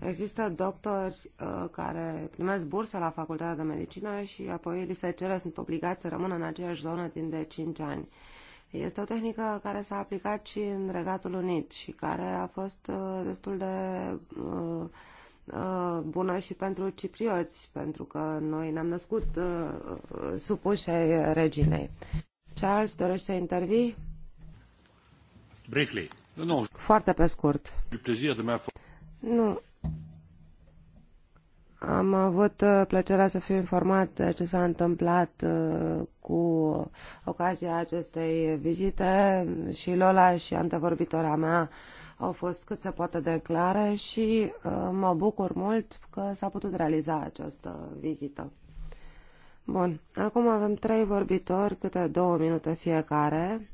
Există doctori uh, care primesc bursă la facultatea de medicină și apoi li se cere, sunt obligați să rămână în aceeași zonă timp de 5 ani. Uh, este o tehnică care s-a aplicat și în Regatul Unit și care a fost uh, destul de uh, uh, bună și pentru ciprioți, pentru că noi ne-am născut supuși reginei. Charles, dorește să intervii? Briefly. Foarte pe scurt. Nu, am avut uh, plăcerea să fiu informat de ce s-a întâmplat uh, cu ocazia acestei vizite și Lola și antevorbitora mea au fost cât se poate de clare și uh, mă bucur mult că s-a putut realiza această vizită. Bun, acum avem trei vorbitori, câte două minute fiecare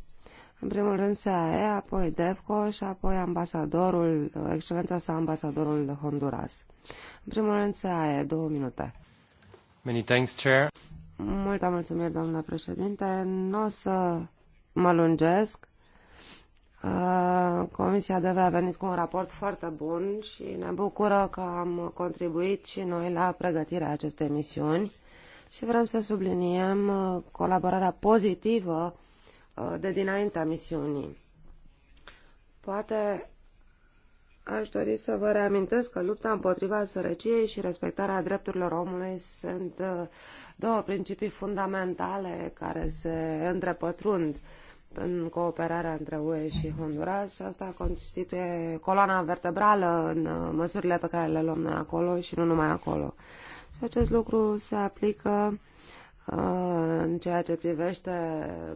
în primul rând SAE, apoi DEFCO și apoi ambasadorul, excelența sa ambasadorul Honduras. În primul rând SAE, două minute. Many thanks, Chair. Multă mulțumire, domnule președinte. Nu o să mă lungesc. Uh, Comisia DV a venit cu un raport foarte bun și ne bucură că am contribuit și noi la pregătirea acestei misiuni și vrem să subliniem uh, colaborarea pozitivă Uh, de dinaintea misiunii. Poate aș dori să vă reamintesc că lupta împotriva sărăciei și respectarea drepturilor omului sunt uh, două principii fundamentale care se întrepătrund în cooperarea între UE și Honduras și asta constituie coloana vertebrală în uh, măsurile pe care le luăm noi acolo și nu numai acolo. Și acest lucru se aplică uh, Uh, în ceea ce privește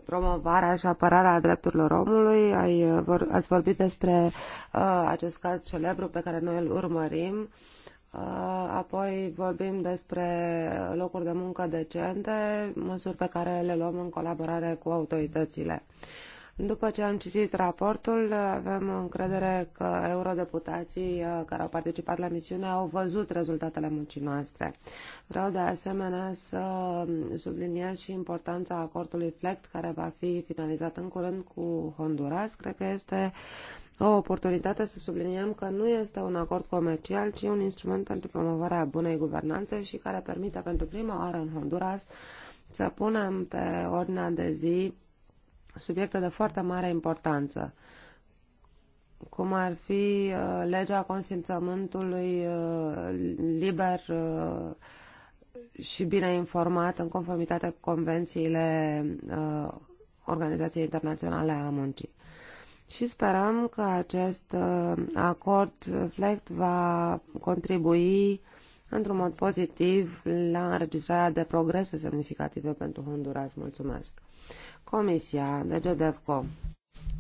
promovarea și apărarea drepturilor omului. Ai, uh, vor, ați vorbit despre uh, acest caz celebru pe care noi îl urmărim. Uh, apoi vorbim despre locuri de muncă decente, măsuri pe care le luăm în colaborare cu autoritățile. Uh, după ce am citit raportul, avem încredere că eurodeputații uh, care au participat la misiune au văzut rezultatele muncii noastre. Vreau de asemenea să subliniez și importanța acordului FLECT care va fi finalizat în curând cu Honduras. Cred că este o oportunitate să subliniem că nu este un acord comercial, ci un instrument pentru promovarea bunei guvernanțe și care permite pentru prima oară în Honduras să punem pe ordinea de zi subiecte de foarte mare importanță, cum ar fi uh, legea consimțământului uh, liber uh, și bine informat în conformitate cu convențiile Organizației Internaționale a Muncii. Și sperăm că acest acord FLECT va contribui într-un mod pozitiv la înregistrarea de progrese semnificative pentru Honduras. Mulțumesc! Comisia de GDFCO.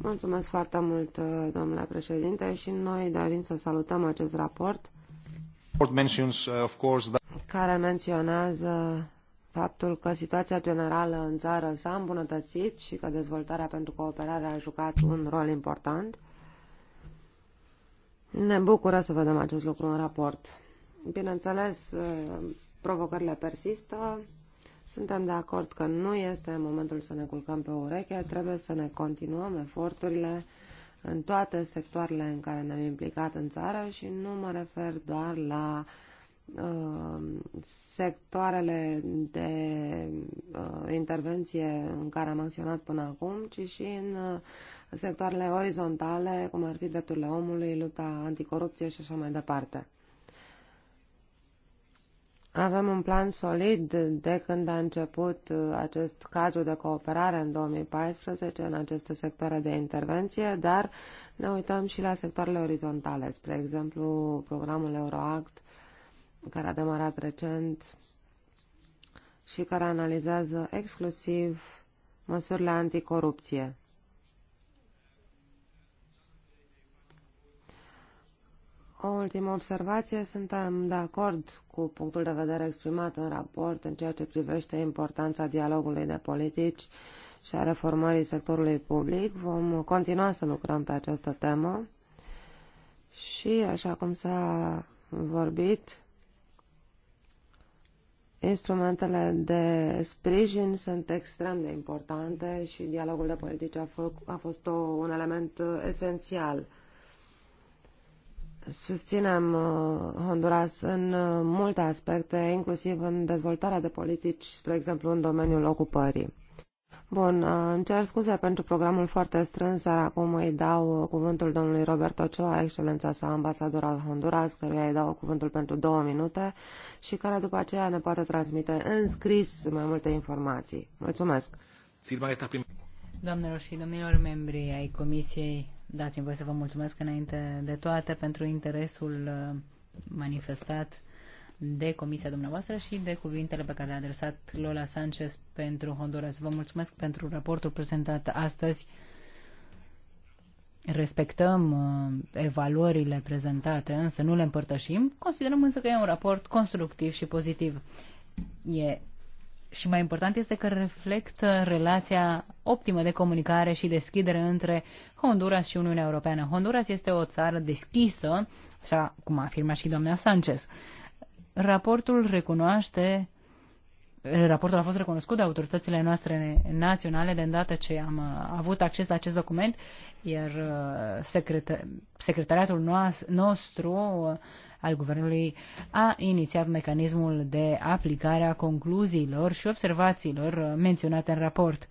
Mulțumesc foarte mult, uh, domnule președinte, și noi dorim să salutăm acest raport uh, care menționează faptul că situația generală în țară s-a îmbunătățit și că dezvoltarea pentru cooperare a jucat un rol important. Ne bucură să vedem acest lucru în raport. Bineînțeles, uh, provocările persistă, suntem de acord că nu este momentul să ne culcăm pe ureche, trebuie să ne continuăm eforturile în toate sectoarele în care ne-am implicat în țară și nu mă refer doar la uh, sectoarele de uh, intervenție în care am acționat până acum, ci și în uh, sectoarele orizontale, cum ar fi drepturile omului, lupta anticorupție și așa mai departe. Avem un plan solid de când a început uh, acest cadru de cooperare în 2014 în aceste sectoare de intervenție, dar ne uităm și la sectoarele orizontale, spre exemplu programul Euroact, care a demarat recent și care analizează exclusiv măsurile anticorupție. O ultimă observație, suntem de acord cu punctul de vedere exprimat în raport în ceea ce privește importanța dialogului de politici și a reformării sectorului public. Vom continua să lucrăm pe această temă și, așa cum s-a vorbit, instrumentele de sprijin sunt extrem de importante și dialogul de politici a, a fost o, un element uh, esențial susținem uh, Honduras în uh, multe aspecte, inclusiv în dezvoltarea de politici, spre exemplu în domeniul ocupării. Bun, uh, îmi cer scuze pentru programul foarte strâns, dar acum îi dau cuvântul domnului Roberto Ochoa, excelența sa ambasador al Honduras, căruia îi dau cuvântul pentru două minute și care după aceea ne poate transmite în scris mai multe informații. Mulțumesc! Doamnelor și domnilor membri ai Comisiei Dați-mi voi să vă mulțumesc înainte de toate pentru interesul uh, manifestat de comisia dumneavoastră și de cuvintele pe care le-a adresat Lola Sanchez pentru Honduras. Vă mulțumesc pentru raportul prezentat astăzi. Respectăm uh, evaluările prezentate, însă nu le împărtășim. Considerăm însă că e un raport constructiv și pozitiv. E și mai important este că reflectă relația optimă de comunicare și deschidere între Honduras și Uniunea Europeană. Honduras este o țară deschisă, așa cum a afirmat și doamna Sanchez. Raportul recunoaște Raportul a fost recunoscut de autoritățile noastre naționale de îndată ce am avut acces la acest document, iar uh, secretariatul nostru uh, al Guvernului a inițiat mecanismul de aplicare a concluziilor și observațiilor uh, menționate în raport.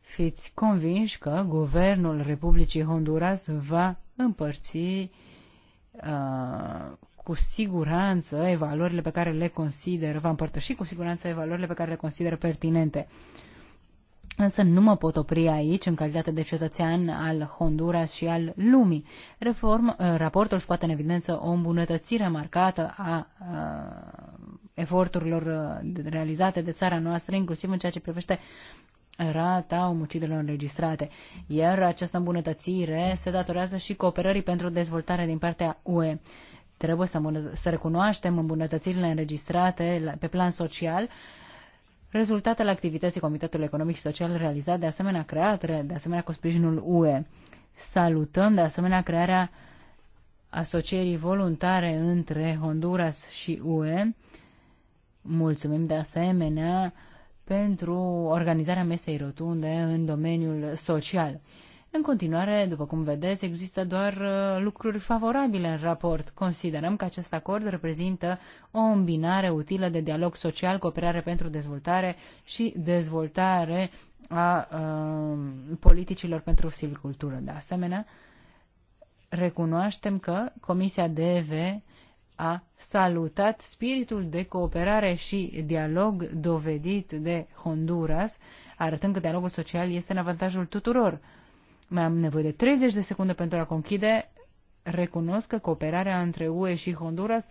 Fiți convinși că Guvernul Republicii Honduras va împărți uh, cu siguranță evaluările pe care le consideră, va împărtăși cu siguranță evaluările pe care le consideră pertinente. Uh, Însă nu mă pot opri aici în calitate de cetățean al Honduras și al lumii. Reform, uh, raportul scoate în evidență o îmbunătățire marcată a, a uh, eforturilor uh, realizate de țara noastră, inclusiv în ceea ce privește rata omucidelor înregistrate, iar această îmbunătățire se datorează și cooperării pentru dezvoltare din partea UE. Trebuie să, să recunoaștem îmbunătățirile înregistrate pe plan social, uh, Rezultatele activității Comitetului Economic și Social realizat, de asemenea creat, de asemenea cu sprijinul UE. Salutăm, de asemenea, crearea asocierii voluntare între Honduras și UE. Mulțumim, de asemenea, pentru organizarea mesei rotunde în domeniul social. În continuare, după cum vedeți, există doar uh, lucruri favorabile în raport. Considerăm că acest acord reprezintă o îmbinare utilă de dialog social, cooperare pentru dezvoltare și dezvoltare a uh, politicilor pentru silvicultură. De asemenea, recunoaștem că Comisia DV a salutat spiritul de cooperare și dialog dovedit de Honduras, arătând că dialogul social este în avantajul tuturor. Mai am nevoie de 30 de secunde pentru a conchide. Recunosc că cooperarea între UE și Honduras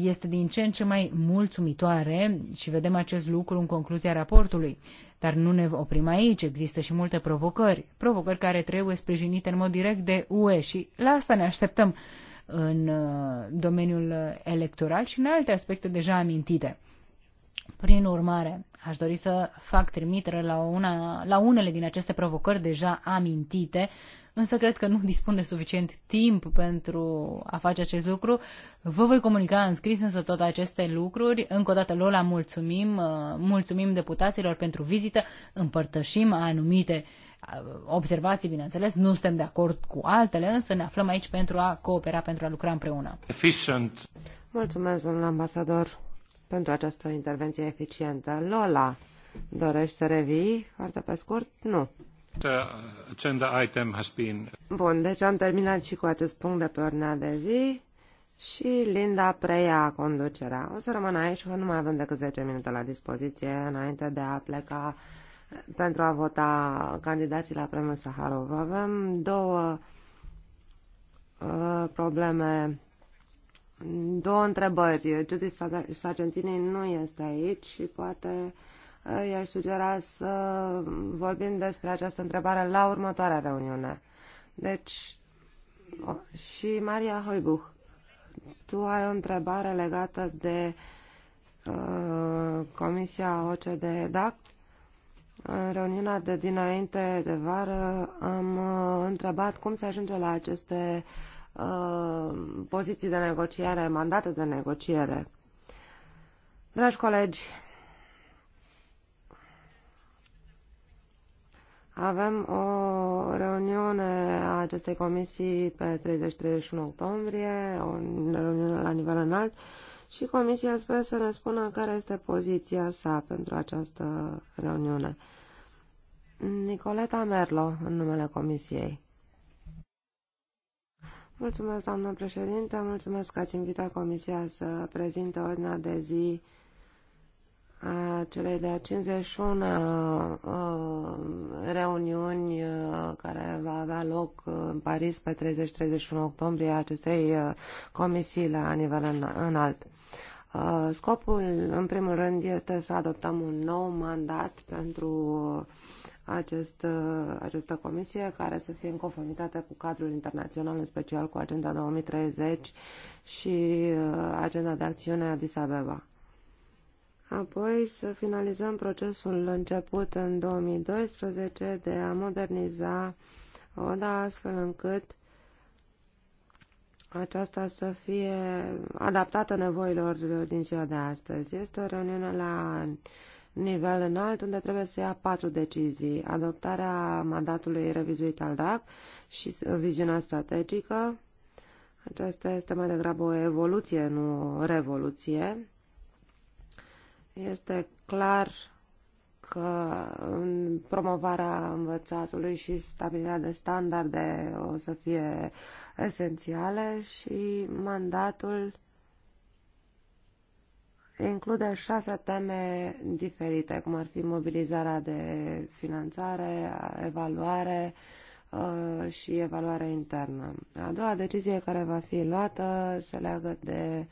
este din ce în ce mai mulțumitoare și vedem acest lucru în concluzia raportului. Dar nu ne oprim aici, există și multe provocări, provocări care trebuie sprijinite în mod direct de UE și la asta ne așteptăm în uh, domeniul electoral și în alte aspecte deja amintite. Prin urmare, Aș dori să fac trimitere la, una, la unele din aceste provocări deja amintite, însă cred că nu dispun de suficient timp pentru a face acest lucru. Vă voi comunica în scris însă toate aceste lucruri. Încă o dată, Lola, mulțumim, uh, mulțumim deputaților pentru vizită, împărtășim anumite uh, observații, bineînțeles, nu suntem de acord cu altele, însă ne aflăm aici pentru a coopera, pentru a lucra împreună. Efficient. Mulțumesc, domnule ambasador pentru această intervenție eficientă. Lola, dorești să revii foarte pe scurt? Nu. Agenda item has been... Bun, deci am terminat și cu acest punct de pe ordinea de zi și Linda preia conducerea. O să rămân aici, nu mai avem decât 10 minute la dispoziție înainte de a pleca pentru a vota candidații la premiul Saharov. Avem două uh, probleme Două întrebări. Judith Sargentini nu este aici și poate eh, i-aș sugera să vorbim despre această întrebare la următoarea reuniune. Deci, și Maria Hoibuch, tu ai o întrebare legată de uh, Comisia OCDE DAC? În reuniunea de dinainte de vară am uh, întrebat cum se ajunge la aceste uh, Uh, poziții de negociere, mandate de negociere. Dragi colegi, avem o reuniune a acestei comisii pe 30-31 octombrie, o reuniune la nivel înalt și comisia sper să ne spună care este poziția sa pentru această reuniune. Nicoleta Merlo, în numele comisiei. Mulțumesc, doamnă președinte, mulțumesc că ați invitat Comisia să prezinte ordinea de zi a celei de-a 51 a uh, reuniuni a, uh, care va avea loc în Paris pe 30-31 octombrie acestei a, uh, comisii la nivel în, înalt. A, scopul, în primul rând, este să adoptăm un nou mandat pentru a, acest, uh, această comisie care să fie în conformitate cu cadrul internațional, în special cu Agenda 2030 și uh, Agenda de Acțiune Addis Abeba. Apoi să finalizăm procesul început în 2012 de a moderniza ODA astfel încât aceasta să fie adaptată nevoilor din ziua de astăzi. Este o reuniune la nivel înalt, unde trebuie să ia patru decizii. Adoptarea mandatului revizuit al DAC și viziunea strategică. Aceasta este mai degrabă o evoluție, nu o revoluție. Este clar că în promovarea învățatului și stabilirea de standarde o să fie esențiale și mandatul include șase teme diferite, cum ar fi mobilizarea de finanțare, evaluare uh, și evaluare internă. A doua decizie care va fi luată se leagă de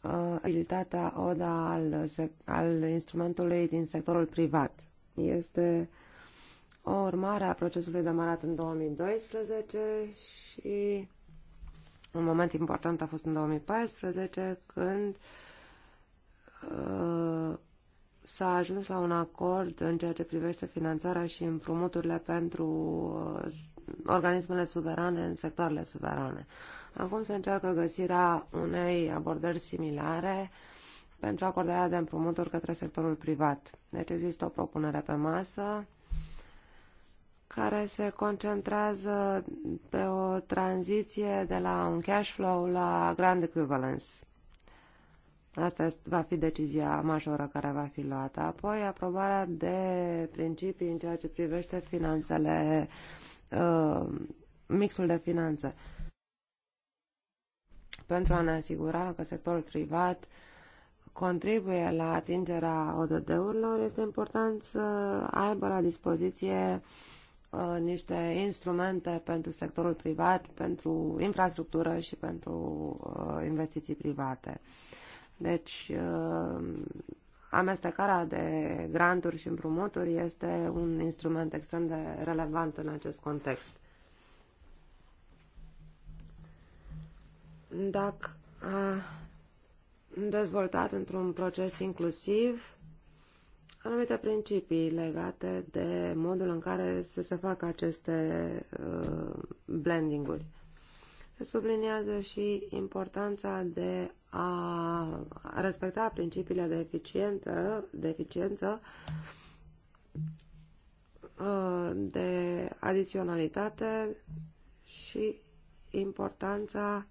uh, abilitatea ODA al, al instrumentului din sectorul privat. Este o urmare a procesului demarat în 2012 și un moment important a fost în 2014 când uh, Uh, s-a ajuns la un acord în ceea ce privește finanțarea și împrumuturile pentru uh, organismele suverane în sectoarele suverane. Acum se încearcă găsirea unei abordări similare pentru acordarea de împrumuturi către sectorul privat. Deci există o propunere pe masă care se concentrează pe o tranziție de la un cash flow la grand equivalence Asta va fi decizia majoră care va fi luată. Apoi, aprobarea de principii în ceea ce privește finanțele, uh, mixul de finanțe. Pentru a ne asigura că sectorul privat contribuie la atingerea ODD-urilor, este important să aibă la dispoziție uh, niște instrumente pentru sectorul privat, pentru infrastructură și pentru uh, investiții private. Deci, uh, amestecarea de granturi și împrumuturi este un instrument extrem de relevant în acest context. Dacă dezvoltat într-un proces inclusiv anumite principii legate de modul în care să se facă aceste uh, blending-uri. Se subliniază și importanța de a respecta principiile de, eficiență, de eficiență, de adiționalitate și importanța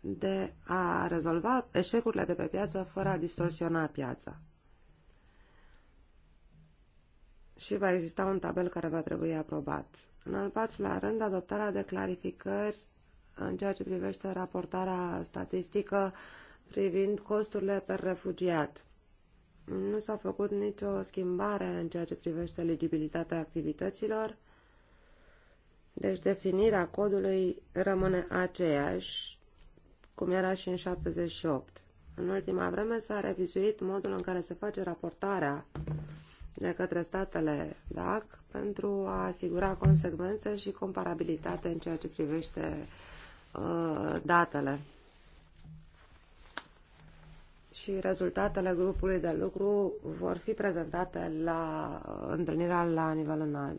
de a rezolva eșecurile de pe piață fără a distorsiona piața. Și va exista un tabel care va trebui aprobat. În al patrulea rând, adoptarea de clarificări în ceea ce privește raportarea statistică privind costurile per refugiat. Nu s-a făcut nicio schimbare în ceea ce privește eligibilitatea activităților, deci definirea codului rămâne aceeași, cum era și în 78. În ultima vreme s-a revizuit modul în care se face raportarea de către statele DAC pentru a asigura consecvență și comparabilitate în ceea ce privește Uh, datele și rezultatele grupului de lucru vor fi prezentate la uh, întâlnirea la nivel înalt.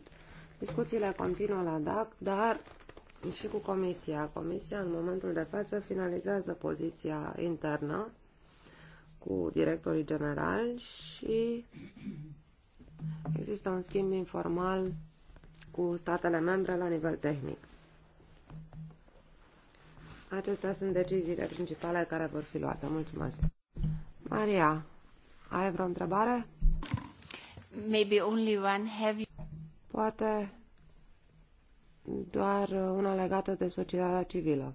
Discuțiile continuă la DAC, dar și cu Comisia. Comisia, în momentul de față, finalizează poziția internă cu directorii generali și există un schimb informal cu statele membre la nivel tehnic. Acestea sunt deciziile principale care vor fi luate. Mulțumesc. Maria, ai vreo întrebare? Maybe only one. Have you... Poate doar una legată de societatea civilă.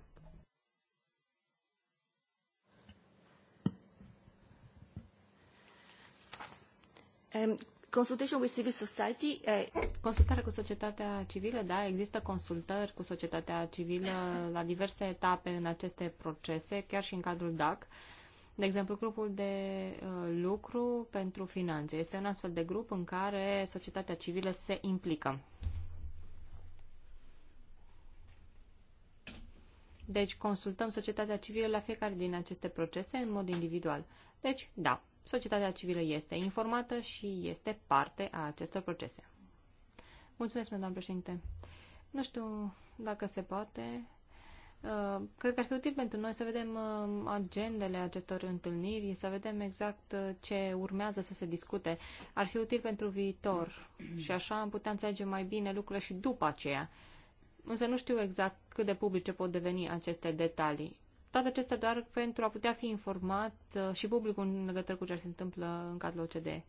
Um, Consultation with civil society. Consultare cu societatea civilă, da, există consultări cu societatea civilă la diverse etape în aceste procese, chiar și în cadrul DAC. De exemplu, grupul de uh, lucru pentru finanțe este un astfel de grup în care societatea civilă se implică. Deci consultăm societatea civilă la fiecare din aceste procese în mod individual. Deci, da, societatea civilă este informată și este parte a acestor procese. Mulțumesc, doamnă președinte. Nu știu dacă se poate. Uh, cred că ar fi util pentru noi să vedem uh, agendele acestor întâlniri, să vedem exact uh, ce urmează să se discute. Ar fi util pentru viitor și așa am putea înțelege mai bine lucrurile și după aceea. Însă nu știu exact cât de publice pot deveni aceste detalii. Toate acestea doar pentru a putea fi informat uh, și publicul în legătură cu ce se întâmplă în cadrul OCDE.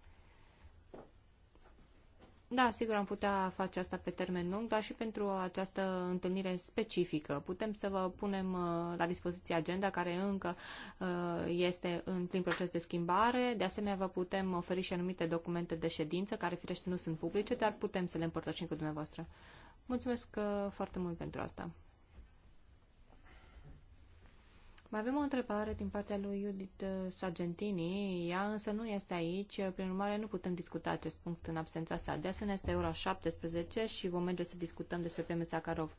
Da, sigur, am putea face asta pe termen lung, dar și pentru această întâlnire specifică. Putem să vă punem uh, la dispoziție agenda care încă uh, este în plin proces de schimbare. De asemenea, vă putem oferi și anumite documente de ședință, care firește nu sunt publice, dar putem să le împărtășim cu dumneavoastră. Mulțumesc foarte mult pentru asta. Mai avem o întrebare din partea lui Judith uh, Sargentini. Ea însă nu este aici, uh, prin urmare nu putem discuta acest punct în absența sa. De asemenea, este ora 17 și vom merge să discutăm despre PM Sakharov.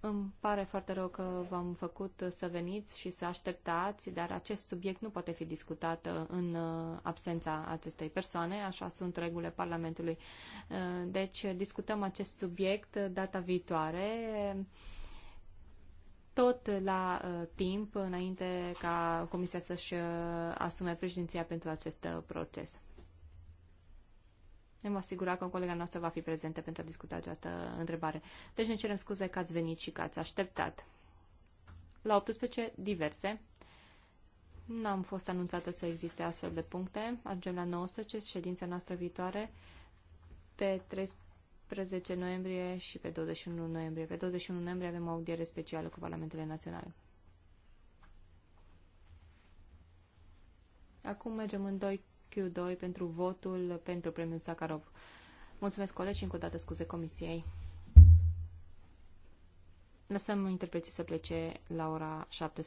Îmi pare foarte rău că v-am făcut uh, să veniți și să așteptați, dar acest subiect nu poate fi discutat în absența acestei persoane, așa sunt regulile Parlamentului. Deci discutăm acest subiect data viitoare tot la uh, timp, înainte ca Comisia să-și uh, asume președinția pentru acest uh, proces. Ne vom asigura că colega noastră va fi prezentă pentru a discuta această întrebare. Deci ne cerem scuze că ați venit și că ați așteptat. La 18, diverse. N-am fost anunțată să existe astfel de puncte. Ajungem la 19, ședința noastră viitoare pe 13 18 noiembrie și pe 21 noiembrie. Pe 21 noiembrie avem o audiere specială cu Parlamentele Naționale. Acum mergem în 2Q2 pentru votul pentru premiul Sakharov. Mulțumesc, colegi, și încă o dată scuze comisiei. Lăsăm interpreții să plece la ora 17.